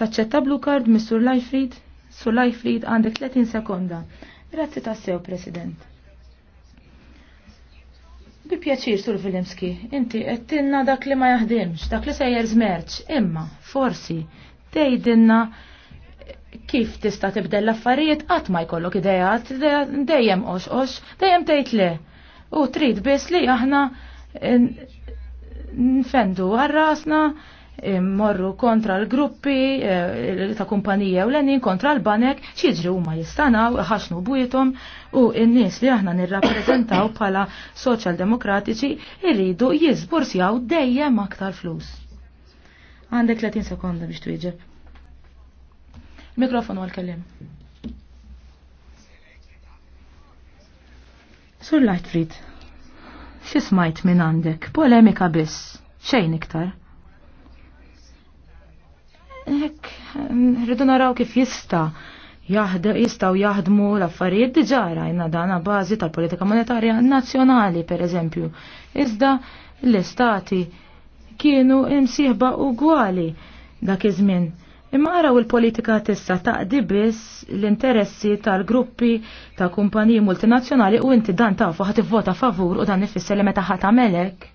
Taċċetta blue card, Mr. Lajfrid? Sur Lajfrid għandek 30 sekonda. Grazzi tassew, President. Bi pjaċir sur Vilimski, inti għettinna dak li ma jaħdimx, dak li sejjer zmerċ, imma forsi tejdinna kif tista' tibdel l-affarijiet qatt ma jkollok ideja, dejjem oċ ox, dejjem tgħid le. U trid biss li aħna nfendu għarrasna rasna morru kontra l-gruppi eh, ta' kumpanija u l-enin kontra l-banek xieġri huma jistanaw, ħaxnu bujtom u n-nis li aħna nirrappreżentaw pala soċal demokratiċi irridu jizbursjaw dejjem aktar flus. Għandek 30 sekonda biex twieġeb. Mikrofon għal-kellim. Sur Lightfried, xismajt minn għandek, polemika biss, xejn iktar. Hekk, rridu naraw kif jista' jistaw jaħdmu l-affarijiet diġa rajna dana bażi tal-politika monetarja nazzjonali per eżempju. Iżda l-istati kienu imsieħba ugwali dak iż-żmien. Imma araw il-politika tista taqdi biss l-interessi tal-gruppi ta' kumpaniji multinazzjonali u inti dan tafu ħat vota favur u dan ifisser li meta ħat għamelek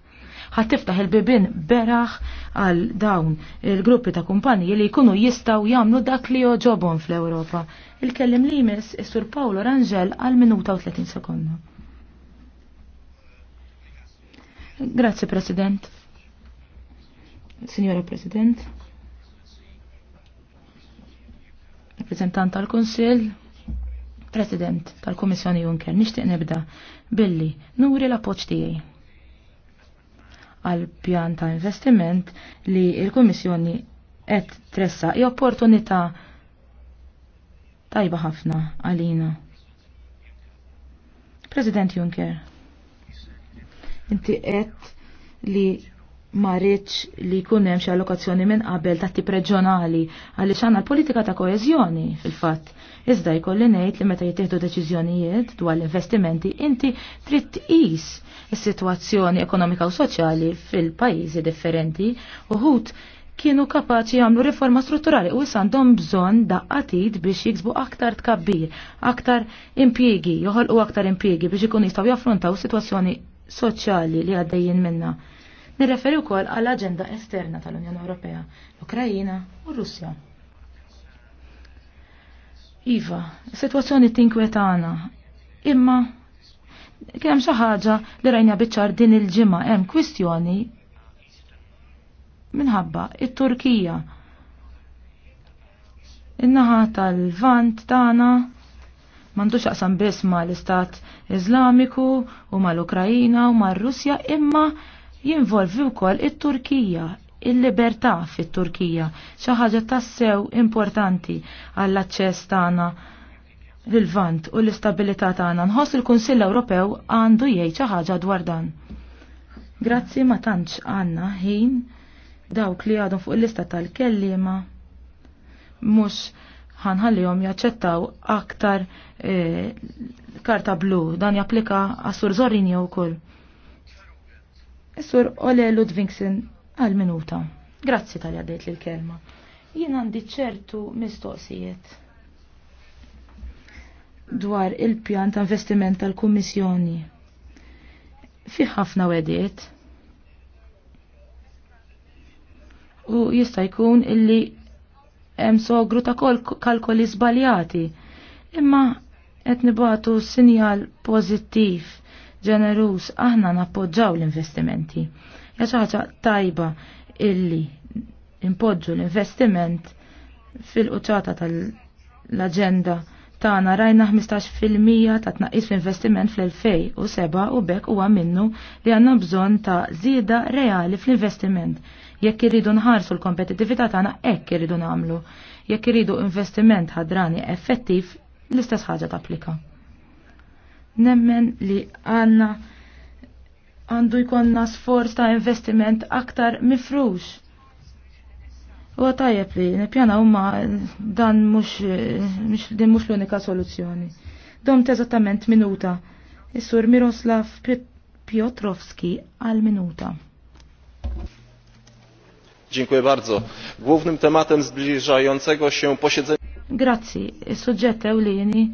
ħattiftaħ tiftaħ il-bibin beraħ għal dawn il-gruppi ta' kumpanji li jkunu jistaw jagħmlu dak li joġobon fl-Ewropa. Il-kellim li jmiss is-Sur Paolo Rangel għal minuta u 30 sekonda. Grazie President. Signora President. Rappresentant tal-Konsil. President tal-Komissjoni Juncker. Nishtiq nibda billi nuri l-appoċ tiegħi għal pjan ta' investiment li il-Komissjoni qed tressa i opportunità tajba ħafna għalina. President Juncker, inti qed li ma li jkun hemm xi allokazzjoni minn qabel ta' tip reġjonali għaliex għandna l-politika ta' koeżjoni fil-fatt. Iżda jkolli ngħid li meta jittieħdu deċiżjonijiet dwar l-investimenti inti trid tqis is-sitwazzjoni ekonomika u soċjali fil-pajjiżi differenti uħut kienu kapaċi jagħmlu riforma strutturali u issa għandhom bżonn daqqatid biex jiksbu aktar tkabbir, aktar impjiegi, joħolqu aktar impjiegi biex ikun jistgħu jaffrontaw sitwazzjoni soċjali li għaddejjin minna. Nirreferi wkoll għall aġenda esterna tal-Unjoni Ewropea, l-Ukrajina u Russja. Iva, situazzjoni tinkwetana, imma kien hemm xi ħaġa li rajna biċċar din il-ġimgħa hemm kwistjoni minħabba it-Turkija. In-naħa tal-Vant tagħna m'għandux aqsam biss mal-Istat Iżlamiku u mal-Ukrajina u mar-Russja imma jinvolvi wkoll it-Turkija, il-libertà fit-Turkija, xi ħaġa tassew importanti għall-aċċess tagħna l-vant u l-istabilità tagħna. Nħoss il-Kunsill Ewropew għandu jgħid xi ħaġa dwar dan. Grazzi ma tantx għandna ħin dawk li għadhom fuq il-lista tal-kellima mhux ħanħallihom jaċċettaw aktar e, karta blu dan japplika għas-sur Zorinja wkoll. Sur Ole Ludvingsen għal minuta. Grazzi tal li l-kelma. Jien għandi ċertu mistoqsijiet dwar il-pjan ta' investiment tal-Kummissjoni. Fi ħafna wedet. U jista' jkun illi hemm sogru ta' kol kalkoli żbaljati. Imma qed nibgħatu sinjal pożittiv ġenerus aħna nappoġġaw l-investimenti. Ja ħaġa tajba illi impoġġu l-investiment fil qċata tal-agenda tagħna rajna 15% ta' tnaqis fl-investiment fl-2007 u bekk huwa minnu li għandna bżonn ta' żieda reali fl-investiment. Jekk irridu nħarsu l kompetitività tagħna hekk irridu nagħmlu. Jekk irridu investiment ħadrani effettiv l-istess ħaġa tapplika. Nemmen li għanna għandu jkonna sforz ta' investiment aktar mifrux. U għatajab li, nepjana umma dan mux, din mux l-unika soluzzjoni. Dom eżattament minuta. Is-sur Miroslav Piotrowski għal minuta. Dziękuję bardzo. Głównym tematem zbliżającego się posiedzenia... Grazzi, il-sujġett ewlieni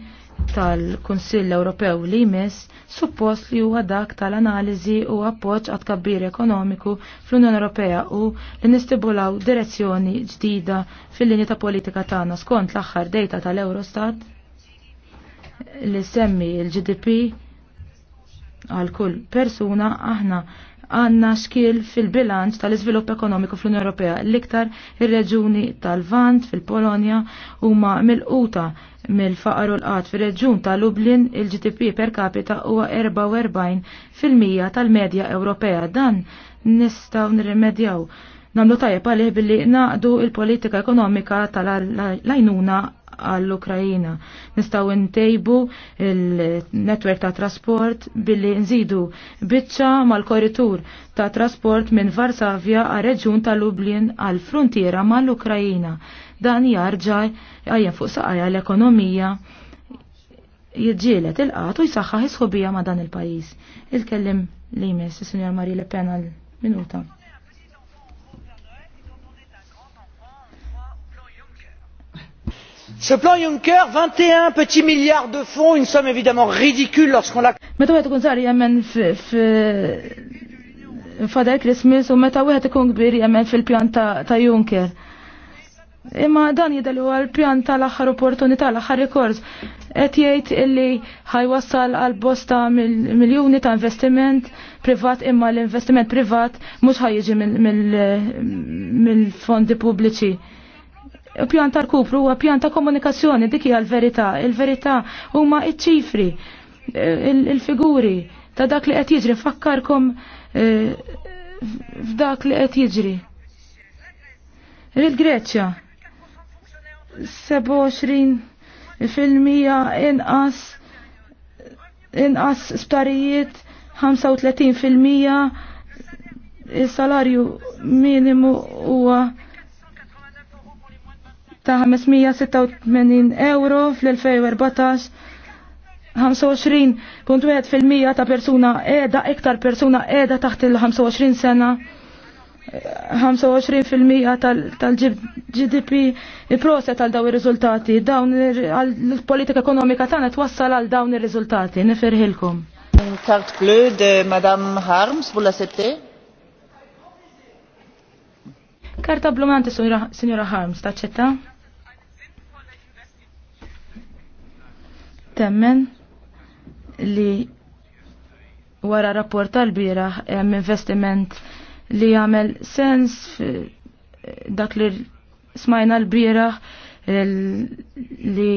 tal-Kunsill Ewropew li jmiss suppost li huwa dak tal-analiżi u appoġġ għat kabbir ekonomiku fl-Unjoni Ewropea u li nistibulaw direzzjoni ġdida fil-linja ta' politika tagħna skont l-aħħar dejta tal-Eurostat li semmi l-GDP għal kull persuna aħna għanna xkil fil-bilanċ tal-iżvilupp ekonomiku fl-Unjoni Ewropea. L-iktar ir-reġuni tal-Vant fil-Polonja huma mill-quta mill-faqar u l-qat fir-reġjun tal-Lublin il-GDP per capita huwa 44% tal-medja Ewropea. Dan nistgħu nirremedjaw. Namlu tajjeb għalih billi naqdu il-politika ekonomika tal-lajnuna għall-Ukrajina. Nistaw intejbu il-netwerk ta' trasport billi nżidu biċċa mal-korritur ta' trasport minn Varsavja għal reġun ta' Lublin għal frontiera mal-Ukrajina. Dan jarġa' għajja fuq saqajja l-ekonomija jidġielet il qatu u jisaxħa jisħobija ma' dan il-pajis. Il-kellim li jmiss, il senjor Marile Le Pen għal minuta. Ce plan Juncker, 21 petits milliards de fonds, une somme évidemment ridicule lorsqu'on l'a... Meta wieħed ikun żgħar jemmen f'fadel Christmas u meta wieħed ikun kbir jemmen fil-pjan ta' Juncker. Imma dan jidel huwa l-pjan tal-aħħar opportunità, l-aħħar rekords. Qed jgħid illi ħajwassal għal bosta miljuni ta' investiment privat imma l-investiment privat mhux ħajjiġi mill-fondi pubbliċi pjan ta' kupru huwa pjan ta' komunikazzjoni dik hija l-verità. Il-verità huma iċ-ċifri, il-figuri ta' dak li qed jiġri fakkarkom eh, f'dak li qed jiġri. Il-Greċja 27 fil-mija inqas inqas sparijiet, 35 fil-mija il-salarju minimu huwa ta' 586 euro fl-2014 25.1% ta' persuna edha, iktar persuna edha taħt il-25 sena, 25% tal-GDP proset tal daw ir-riżultati, dawn il-politika ekonomika tagħna wassal għal dawn ir-riżultati, nifirħilkom. Kart plu de Madame Harms, vous sette? Karta blumante, Signora Harms, taċċetta? temmen li wara rapport tal-bira hemm investiment li jagħmel sens dak li smajna l-bira li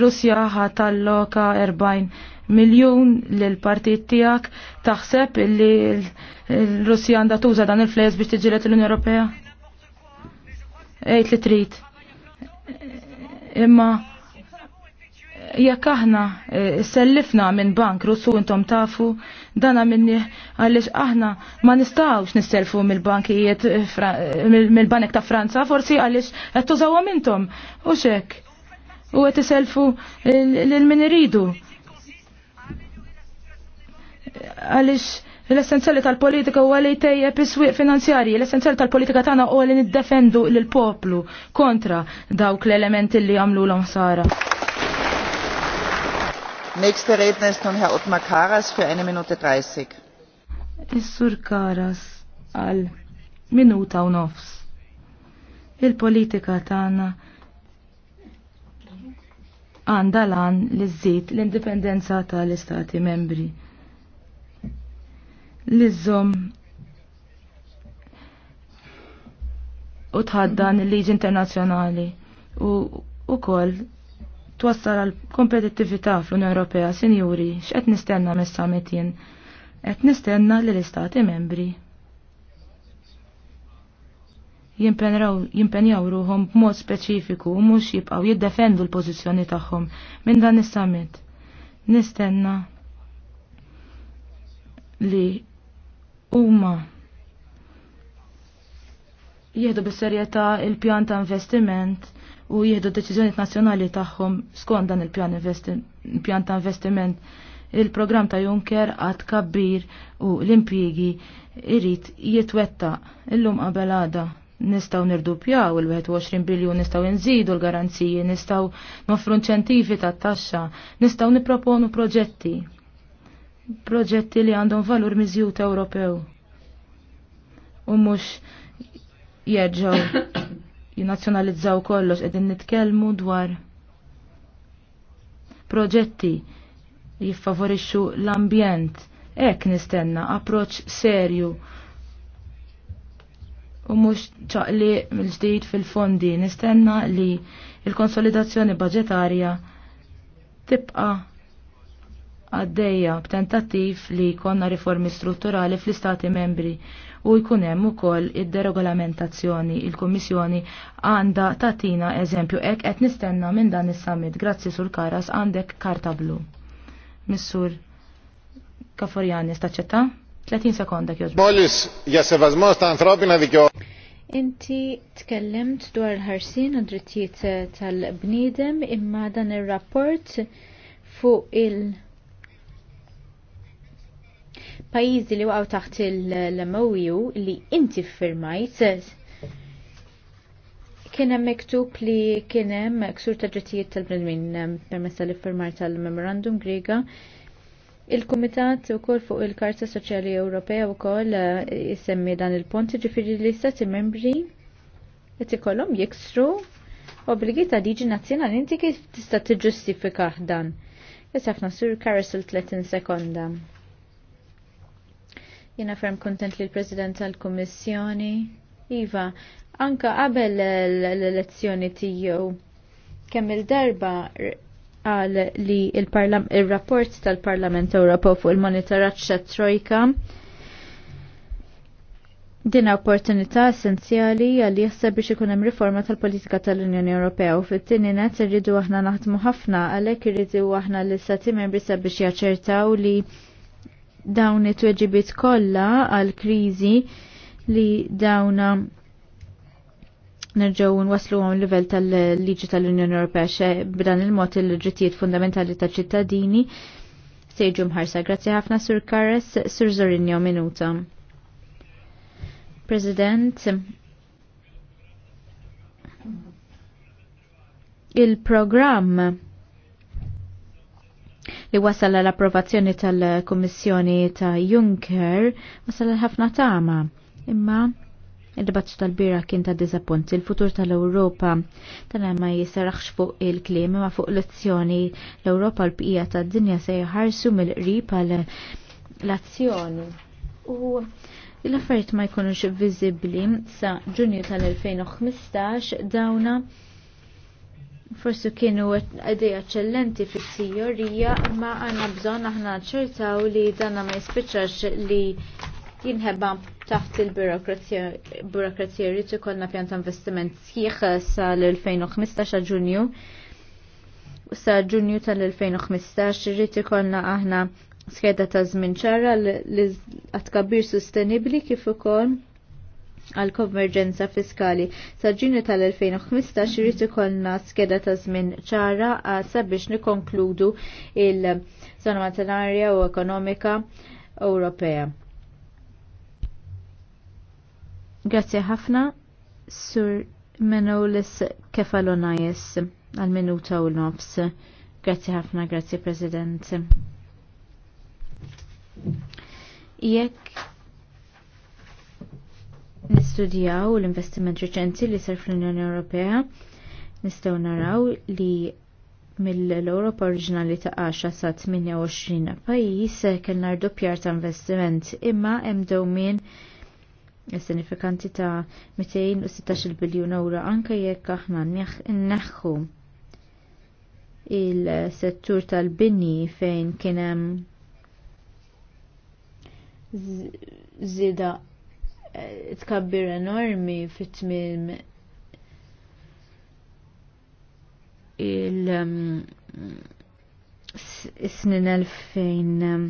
Russja ħatalloka 40 miljun lil partit tiegħek taħseb li l-Russja għandha tuża dan il flejs biex tiġilet l unja Ewropea? Ejt li trid. Imma jekk aħna eh, sellifna minn bank russu intom tafu dana minni għaliex aħna ma nistawx nistelfu mill-bankijiet eh, eh, mill-banek ta' Franza forsi għaliex qed tużawhom intom u xek u qed iselfu lil min iridu. Għaliex l-essenzjali tal-politika huwa li tejjeb is-swieq finanzjarji, l-essenzjali tal-politika tagħna huwa li niddefendu lill poplu kontra dawk l-elementi li għamlu l-omsara. Nächster Redner ist nun Karas für Is-Sur Karas għal minuta u nofs. Il-politika tagħna għandha lan li żżid l-indipendenza tal-Istati membri. Li żomm u tħaddan il-liġi internazzjonali u ukoll twassal għal kompetittività fl-Unjoni Ewropea, sinjuri, x'qed nistenna mis-summit jien? Qed nistenna li l-istati membri jimpenjaw ruhom b'mod speċifiku u mhux jibqgħu jiddefendu l-pożizzjoni tagħhom minn dan is-summit. Nistenna li huma jieħdu bis-serjetà il-pjan ta' investiment u jieħdu deċiżjonijiet nazzjonali tagħhom skont dan il-pjan il ta' investiment. Il-programm ta' Juncker għad kabbir u l-impjigi irrit jitwetta illum qabel għada nirdu nirdupjaw il-21 biljun, nistaw nżidu l-garanziji, nistaw noffru inċentivi ta' taxxa, nistaw niproponu proġetti. Proġetti li għandhom valur miżjut Ewropew. U mhux jerġgħu jinazzjonalizzaw kollox qegħdin nitkellmu dwar proġetti jiffavorixxu l-ambjent. Hekk nistenna approċċ serju u mhux ċaqli mill-ġdid fil-fondi nistenna li il-konsolidazzjoni budgetarja tibqa' għaddejja b'tentattiv li jkollna riformi strutturali fl-istati membri u jkun hemm ukoll id-deregolamentazzjoni. Il-Kummissjoni għandha tatina eżempju hekk qed nistenna minn dan is-summit. Grazzi sur Karas għandek karta blu. Missur Kaforjanis taċċetta? 30 sekonda kjoġ. Bolis, jesse vazmos ta' antropina dikjo. Inti tkellimt dwar l-ħarsin u drittijiet tal-bniedem imma dan ir rapport fuq il- pajizi li waqaw taħt il mou li inti firmajt kien hemm miktub li kien hemm ksur ta' drittijiet tal-bnedmin permessa li iffirmar tal-memorandum Griega. Il-Kumitat ukoll fuq il-Karta Soċjali Ewropea wkoll jisemmi eh, dan il-pont ġifiri li stati membri qed ikollhom jiksru obbligita ta' liġi inti kif tista' tiġustifika dan. Issa ħafna sur Carousel 30 sekonda. Jena ferm kontent li l-President tal-Kommissjoni. Iva, anka qabel l-elezzjoni tiegħu kemm il-darba għal li il-rapport tal-Parlament Ewropew fuq il-monitoraġġ tat-Trojka Din opportunità essenzjali li jassab biex ikun hemm riforma tal-politika tal-Unjoni Ewropea u fit-tieni net irridu aħna naħdmu ħafna għalhekk irridu aħna l istati membri sabiex jaċċertaw li dawn it-tweġibiet kollha għal kriżi li dawna nerġaw nwaslu għom livell tal-liġi tal-Unjoni Ewropea b'dan il-mod il-ġittijiet fundamentali ta' ċittadini sejġu mħarsa. Grazzi ħafna Sur Kares, Sur Zorinjo Minuta. President, il-programm li wasal l-approvazzjoni tal-Kummissjoni ta' Juncker wasal ħafna tama. Imma il-dibattu tal-bira kien ta' dizappunti. Il-futur tal-Europa tal ma jisaraħx fuq il-klim ma fuq l l-azzjoni l-Europa l-bqija ta' dinja se jħarsu mill-qrib l-azzjoni. U l-affarijiet ma jkunux viżibbli sa' ġunju tal-2015 dawna forsi kienu għadi eccellenti fis sijorija ma għanna bżon aħna ċertaw li danna ma jispiċax li jinħebba taħt il-burokrazija jrid ikollna pjan ta' investiment sħiħ sa l 2015 ġunju sa ġunju tal-2015 irid ikollna aħna skeda ta' żmien ċara l-atkabbir sostenibli kif ukoll għal konverġenza fiskali. Sa' ġunju tal-2015 irid ikollna skeda ta' żmien ċara sabiex nikonkludu il zona materjarja u ekonomika Ewropea. Grazzi ħafna, Sur Menolis Kefalonajes, għal-minuta u l-nofs. Grazzi ħafna, grazie President. Jekk nistudjaw l-investiment reċenti li sar fl-Unjoni Ewropea nistgħu naraw li mill-Europa oriġinali ta' 10 sa' 28 pajis kellna rdoppjar ta' investiment imma hemm dewmien sinifikanti ta' 216 biljun euro anke jekk aħna nneħħu il-settur tal-binni fejn kien hemm zida Eh, tkabbir enormi fit-tmim il- um, snin elfejn um,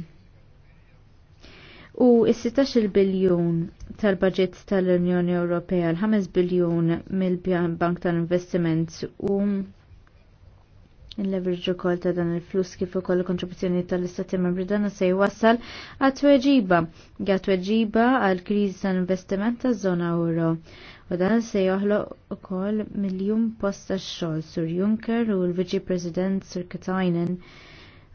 u is-16 biljon tal-budget tal-Unjoni Ewropea l-5 biljon mill-Bank tal-Investiment u um Il-leverġu kol ta' dan il-flus kif ukoll kontribuzzjoni tal-Istati Membri dan se jwassal għat-tweġiba, għat-tweġiba għal-kriżi ta' investiment ta' zona euro. U dan se joħloq ukoll miljum post ta' xogħol sur Juncker u l-Viċi President Sir Katajnen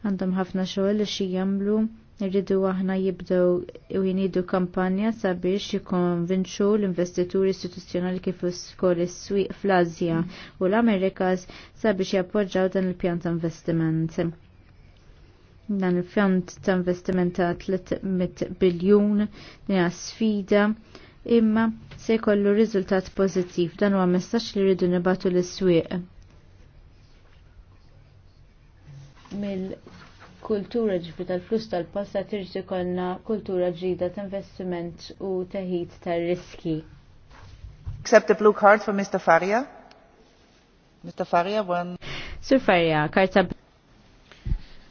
għandhom ħafna xogħol li xi jagħmlu Irridu aħna jibdew u jinidu kampanja sabiex jikonvinċu l-investituri istituzzjonali kif skol is-swieq fl-Azja u l-Amerikas sabiex jappoġġaw dan il-pjan ta' investiment. Dan il-pjan ta' investiment ta' 300 biljun hija sfida imma se jkollu riżultat pożittiv dan huwa messaġġ li rridu nibatu l-swieq mill kultura ġifri tal-flus tal posta tirġi konna kultura ġdida ta' investiment u teħid ta' riski. Accept the blue card for Mr. Faria. Mr. Faria, one. Sir Faria, karta.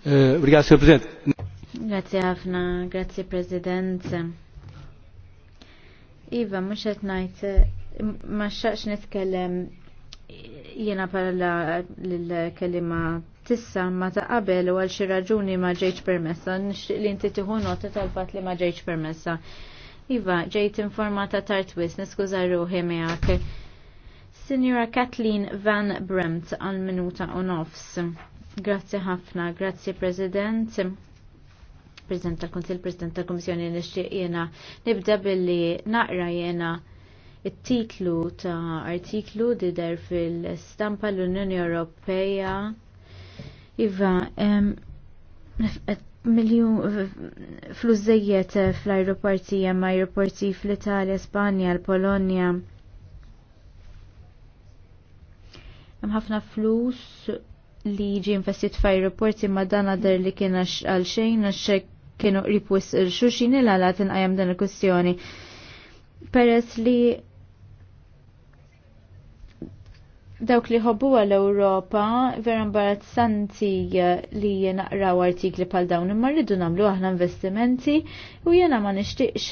Eh, grazie, Sr. President. Grazie ħafna, grazie President. Iva, mux għetnajt, eh, ma xaqx nitkellem jena parla l-kelima tissa ma ta' qabel u għal xi raġuni ma ġejx permessa, nixtieq li inti tieħu nota tal-fatt li ma ġejx permessa. Iva, ġejt informata tard wis, niskuża ruħi miegħek. Sinjura Kathleen Van Bremt għal minuta u nofs. Grazzi ħafna, grazzi President. President tal-Konsil, President tal-Komissjoni nixtieq jena nibda billi naqra jena it-titlu ta' artiklu dider fil-stampa l-Unjoni Ewropea Iva, miljon flużejjet eh, fl-aeroporti jem aeroporti fl-Italja, Spanja, l-Polonja. Hemm ħafna flus li ġi investit f-aeroporti ma dan għadher li kiena għal xejn għax kienu il-xuxin il għala għajam dan il-kwestjoni. Peress li dawk li ħobbu għall-Ewropa vera imbarazzanti li naqraw artikli pal dawn imma rridu nagħmlu aħna investimenti u jiena ma nixtieqx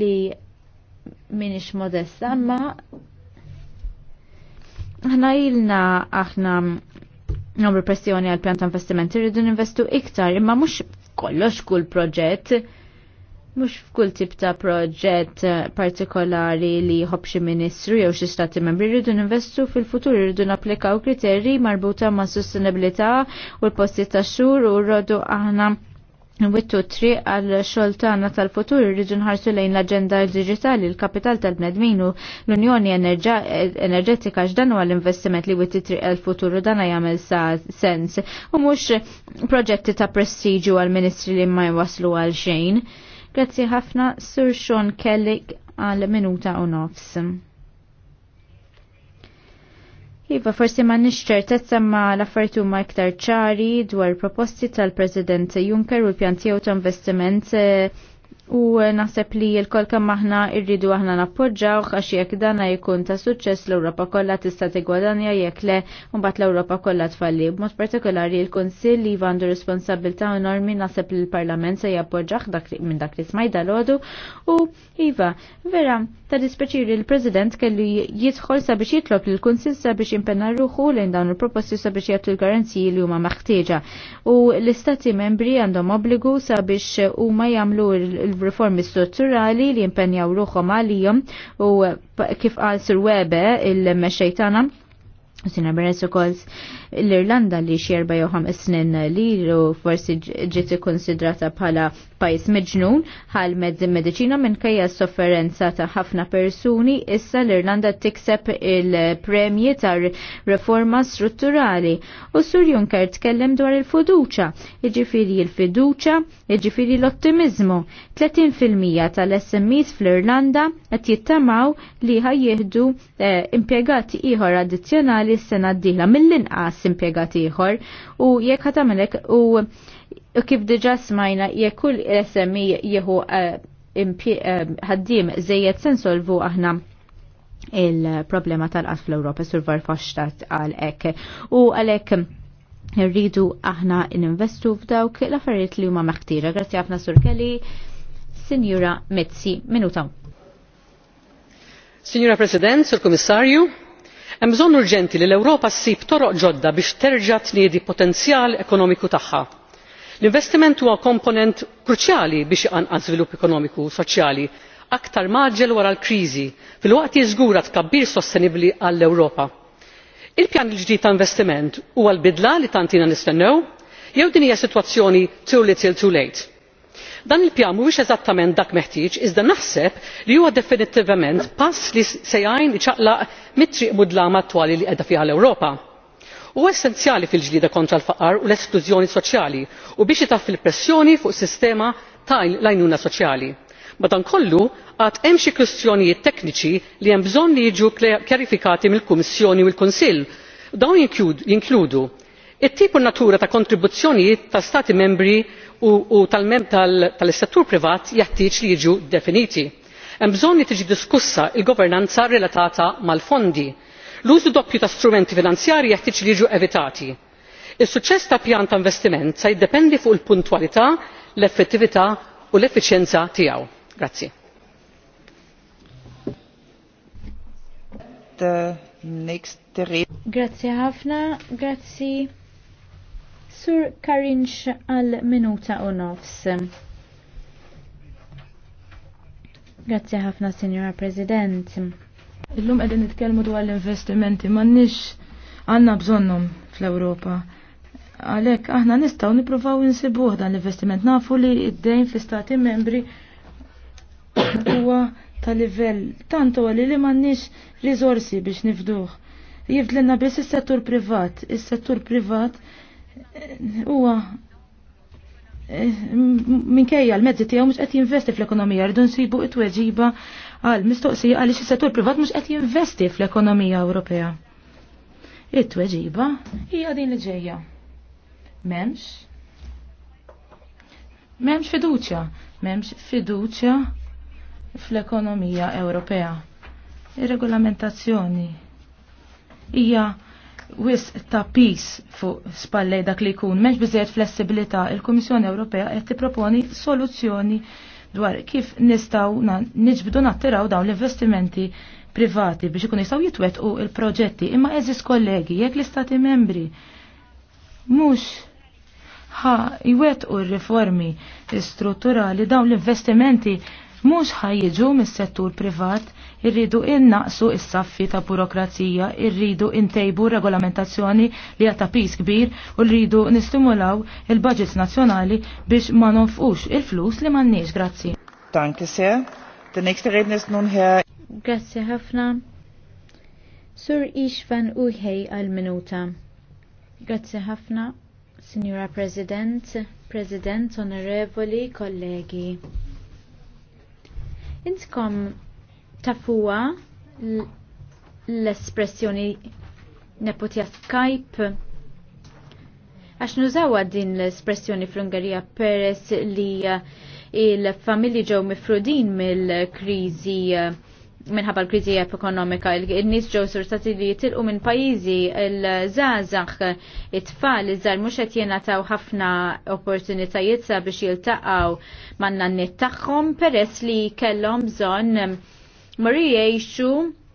li minix modesta ma ħna ilna aħna nomru pressjoni għal pjan ta' investimenti rridu ninvestu iktar imma mhux kollox kull proġett mux f'kull tip ta' proġett eh, partikolari li ħobxi ministru jew xi stati membri rridu investu fil-futur irridu napplikaw kriterji marbuta ma' sostenibilità u l-posti ta' xhur u rrodu aħna Wittu tri għal xoltana tal-futur rridu nħarsu lejn l-agenda digitali, l-kapital tal-bnedmin u l-Unjoni Enerġetika ġdan għal investiment li wittu tri għal futur u dana jgħamil sa' sens u mux proġetti ta' prestiġu għal ministri li ma' jwaslu għal xejn. Grazzi ħafna Sur Sean Kelly għal minuta u nofs. Iva, forsi ma nixċertezza ma l-affartu ma iktar ċari dwar proposti tal-President Juncker u l-pjan tiegħu ta' investiment eh, u naħseb li l-kol kam aħna irridu aħna nappoġġaw għax jekk dana jkun ta' suċċess l-Ewropa kollha tista' tigwadanja jekk le mbagħad l-Ewropa kollha tfalli. B'mod partikolari l-Kunsill li iva għandu responsabilità enormi naħseb li l-Parlament se jappoġġaħ minn dak li smajda l u iva, vera, ta' dispeċiri l-President kellu jidħol sabiex jitlob l kunsill sabiex impenna ruħu lejn dawn il-proposti sabiex jagħtu l-garanziji li huma maħtieġa. U l-Istati membri għandhom obbligu sabiex huma jagħmlu l il-riformi strutturali li impenjaw ruħom għalijom u kif għal Sir Webe il-mexxejtana Sina Beres u l-Irlanda li xie 45 snin li forsi ġiet ikkonsidrata bħala pajjiż miġnun ħal mezzi mediċina minkejja s-sofferenza ta' ħafna persuni issa l-Irlanda tikseb il-premji ta' reforma strutturali. U Sur Juncker tkellem dwar il-fiduċa, jiġifieri il-fiduċa, jiġifieri l-ottimizmu. 30% tal-SMEs fl-Irlanda qed jittamaw li ħajjieħdu eh, impjegati ieħor addizzjonali s-sena d-dieħla mill-inqas impjegat ieħor u jekk ħatamelek u kif diġà smajna jekk kull SMI jieħu eh, eh, ħaddiem żejjed sensolvu aħna il-problema tal-qas fl-Europa survar faċtat għal-ek. U għal-ek rridu aħna investu f'dawk l-affarijiet li huma maħtira. Grazzi ħafna Sur Kelly, Sinjura Mezzi, minuta. Signora President, Sur Komissarju, hemm bżonn urġenti li l-ewropa ssib toroq ġodda biex terġa' tniedi potenzjal ekonomiku tagħha. l-investiment huwa komponent kruċjali biex iqanqan żvilupp ekonomiku u soċjali aktar maġġel wara l-kriżi filwaqt li żgura tkabbir sostenibbli għall ewropa. il pjan il ġdid ta' investiment huwa l bidla li tant nistennew jew din hija sitwazzjoni too little too late? dan il pjan mhuwiex eżattament dak meħtieġ iżda naħseb li huwa definittivament pass li se jgħin iċaqlaq mit triq mudlama attwali li qiegħda fiha l ewropa. huwa essenzjali fil ġlieda kontra l faqar u l esklużjoni soċjali u biex itaffi l pressjoni fuq is sistema tal-għajnuna soċjali. madankollu għad hemm xi kwistjonijiet tekniċi li hemm bżonn li jiġu kjarifikati mill kummissjoni u l kunsill u dawn jinkludu it tip u n natura ta' kontribuzzjonijiet ta' stati membri u tal settur privat jeħtieġ li jiġu ddefiniti. hemm bżonn li tiġi diskussa l governanza relatata mal fondi l użu doppju ta' strumenti finanzjarji jeħtieġ li jiġu evitati. is suċċess ta' pjan ta' investiment se jiddependi fuq il puntwalità l effettività u l effiċjenza tiegħu. Sur Karinx għal minuta u nofs. Grazie ħafna, Signora President. Illum qegħdin nitkellmu dwar l-investimenti m'għandniex għandna bżonnhom fl-Ewropa. Għalhekk aħna nistgħu nippruvaw insibuh dan l-investiment. Nafu li id-dejn fl-istati membri huwa ta' livell tant għalli li li m'għandniex riżorsi biex nifduh. Jifdlenna biss is-settur privat. Is-settur privat huwa eh, minkejja l-mezzi tiegħu mhux qed jinvesti fl-ekonomija, rridu nsibu it-tweġiba għal mistoqsija għaliex is-settur privat mhux qed jinvesti fl-ekonomija Ewropea. It-tweġiba hija din li ġejja. Memx. Memx fiduċja, memx fiduċja fl-ekonomija Ewropea. Ir-regolamentazzjoni hija wis ta' peace fuq spallej dak li jkun menx bizzejt flessibilità il-Kummissjoni Ewropea qed tipproponi soluzzjoni dwar kif nistgħu niġbdu nattiraw dawn l-investimenti privati biex ikun jistgħu jitwettqu il-proġetti imma eżis kollegi jekk l-istati membri mhux ħa jwettqu r-riformi strutturali dawn l-investimenti mhux ħajjiġu mis-settur privat irridu innaqsu is-saffi ta' burokrazija, irridu intejbu regolamentazzjoni li għata pis kbir u rridu nistimulaw il-budgets nazzjonali biex ma nofqux il-flus li m'għandniex grazzi. Danke sehr. Der nächste Redner ist nun Herr Grazie ħafna. Sur Ishvan Uhej għal-minuta. Grazie ħafna, Signora President, President, Onorevoli, Kollegi. Intkom tafuwa l-espressjoni nepotja Skype għax nużawa din l-espressjoni fl-Ungerija peress li uh, il-familji ġew mifrudin mill-kriżi uh, minħabba l-kriżi ekonomika. Il-nies ġew sursati li jitilqu minn pajjiżi l-żgħażagħ it-tfal iż żar mhux qed jingħataw ħafna opportunitajiet sabiex jiltaqgħu man-nanniet tagħhom peress li kellhom bżonn mar jgħixu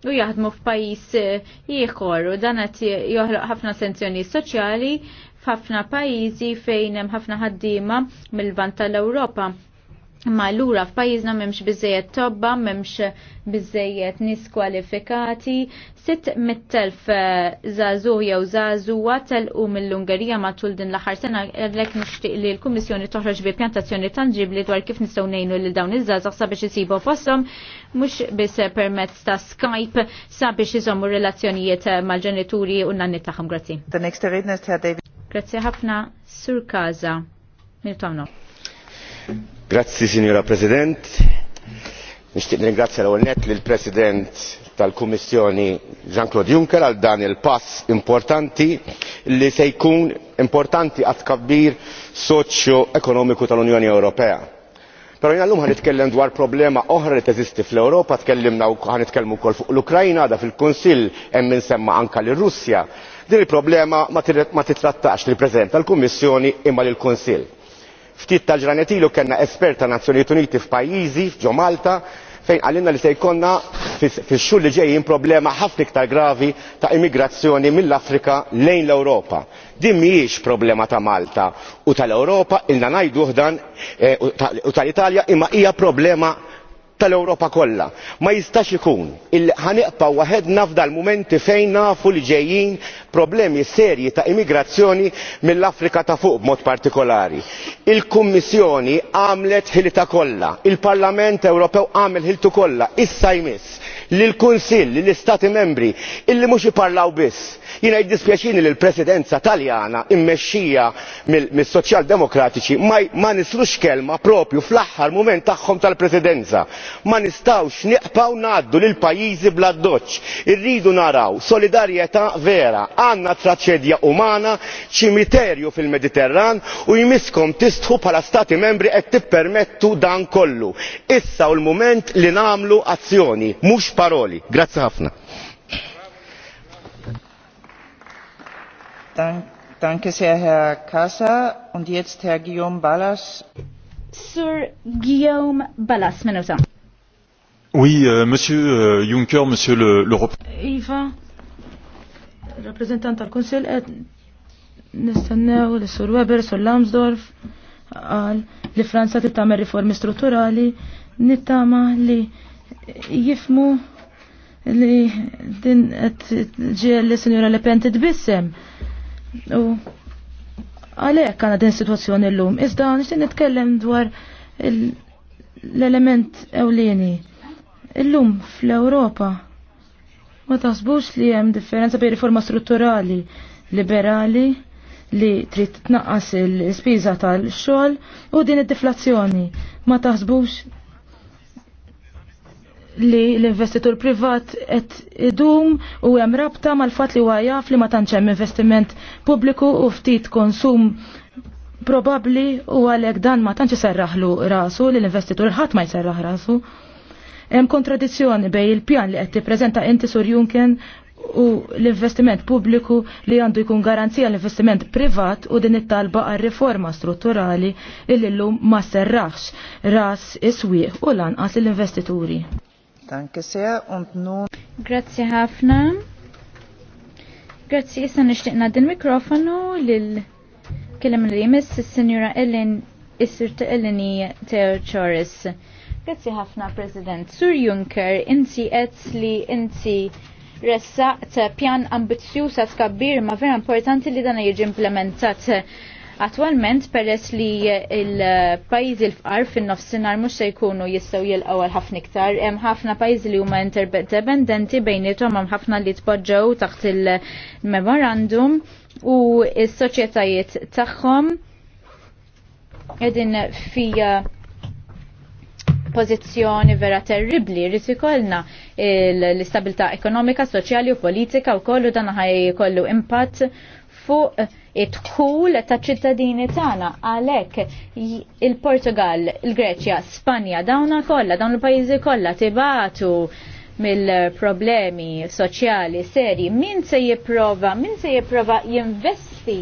u jaħdmu f'pajjiż eh, ieħor u dan qed joħloq ħafna tensjoni soċjali f'ħafna pajjiżi fejn hemm ħafna ħaddiema mill-vant tal-Ewropa Ma l-ura f'pajizna memx bizzejiet tobba, memx bizzejiet nis kwalifikati, sitt mit-telf eh, zazu jew zazu watel u mill-Ungerija matul din l-aħħar sena għalhekk nixtieq li l-Kummissjoni toħroġ bi pjantazzjoni tanġibli dwar kif nistgħu ngħinu lil dawn iż-żgħażagħ sabiex isibu fossom mhux biss permezz ta' Skype sabiex iżommu relazzjonijiet eh, mal-ġenituri u nanni tagħhom. Grazzi. next witness David. Grazzi ħafna Sur Kaza. nil Grazzi, Signora President. Nixtieq ringrazzja l-ewwel nett lill President tal-Kummissjoni Jean-Claude Juncker għal dan il-pass importanti li se jkun importanti għat kabbir soċjo-ekonomiku tal-Unjoni Ewropea. Però jien llum ħanitkellem dwar problema oħra li teżisti fl-Ewropa, tkellimna ħanitkellmu wkoll fuq l-Ukrajna, da fil-Kunsill hemm insemma anke lir-Russja. Din il-problema ma titrattax li preżenta tal kummissjoni imma lill-Kunsill Ftit tal-ġranet ilu kellna espert ta' Nazzjonijiet Uniti f'pajjiżi, ġo Malta, fejn għalilna li se jkollna fix-xhur li ġejjin problema ħafna iktar gravi ta' immigrazzjoni mill-Afrika lejn l-Ewropa. Din mhijiex problema ta' Malta u tal-Ewropa ilna ngħiduh dan eh, u tal-Italja imma hija problema tal ewropa kollha ma jistax ikun illi ħanibqgħu waħedna f'dal mumenti fejn nafu li ġejjin problemi serji ta' immigrazzjoni mill-afrika ta' fuq b'mod partikolari. il kummissjoni għamlet ħilita kollha il parlament ewropew għamel ħiltu kollha issa jmiss lill kunsill lill istati membri illi mhux iparlaw biss Jiena jiddispjaċini li l-Presidenza Taljana immexxija mis-Soċjaldemokratiċi ma nislux kelma propju fl-aħħar mument tagħhom tal-Presidenza. Ma nistgħux nieqpaw ngħaddu lil pajjiżi bla ddoċċ. Irridu naraw solidarjetà vera. Għandna traċedja umana, ċimiterju fil-Mediterran u jmiskom tistħu bħala Stati membri qed tippermettu dan kollu. Issa u l-mument li nagħmlu azzjoni, mhux paroli. Grazzi ħafna. danke sehr, Herr Und jetzt Herr Guillaume Ballas. Sir Guillaume Ballas, minuta. Oui, euh, Monsieur euh, Juncker, Monsieur le, le Iva, représentant tal Conseil, nistennew li Sur Weber, Sur Lambsdorff, għal li Franza tittama riformi strutturali, nittama li jifmu li din għet ġiel li Signora Le bissem. U għalhekk għandna din situazzjoni llum. Iżda nixtieq nitkellem dwar l-element ewlieni. L-lum fl europa ma taħsbux li hemm differenza bejn riforma strutturali liberali li trid tnaqqas il-spiża tal-xogħol u din id-deflazzjoni. Ma taħsbux li l-investitur privat qed idum u hemm rabta mal-fatt li huwa jaf li ma tantx hemm investiment pubbliku u ftit konsum probabbli u għalhekk dan ma tantx serraħlu rasu li l-investitur ħadd ma jserraħ rasu. Hemm kontradizzjoni bej il-pjan li qed tippreżenta inti sur Junken u l-investiment pubbliku li għandu jkun garanzija l-investiment privat u din it-talba għal riforma strutturali illi l-lum ma serraħx ras iswieq u lanqas l-investituri. Danke sehr und nun. Grazie ħafna. Grazie issa nixtieqna din mikrofonu lil kellem li jmiss is-Sinjura Ellen is-Sirta Eleni Teochoris. Grazie ħafna President. Sur Juncker, inti qed li inti ressaqt pjan ambizzjuż ta' kabbir ma vera importanti li dan jiġi implementat Attualment peress li il-pajjiżi l-fqar fin-nofsinhar mhux se jkunu jistgħu jilqgħu għal ħafna iktar, hemm ħafna pajjiżi li huma interdependenti bejnietom hemm ħafna li tpoġġew taħt il-memorandum u s-soċjetajiet tagħhom qegħdin fija pożizzjoni vera terribli, rrit ikollna l-istabilità ekonomika, soċjali u politika u kollu dan ħaj kollu impatt fuq it-dħul ta' ċittadini tagħna għalhekk il-Portugal, il-Greċja, Spanja, dawna kollha, dawn il-pajjiżi kollha tibatu mill-problemi soċjali seri, min se jipprova, min se jipprova jinvesti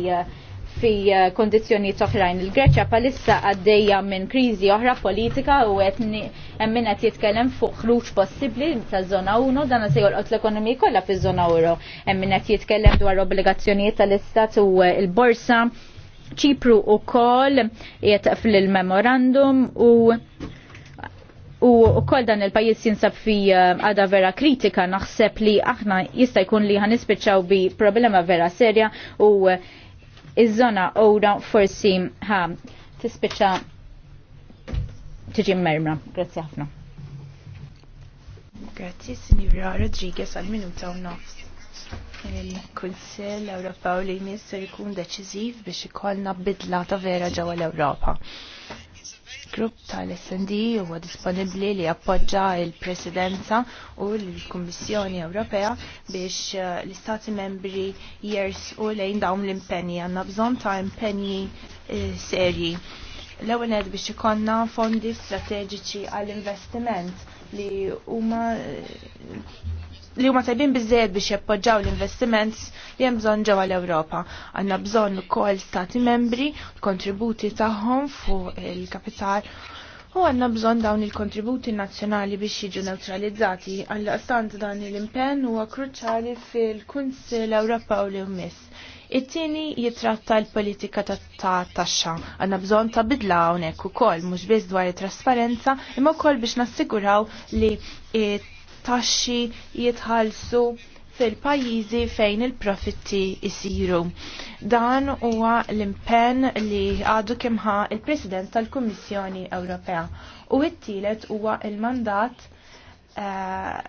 fi eh, kondizjoni oħrajn. Il-Greċja palissa għaddejja minn kriżi oħra politika u għetni hemm qed jitkellem fuq ħruġ possibbli taż-żona uno dan se jolqot l ekonomi kollha fiż-żona uro. Hemm qed jitkellem dwar obbligazzjonijiet tal-Istat u eh, l-borsa. Ċipru u kol jitqaf l-memorandum u u koll dan il-pajis jinsab fi eh, għada vera kritika naħseb li aħna jista' jkun li ħanispiċċaw bi problema vera serja u iż-żona ora forsi ha tispiċċa tiġi mermra. Grazzi ħafna. Grazzi, Signora Rodriguez, għal-minuta u nofs il-Kunsell Ewropew li jmisser ikun deċiżiv biex ikollna bidla ta' vera ġewwa l-Ewropa grupp tal-SND huwa disponibbli li appoġġa il-Presidenza u l-Kummissjoni Ewropea biex eh, l-Istati membri u lejn dawn l-impenji. Għandna bżonn ta' impenji eh, serji. L-ewwel biex ikonna fondi strateġiċi għall-investiment li huma eh, li huma tajbin biżejjed biex jappoġġaw l-investiments li hemm bżonn ġewwa l-Ewropa. Għandna bżonn ukoll stati membri, kontributi tagħhom fuq il-kapital u għandna bżonn dawn il-kontributi nazzjonali biex jiġu neutralizzati għal stant dan l-impenn huwa kruċjali fil-Kunsill Ewropew li jmiss. It-tieni jitratta l-politika ta' taxxa. Għandna bżonn ta' bidla hawnhekk ukoll mhux biss dwar it-trasparenza imma wkoll biex nassiguraw li taxxi jitħallsu fil-pajjiżi fejn il-profitti isiru. Dan huwa l-impenn li għadu kimħa il-President tal-Kummissjoni Ewropea u it-tielet huwa il-mandat il mandat Eh,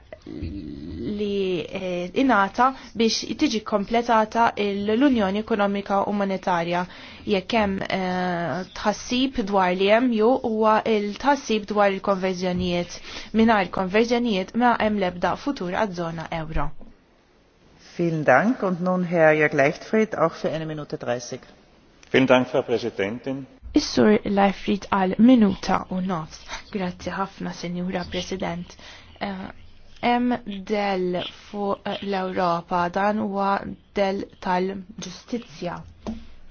li eh, inata biex tiġi kompletata l-Unjoni Ekonomika u Monetarja jekk hemm eh, tħassib dwar li hemm ju huwa l-tħassib dwar il-konverżjonijiet. Mingħajr konverżjonijiet ma hemm lebda futur għaż-żona euro. Vielen Dank und nun Herr Jörg Leichtfried auch für eine Minute 30. Vielen Dank, Frau Präsidentin. Issur sur Leichtfried għal minuta u nofs. Grazzi ħafna, Senjura President. Hemm del fuq l-Ewropa dan huwa del tal-ġustizzja,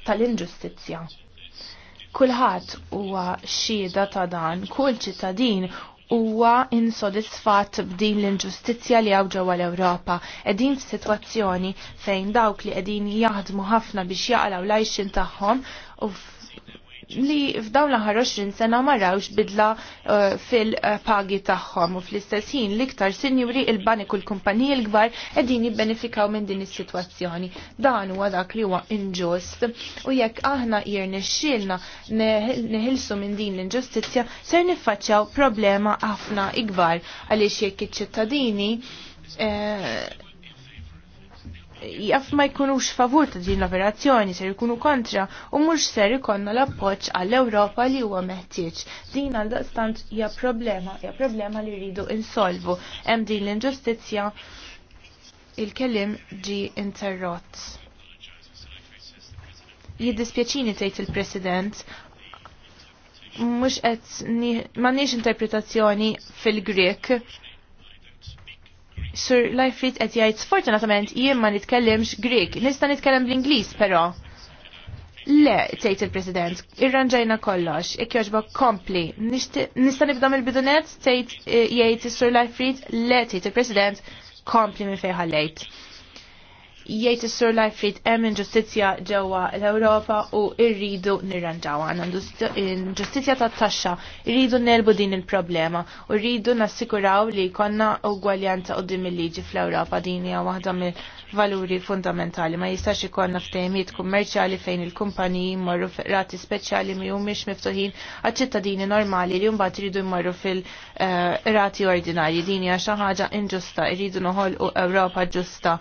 tal-inġustizzja. Kulħadd huwa xhieda ta' dan, kull ċittadin huwa insodisfatt b'din l-inġustizzja li hawn ġewwa l-Ewropa. Qegħdin f'sitwazzjoni fejn dawk li qegħdin jaħdmu ħafna biex jaqlaw l-għajxin tagħhom u li f'dawn l-aħħar 20 sena ma rawx bidla uh, fil-pagi tagħhom u fl-istess ħin l-iktar sinjuri il-banik u l-kumpaniji l-kbar qegħdin jibbenefikaw minn din is-sitwazzjoni. Dan huwa dak li huwa inġust u jekk aħna jirnexxielna neħilsu minn din l-inġustizzja ser niffaċċjaw problema ħafna ikbar għaliex jekk iċ-ċittadini eh, jaf ma jkunux favur ta' din l-operazzjoni ser jkunu kontra u mhux ser ikonna l-appoġġ għall-Ewropa li huwa meħtieġ. Din għal daqstant hija problema, hija problema li rridu insolvu. Hemm din l-inġustizzja il-kelim ġi interrott. Jiddispjaċini tgħid il-President mhux qed ma nix interpretazzjoni fil-Grek Sur Leifrit qed jgħid sfortunatament jien ma nitkellimx Grek, nista' nitkellem bl-Ingliż però. Le, tgħid il-President, irranġajna kollox, ik jogħġbok kompli. Nista' nibda mill-bidunet tgħid eh, jgħid Sir sur le tgħid il-President, kompli minn fejn ħallejt jiejt s sur Lajfrid hemm ġustizja ġewwa l-Ewropa u rridu nirranġaw. għandu inġustizzja tat-taxxa, irridu nelbu din il-problema u rridu nassikuraw li jkollna ugwaljanza qudiem il-liġi fl-Ewropa din hija waħda mill-valuri fundamentali. Ma jistax ikollna ftehimiet kummerċjali fejn il-kumpaniji jmorru rati speċjali mi humiex miftuħin għaċ-ċittadini normali li mbagħad iridu jmorru fil-rati eh, ordinarji. Din hija xi ħaġa inġusta, irridu noħolqu Ewropa ġusta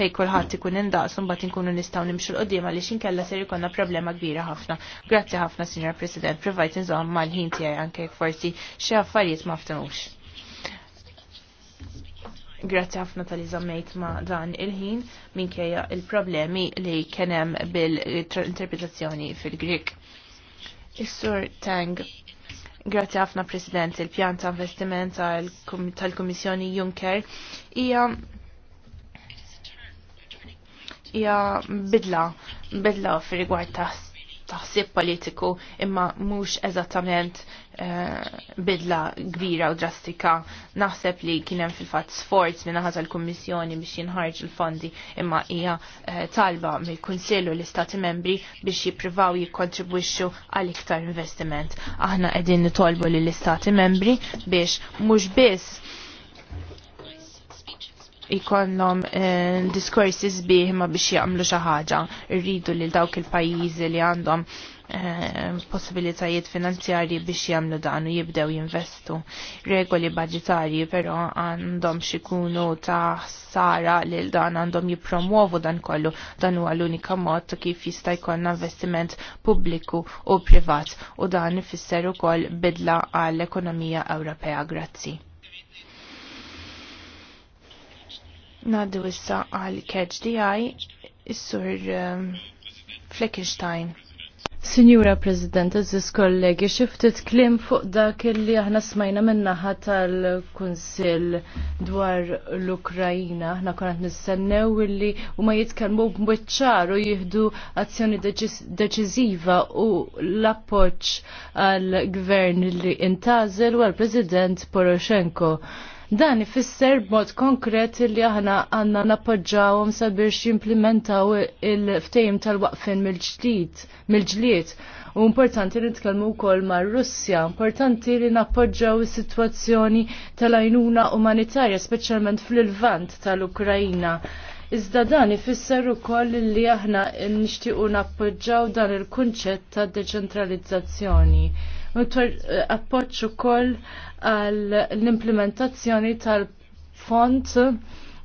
fej kulħadd ikun indaqs u mbagħad inkunu nistgħu nimxu l-qudiem għaliex inkella ser ikolna problema kbira ħafna. Grazzi ħafna, Sinjor President, provajt inżomm mal-ħin tiegħi anke forsi xi affarijiet ma ftemux. Grazzi ħafna tal iżammejt ma dan il-ħin minkejja il-problemi li kienem bil-interpretazzjoni fil-Grik. Is-Sur Tang Grazzi ħafna President, il-pjan ta' investiment tal-Kummissjoni Juncker hija hija bidla, bidla fir-rigward taħsib politiku imma mhux eżattament eh, bidla kbira u drastika. Naħseb li kien hemm fil-fatt sforz minn naħa tal-Kummissjoni biex jinħarġ il-fondi imma hija eh, talba mill-Kunsill l-Istati Membri biex jippruvaw jikkontribwixxu għal iktar investiment. Aħna qegħdin nitolbu lill-Istati Membri biex mhux biss jkollhom eh, diskorsi sbieħ ma biex jagħmlu xi ħaġa. Irridu lil dawk il-pajjiżi li għandhom eh, possibilitajiet finanzjarji biex jagħmlu dan u jibdew jinvestu. Regoli budgetarji però għandhom xikunu ta' sara li dan għandhom jipromuovu dan kollu dan huwa l-unika mod kif jista' jkollna investiment pubbliku u privat u dan ifisser ukoll bidla għall-ekonomija Ewropea. Grazzi. Naddu issa għal catch DI is-sur um, Fleckenstein. President, eżis kollegi, xiftit klim fuq dak li aħna smajna minnaħa tal-Kunsil dwar l-Ukrajina. Aħna konat nistennew li u ma jitkelmu b'mweċċar u jihdu azzjoni deċiziva u l-appoċ għal-gvern li intazel u għal-President Poroshenko. Dan ifisser b'mod konkret li aħna għandna nappoġġawhom sabiex jimplementaw il ftejm tal-waqfin mill-ġdid, mill-ġlied. U importanti li nitkellmu wkoll mar Russja, importanti li nappoġġaw is-sitwazzjoni tal-għajnuna umanitarja, speċjalment fl-Ilvant tal-Ukrajna. Iżda dan ifisser ukoll li aħna nixtiequ nappoġġaw dan il-kunċett ta' deċentralizzazzjoni u eh, appoġġ ukoll l-implementazzjoni tal-font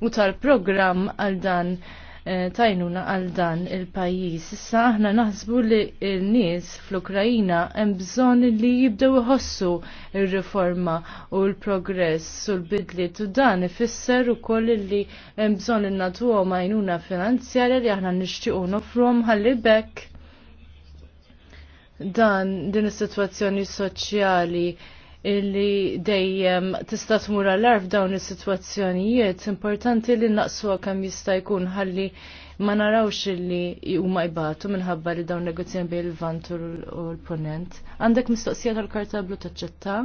u tal-programm għal dan eh, tajnuna għal dan il-pajis. Issa aħna naħsbu li n-nies fl-Ukrajina hemm bżonn li jibdew iħossu ir-riforma u l-progress u l-bidliet u dan ifisser ukoll li hemm bżonn innatuhom għajnuna finanzjarja li aħna nixtiequ nofruhom ħalli bekk dan din is-sitwazzjoni soċjali illi dejjem tista' tmur għall-arf dawn is-sitwazzjonijiet importanti li naqsu kemm jista' jkun ħalli ma narawx illi huma jbatu minħabba li dawn negozjani bejn il-Vant u l-Ponent. Għandek mistoqsija tal-karta blu taċċetta?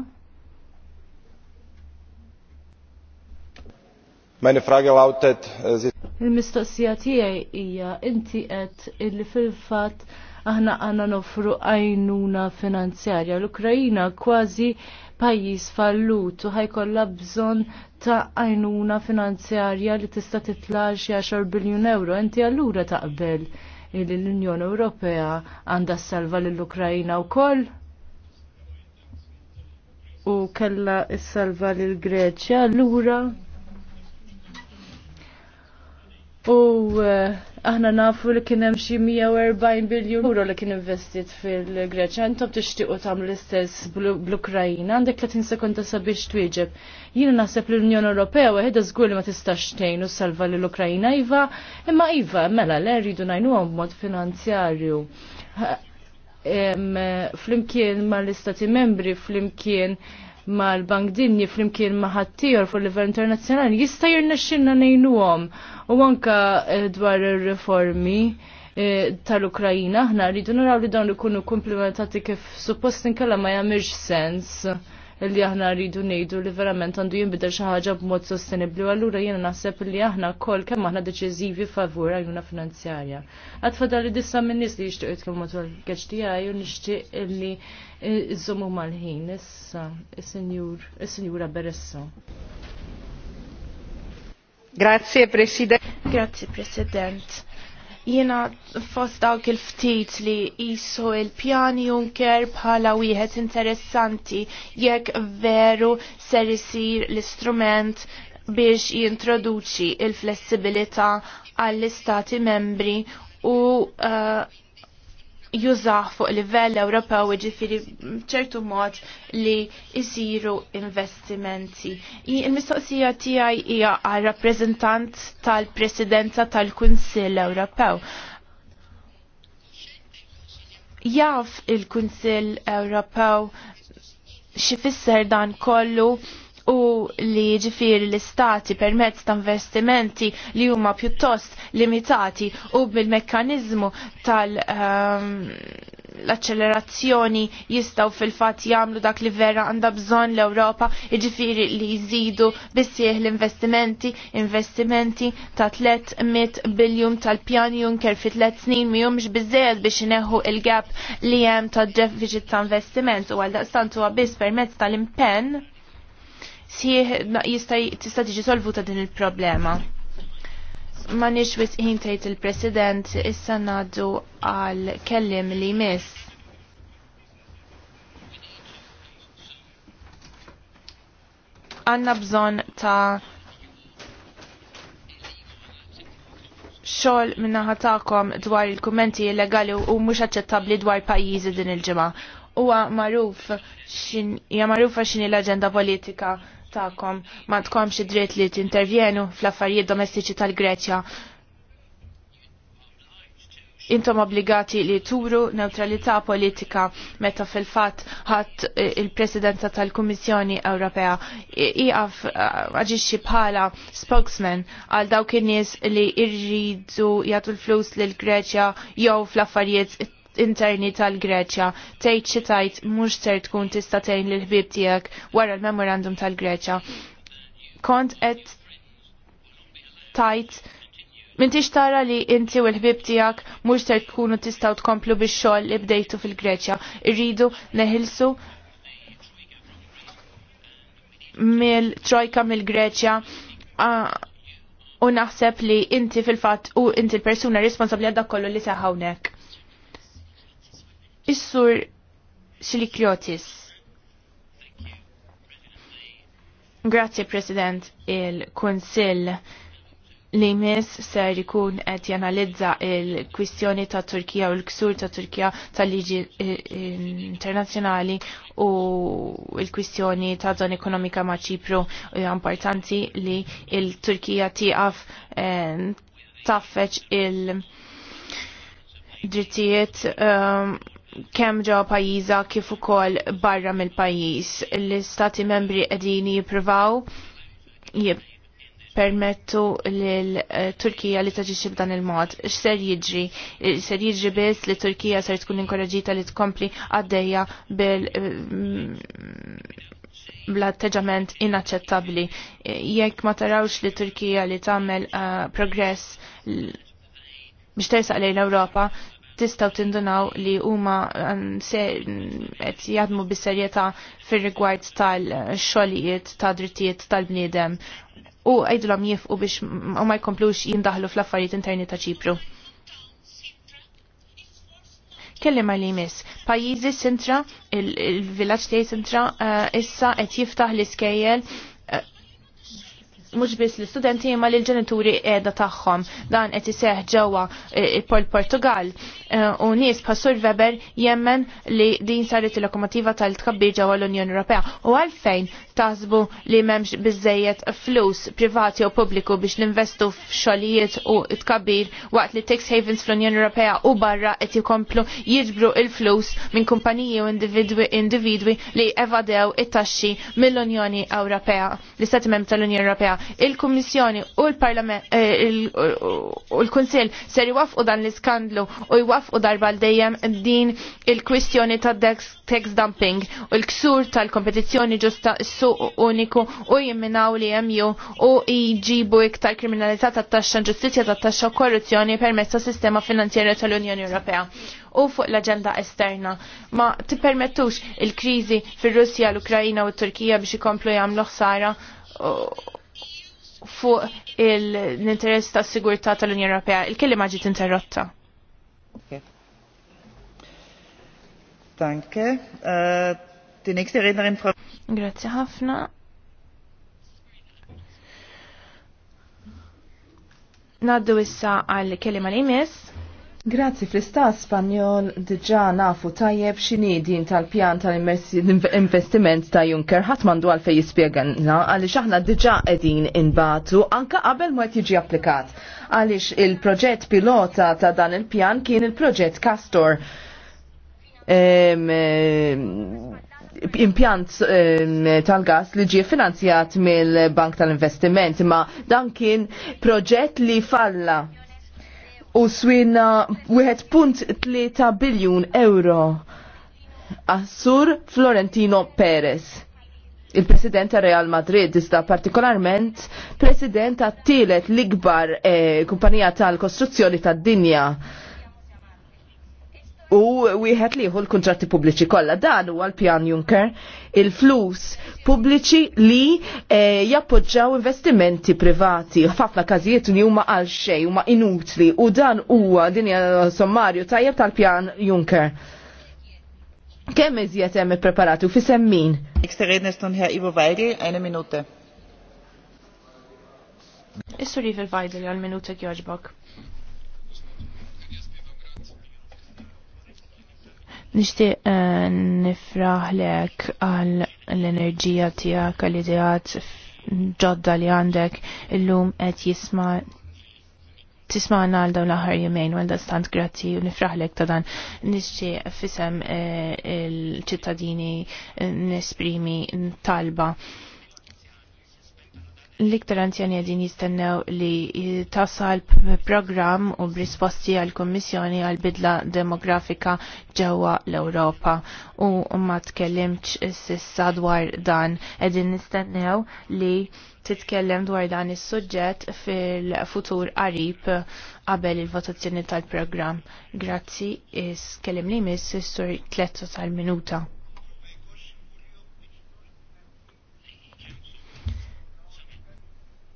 Eh, Il-mistoqsija tiegħi hija inti qed illi fil-fatt aħna għanna nofru għajnuna finanzjarja. L-Ukrajina kważi pajis fallut u ħajkolla bżon ta' għajnuna finanzjarja li tista' titla' xi 10 biljun euro. enti allura taqbel li l-Unjoni Ewropea għandha salva lill-Ukrajina wkoll? U kella s-salva lill-Greċja allura? U eh, aħna nafu li kien hemm xi 140 biljun euro li kien investit fil-Greċja. Intom tixtiequ tagħmlu l-istess bl-Ukrajna, għandek 30 sekonda sabiex twieġeb. Jiena naħseb li l-Unjoni Ewropea waħedha żgur li ma tistax tgħin u salva lil ukrajina iva, imma iva mela le rridu ngħinuhom b'mod finanzjarju. Flimkien mal istati membri, flimkien mal-bank dinji flimkien maħattijor fuq livell internazzjonali jista' jirnexxinna ngħinuhom u anka eh, dwar ir-riformi eh, tal-Ukrajina aħna rridu naraw li dawn ikunu komplementati kif suppost inkella ma jagħmilx sens li aħna rridu ngħidu li verament għandu jinbidel xi ħaġa b'mod sostenibbli u allura jiena naħseb li aħna wkoll kemm aħna deċiżivi favur għajuna finanzjarja. Għad fadal li dissa minn nies li jixtieq jitkellmu dwar il-keċ tiegħi u nixtieq illi iżommu mal-ħin issa is-Sinjura Beressa. Grazie President. Grazie President Jiena fost dawk il-ftit li jisu il-pjani Junker bħala wieħed interessanti jekk veru ser isir l-istrument biex jintroduċi il-flessibilità għall-istati membri u uh, jużaħ fuq livell Ewropew ġifiri ċertu mod li jisiru investimenti. Il-mistoqsija tiegħi hija għal rappreżentant tal-Presidenza tal-Kunsill Ewropew. Jaf il-Kunsill Ewropew xifisser dan kollu u li ġifiri l-istati permezz ta' investimenti li huma pjuttost limitati u bil-mekkanizmu tal- um, l-accelerazzjoni jistaw fil-fat jamlu dak li vera għanda bżon l-Europa iġifiri li jżidu bissieħ l-investimenti, investimenti ta' 300 biljum tal-pjan Juncker fi 3 snin mi jumx bizzed biex neħu il-gap li jem ta' deficit ta' investiment u għal daqstantu għabis permezz tal-impen sieħ tista' tiġi solvuta din il-problema. Ma nix wis tgħid il-President issa naddu għal kellim li jmiss. Għanna bżonn ta' xogħol minnaħa tagħkom dwar il-kummenti illegali u mhux aċċettabbli dwar pajjiżi din il-ġimgħa. Huwa magħruf xin hija magħrufa x'inhi l-aġenda politika ta'kom ma tkomx id-dritt li tintervjenu fl-affarijiet domestiċi tal-Greċja. Intom obbligati li turu neutralità politika meta fil-fatt ħadd eh, il-Presidenza tal-Kummissjoni Ewropea iqaf aġixxi bħala spokesman għal dawk in-nies li irridu jagħtu l-flus lil Greċja jew fl-affarijiet interni tal-Greċja tgħid xi tajt mhux ser tkun tista' tgħin lill ħbieb tiegħek wara l-memorandum tal-Greċja. Kont qed tajt tix tara li inti u l-ħbib tijak mux ser tkunu tistaw tkomplu bix xogħol li bdejtu fil-Greċja. Irridu neħilsu mill-trojka mill-Greċja u naħseb li inti fil-fat u inti l-persuna responsabli għadda kollu li saħawnek. Is-sur Silikliotis. Grazie President il-Kunsill li mis ser ikun qed janalizza il-kwistjoni ta' Turkija u l-ksur ta' Turkija tal-liġi eh, eh, internazzjonali u l-kwistjoni ta' zon ekonomika ma' Ċipru eh, importanti li il-Turkija tiqaf taffeċ il-drittijiet kemm ġo pajjiża kif ukoll barra mill-pajjiż. L-istati membri qegħdin jippruvaw jipermettu l-Turkija eh, li taġiġi b'dan il-mod. X'ser jiġri? Ser jiġri biss li Turkija ser tkun inkoraġita li tkompli għaddejja bil eh, mm, bl-atteġament inaċċettabbli. Eh, jekk ma tarawx li Turkija li tagħmel progress biex tersaq lejn Ewropa, tistaw tindunaw li huma um, qed jaħdmu bis-serjetà fir-rigward tal-xogħlijiet ta' drittijiet tal-bniedem u għajdulhom jifqu biex ma jkomplux jindaħlu fl-affarijiet interni ta' Ċipru. ma li jmiss, pajjiżi Sintra, il-villaġġ tiegħi Sintra, uh, issa qed jiftaħ l-iskejjel mhux biss l-istudenti imma l ġenituri qiegħda tagħhom. Dan qed iseħħ ġewwa eh, Portugal eh, u nies bħasur Weber jemmen li din saret il-lokomotiva tal-tkabbir ġewwa l-Unjoni Ewropea. U għalfejn taħsbu li m'hemmx biżejjed flus privati u pubbliku biex l-investu f'xogħlijiet u tkabbir waqt li tax havens fl-Unjoni Ewropea u barra qed jkomplu jiġbru il-flus minn kumpaniji u individwi li evadew it-taxxi mill-Unjoni Ewropea, l-Istati tal-Unjoni Ewropea il-Kummissjoni u l-Parlament eh, u l-Kunsill ser jwafqu dan l-iskandlu u jwafqu darba dejjem din il-kwistjoni ta' tax dumping u l-ksur tal-kompetizzjoni ġusta s suq uniku u jimminaw li jemju u jġibu iktar kriminalità ta' taxxa ġustizja ta' taxxa korruzzjoni permezz sistema finanzjerja tal-Unjoni Ewropea u fuq l-agenda esterna. Ma tippermettux il-krizi fir russja l-Ukrajina u t-Turkija biex ikomplu jagħmlu ħsara fuq l-interess ta' sigurtà tal-Unjoni Ewropea. Il-kelima ġiet interrotta. Danke. Uh, die nächste Rednerin Frau Grazie ħafna. Naddu issa għal kelima li jmiss. Grazzi fl-istat Spanjol diġa nafu tajjeb xini din tal-pjan tal-investiment ta' Juncker ħadd mandu għal fej għaliex aħna diġa qegħdin inbatu anka qabel ma jiġi applikat għaliex il-proġett pilota ta' dan il-pjan kien il-proġett Castor. impjant tal-gas li ġie finanzjat mill-Bank tal-Investiment, ma dan kien proġett li falla u swina 1.3 biljun euro. Assur Florentino Perez il-President ta' Real Madrid iżda partikolarment President ta' tielet l-ikbar eh, kumpanija tal-kostruzzjoni tad-dinja u wieħed liħu l-kontratti pubbliċi kollha dan huwa l-pjan Juncker il-flus pubbliċi li eh, jappoġġaw investimenti privati ħafna każijiet li huma għal xejn huma inutli u dan huwa din sommarju tajjeb tal-pjan Juncker. Kemm iżjed hemm ippreparati u fisem min? Ivo Weigel, Minute. is sur il-Weigel għal minuta kjoġbok. nifraħ eh, nifraħlek għal l-enerġija tijak għal ideat ġodda li għandek illum qed jisma tismana għal dawn l-aħħar jumejn għal stant grazi u nifraħlek ta' dan nixtieq fisem eh, il-ċittadini eh, nesprimi talba L-iktar anzjani għedin jistennew li tasal program u b'risposti għal kommissjoni għal bidla demografika ġewwa l-Ewropa u ma tkellimx sissa dwar dan għedin nistennew li titkellem dwar dan is-suġġett fil-futur qarib qabel il-votazzjoni tal-programm. Grazzi, is-kellim li miss s sur 3 tal-minuta.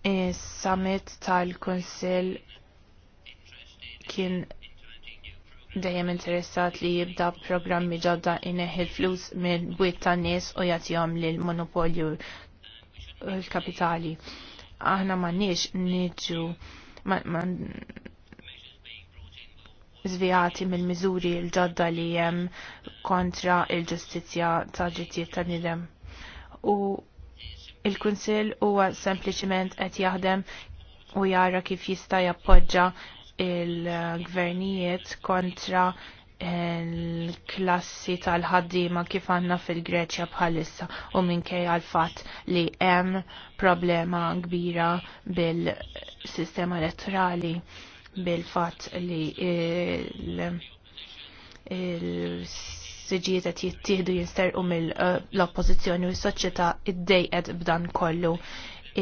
Is-summit tal-Kunsill kien dejjem interessat li jibda programmi ġodda ineħi flus minn bwiet ta' nies u jagħtihom lil monopolju l-kapitali. Aħna m'għandniex niġu zvijati mill-miżuri l-ġodda li hemm kontra il-ġustizzja ta' ġittijiet ta' nidem. U Il-Kunsill huwa sempliċement qed jaħdem u jara kif jista' jappoġġa il-gvernijiet kontra l-klassi tal-ħaddima kif għanna fil-Greċja bħalissa u minkej għal-fat li hemm problema kbira bil-sistema elettorali bil-fat li il-, il siġijiet qed jittieħdu jinsterqu mill-oppożizzjoni eh, u s-soċjetà iddejqed b'dan kollu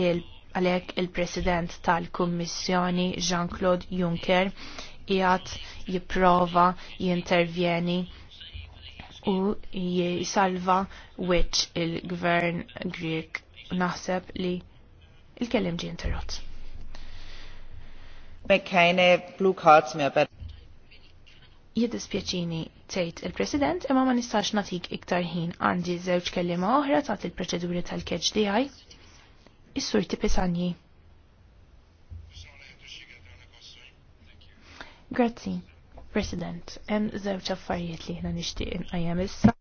il għalhekk il-President tal-Kummissjoni Jean-Claude Juncker jgħat jipprova jintervjeni u jisalva which il-gvern Grieg naħseb li il-kellem ġi interrott. Mekk blue cards mehr jiddispjaċini tgħid il-President imma ma nistax nagħtik iktar ħin għandi żewġ kelliema oħra taħt il-proċeduri tal-catch DI. Is-sur Tipisanji. Grazzi, President. Hemm żewġ affarijiet li ħna nixtieq inqajjem issa.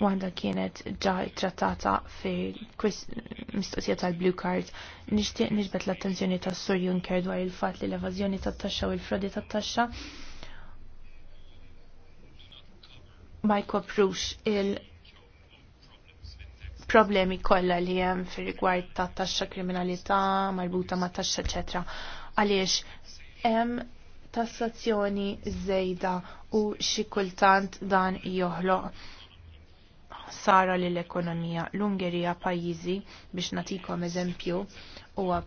Wanda kienet ġa trattata fi mistoqsija tal-Blue Card. Nixtieq nixbet l-attenzjoni tas Sur Juncker dwar il-fatt li l-evażjoni tat-taxxa u l-frodi tat-taxxa ma jkoprux il- problemi kollha li hemm fir-rigward ta' taxxa kriminalità marbuta ma' taxxa eċetera. Għaliex hemm tassazzjoni żejda u xi kultant dan joħloq ħsara lill ekonomija L-Ungerija pajjiżi biex natikom eżempju huwa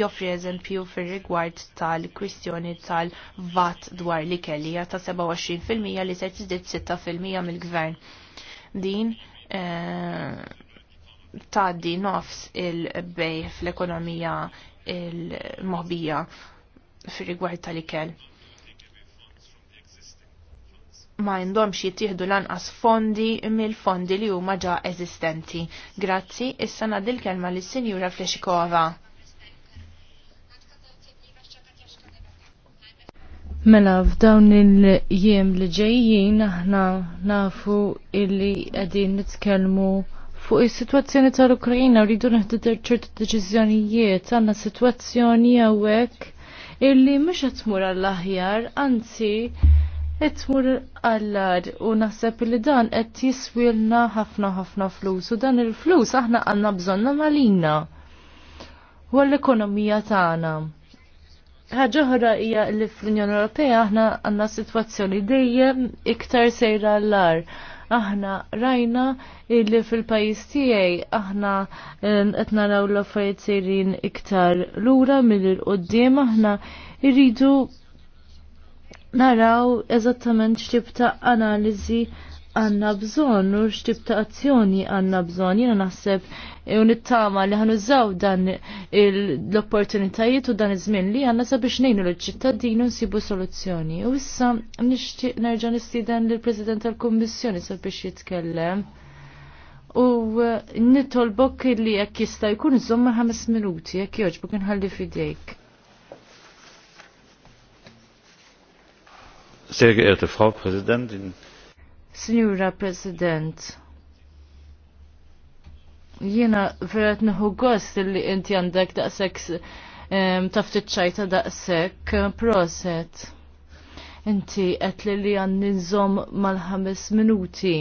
joffri eżempju fir rigward tal-kwistjoni tal-vat dwar li kellija ta' 27% li se tiżdied 6% mill-gvern. Din eh, tgħaddi nofs il-bej fl-ekonomija il-moħbija fir rigward tal-ikel ma jindomx jittieħdu lanqas fondi mill-fondi li huma ġa eżistenti. Grazzi, issa nadil kelma lis sinjura Flexikova. Mela f'dawn il-jiem li ġejjin aħna nafu illi qegħdin nitkellmu fuq is-sitwazzjoni tal-Ukrajina rridu neħdu ċertu deċiżjonijiet għandna sitwazzjoni hawnhekk illi mhux qed tmur għall-aħjar, anzi It tmur għallar u naħseb li dan qed jiswilna ħafna ħafna flus u dan il-flus aħna għandna bżonna malina u l-ekonomija tagħna. Ħaġa oħra hija li fl-Unjoni Ewropea aħna għandna sitwazzjoni dejjem iktar sejra għallar aħna rajna illi fil-pajis tiegħi aħna eh, qed naraw l-affarijiet sejrin iktar lura mill-qudiem aħna irridu naraw eżattament xtib ta' analizi għanna bżon u xtib ta' azzjoni għanna bżon. Jena naħseb e, u nittama li ħanużaw dan l-opportunitajiet u dan iż-żmien li għanna sabiex nejnu l-ċittadini nsibu soluzzjoni. U issa nixtieq nerġa' nistieden lill-President tal-Kummissjoni sabiex jitkellem. U e, nitolbok li jekk jista' jkun iżomma ħames minuti jekk kien ħalli fidejk. Sehr geehrte Frau Präsidentin. Signora President, jiena verrat nħu gost li inti għandek daqsek taf ċajta daqsek proset. Inti qed li li għan mal-ħames minuti.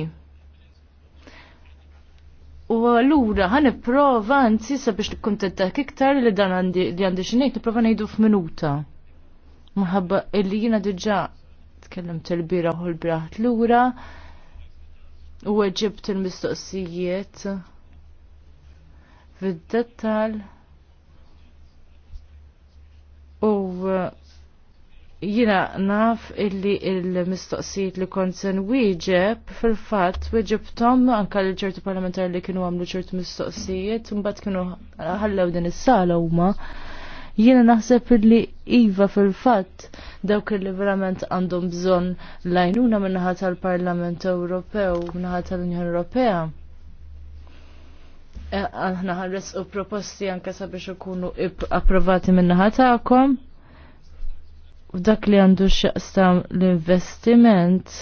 U allura ħan nipprova anzi sabiex nikkuntentak iktar li dan għandi li għandi xinejt nipprova ngħidu f'minuta. Minħabba illi jiena diġà tkellem tal bira u l-braħt lura u ġibt il-mistoqsijiet fid-dettal u uh, jina naf illi il-mistoqsijiet li kont sen wieġeb fil-fatt wieġebtom anka l ċertu parlamentari li kienu għamlu ċertu mistoqsijiet mbagħad kienu ħallew din is-sala huma. Jiena naħseb li iva fil-fatt dawk li verament għandhom bżonn lajnuna naħa tal-Parlament Ewropew, minnaħa tal-Unjoni Ewropea. E, aħna ħares u proposti anke sabiex ikunu approvati min-naħa tagħkom. Dak li għandu x'jaqsam l-investiment,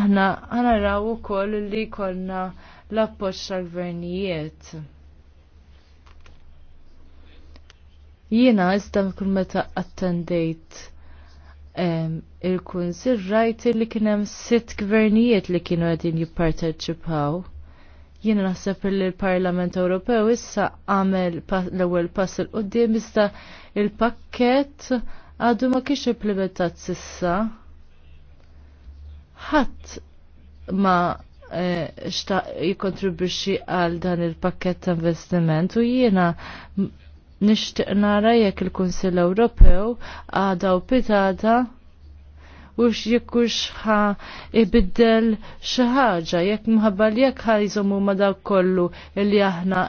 aħna ħanaraw ukoll li konna l-appoġġ tal-gvernijiet. Jiena iżda kun meta attendejt il-kunsil rajt li kien hemm sitt gvernijiet li kienu qegħdin jipparteċipaw. Jiena naħseb li l-Parlament Ewropew issa għamel l-ewwel pass il qudiem iżda il-pakkett għadu ma kienx implementat sissa. Ħadd ma e, xtaq jikontribuxi għal dan il-pakket ta' investiment u jiena Nixtieq nara jekk il-Kunsill Ewropew għada u pitada u x'jekkux ħa ibiddel xi ħaġa jekk mħabba li jekk ħajżomu ma dak kollu li aħna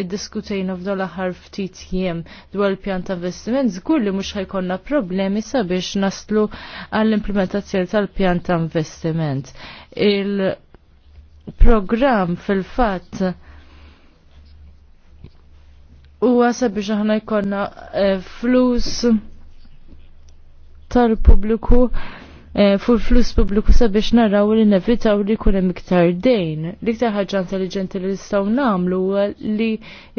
iddiskutejna f'dol aħħar ftit jiem dwar il-pjan ta' investiment, żgur li mhux ħajkonna problemi sabiex naslu għall-implementazzjoni tal-pjan ta' investiment. Il-programm fil-fatt u għasab biex aħna jkollna eh, flus tal-pubbliku eh, fu l-flus pubbliku sabiex naraw li nevitaw li jkun hemm iktar dejn. L-iktar ħaġa intelligenti li nistgħu nagħmlu huwa li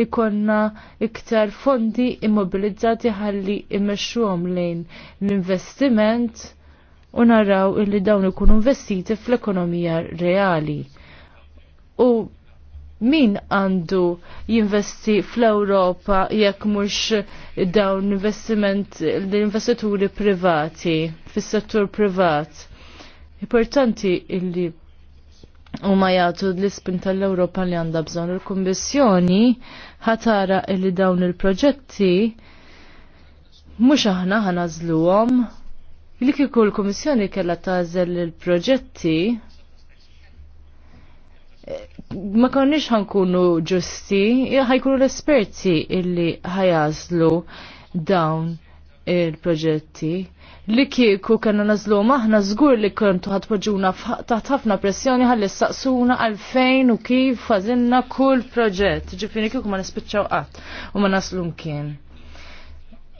jkollna iktar fondi immobilizzati ħalli immexxuhom lejn l-investiment u naraw li dawn ikunu investiti fl-ekonomija reali. U min għandu jinvesti fl-Europa jekk mhux dawn investiment l-investituri privati fis-settur privat. Importanti illi u ma jgħatu l-ispin tal-Europa li għandha bżonn il-Kummissjoni ħatara illi dawn il-proġetti mhux aħna ħanażluhom li kieku l-Kummissjoni kellha tażel il-proġetti ma konniex ħankunu ġusti, ħajkunu l-esperti illi ħajazlu dawn il-proġetti li kieku kena nazlu maħna zgur li kontu ħatpoġuna taħt ħafna pressjoni ħalli saqsuna għalfejn u kif fazinna kull proġett. Ġifini kieku ma nispiċċaw qatt u ma naslu mkien.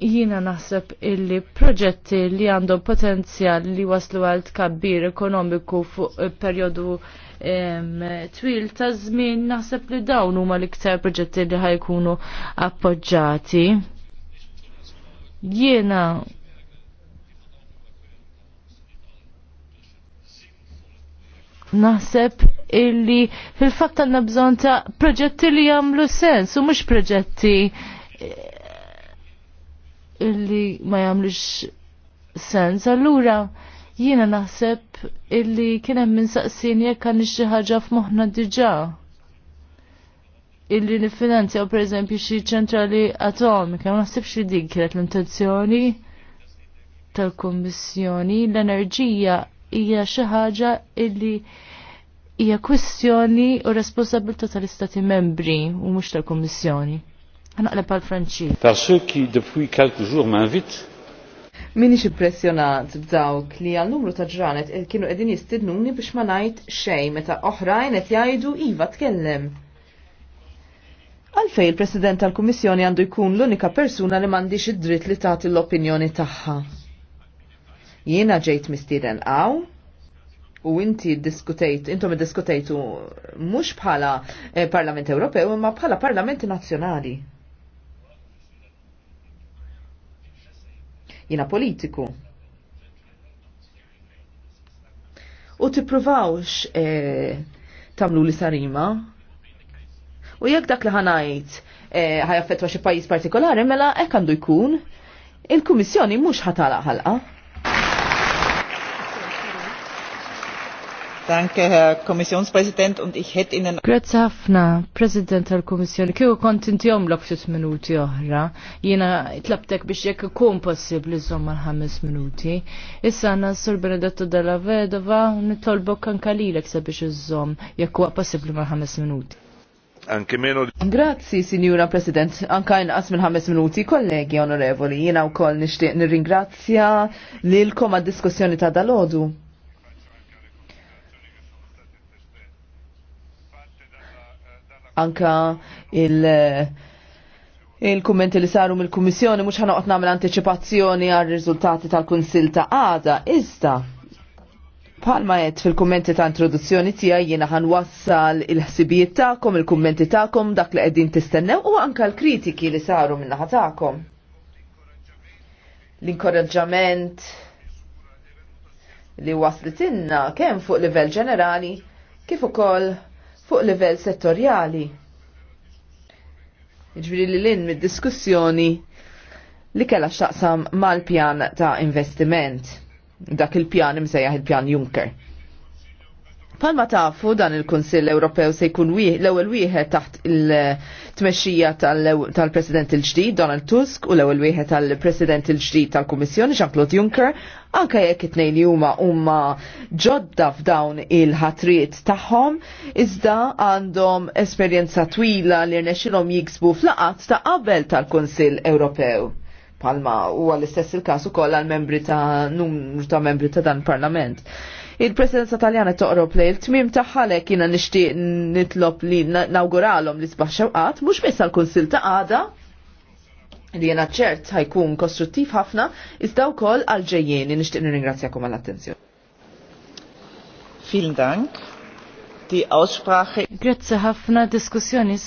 Jina naħseb illi proġetti li għandhom potenzjal li waslu għal tkabbir ekonomiku fuq periodu twil ta' żmien naħseb li dawn huma l-iktar proġetti li ħajkunu appoġġati. Jiena naħseb illi fil-fatt għandna bżonn ta' proġetti li jagħmlu sens u mhux proġetti eh, illi ma jagħmlux sens. Allura Jiena naħseb illi kien hemm saqsin jekk għandi xi ħaġa f'moħħna diġà. Illi u pereżempju xi ċentrali atomika, ma naħsibx li din kienet l-intenzjoni tal-Kummissjoni. L-enerġija hija xi ħaġa illi hija kwistjoni u responsabilità tal-Istati membri u mhux tal-Kummissjoni. Naqleb għal Franċi. Par qui depuis quelques jours m'invite Minix impressjonat b'dawk li għal numru ta' ġranet e kienu qegħdin jistidnuni biex ma ngħid xejn meta oħrajn qed jgħidu iva tkellem. Għalfej il-President tal-Kummissjoni għandu jkun l-unika persuna li m'għandix id-dritt li tagħti l-opinjoni tagħha. Jiena ġejt mistieden għaw, u inti diskutejt, intom diskutejtu mhux bħala eh, Parlament Ewropew imma bħala Parlamenti Nazzjonali. jina politiku. U tippruvawx eh, tamlu li sarima. U jekk dak li ħanajt ħajaffetwa eh, xi pajjiż partikolari, mela hekk għandu jkun il-Kummissjoni mhux ħatala ħalqa. Danke, Herr Kommissionspräsident, und ich hätte Ihnen... Grazie ħafna, President tal-Kommissjoni. Kieku kont inti jomlok ftit minuti oħra. Jiena tlabtek biex jekk ikun possibbli żomma l-ħames minuti. Issa għandna Sur Benedetto della Vedova nitolbok anke lilek sabiex iżomm jekk huwa possibbli mal-ħames minuti. Anke meno. Grazzi, Signora President, anka inqas asmin ħames minuti, kollegi onorevoli, jiena wkoll nixtieq nirringrazzja lilkom għad-diskussjoni ta' dalodu. anka il- il-kummenti li saru mill-Kummissjoni mhux ħanoqgħod nagħmel anticipazzjoni għal riżultati tal-Kunsill ta' għada, iżda Palma għed fil kummenti ta' introduzzjoni tija jiena ħan wassal il-ħsibijiet tagħkom, il kummenti tagħkom dak li għeddin tistennew u anka l-kritiki li saru minnaħa tagħkom. L-inkoraġġament li waslitinna kemm fuq livell ġenerali kif ukoll fuq livell settorjali. Iġbiri li l-in mid-diskussjoni li kella xaqsam mal-pjan ta' investiment. Dak il-pjan imsejjaħ il-pjan Juncker. Palma tafu dan il-Kunsill Ewropew se jkun l-ewwel wieħed taħt il-tmexxija tal-President il-ġdid Donald Tusk u l-ewwel wieħed tal-President il-ġdid tal-Kummissjoni Jean-Claude Juncker anke jekk it-tnejn li huma huma ġodda f'dawn il-ħatriet tagħhom iżda għandhom esperjenza twila li rnexxilhom jiksbu fl-qatt ta' qabel tal-Kunsill Ewropew palma u għall-istess il-kasu koll għal-membri ta' numru ta' membri ta' dan parlament. Il-presidenza taljana toqrob li l-tmim taħħalek kiena nishtiq nitlob li nawguralom li sbaħ xewqat, mux bessa l konsil ta' għada, li jena ċert ħajkun kostruttiv ħafna, iżda wkoll għal-ġejjien li nixtieq nirringrazzjakom għall attenzjon Vielen Dank. Die Aussprache. Grazie ħafna diskussjoni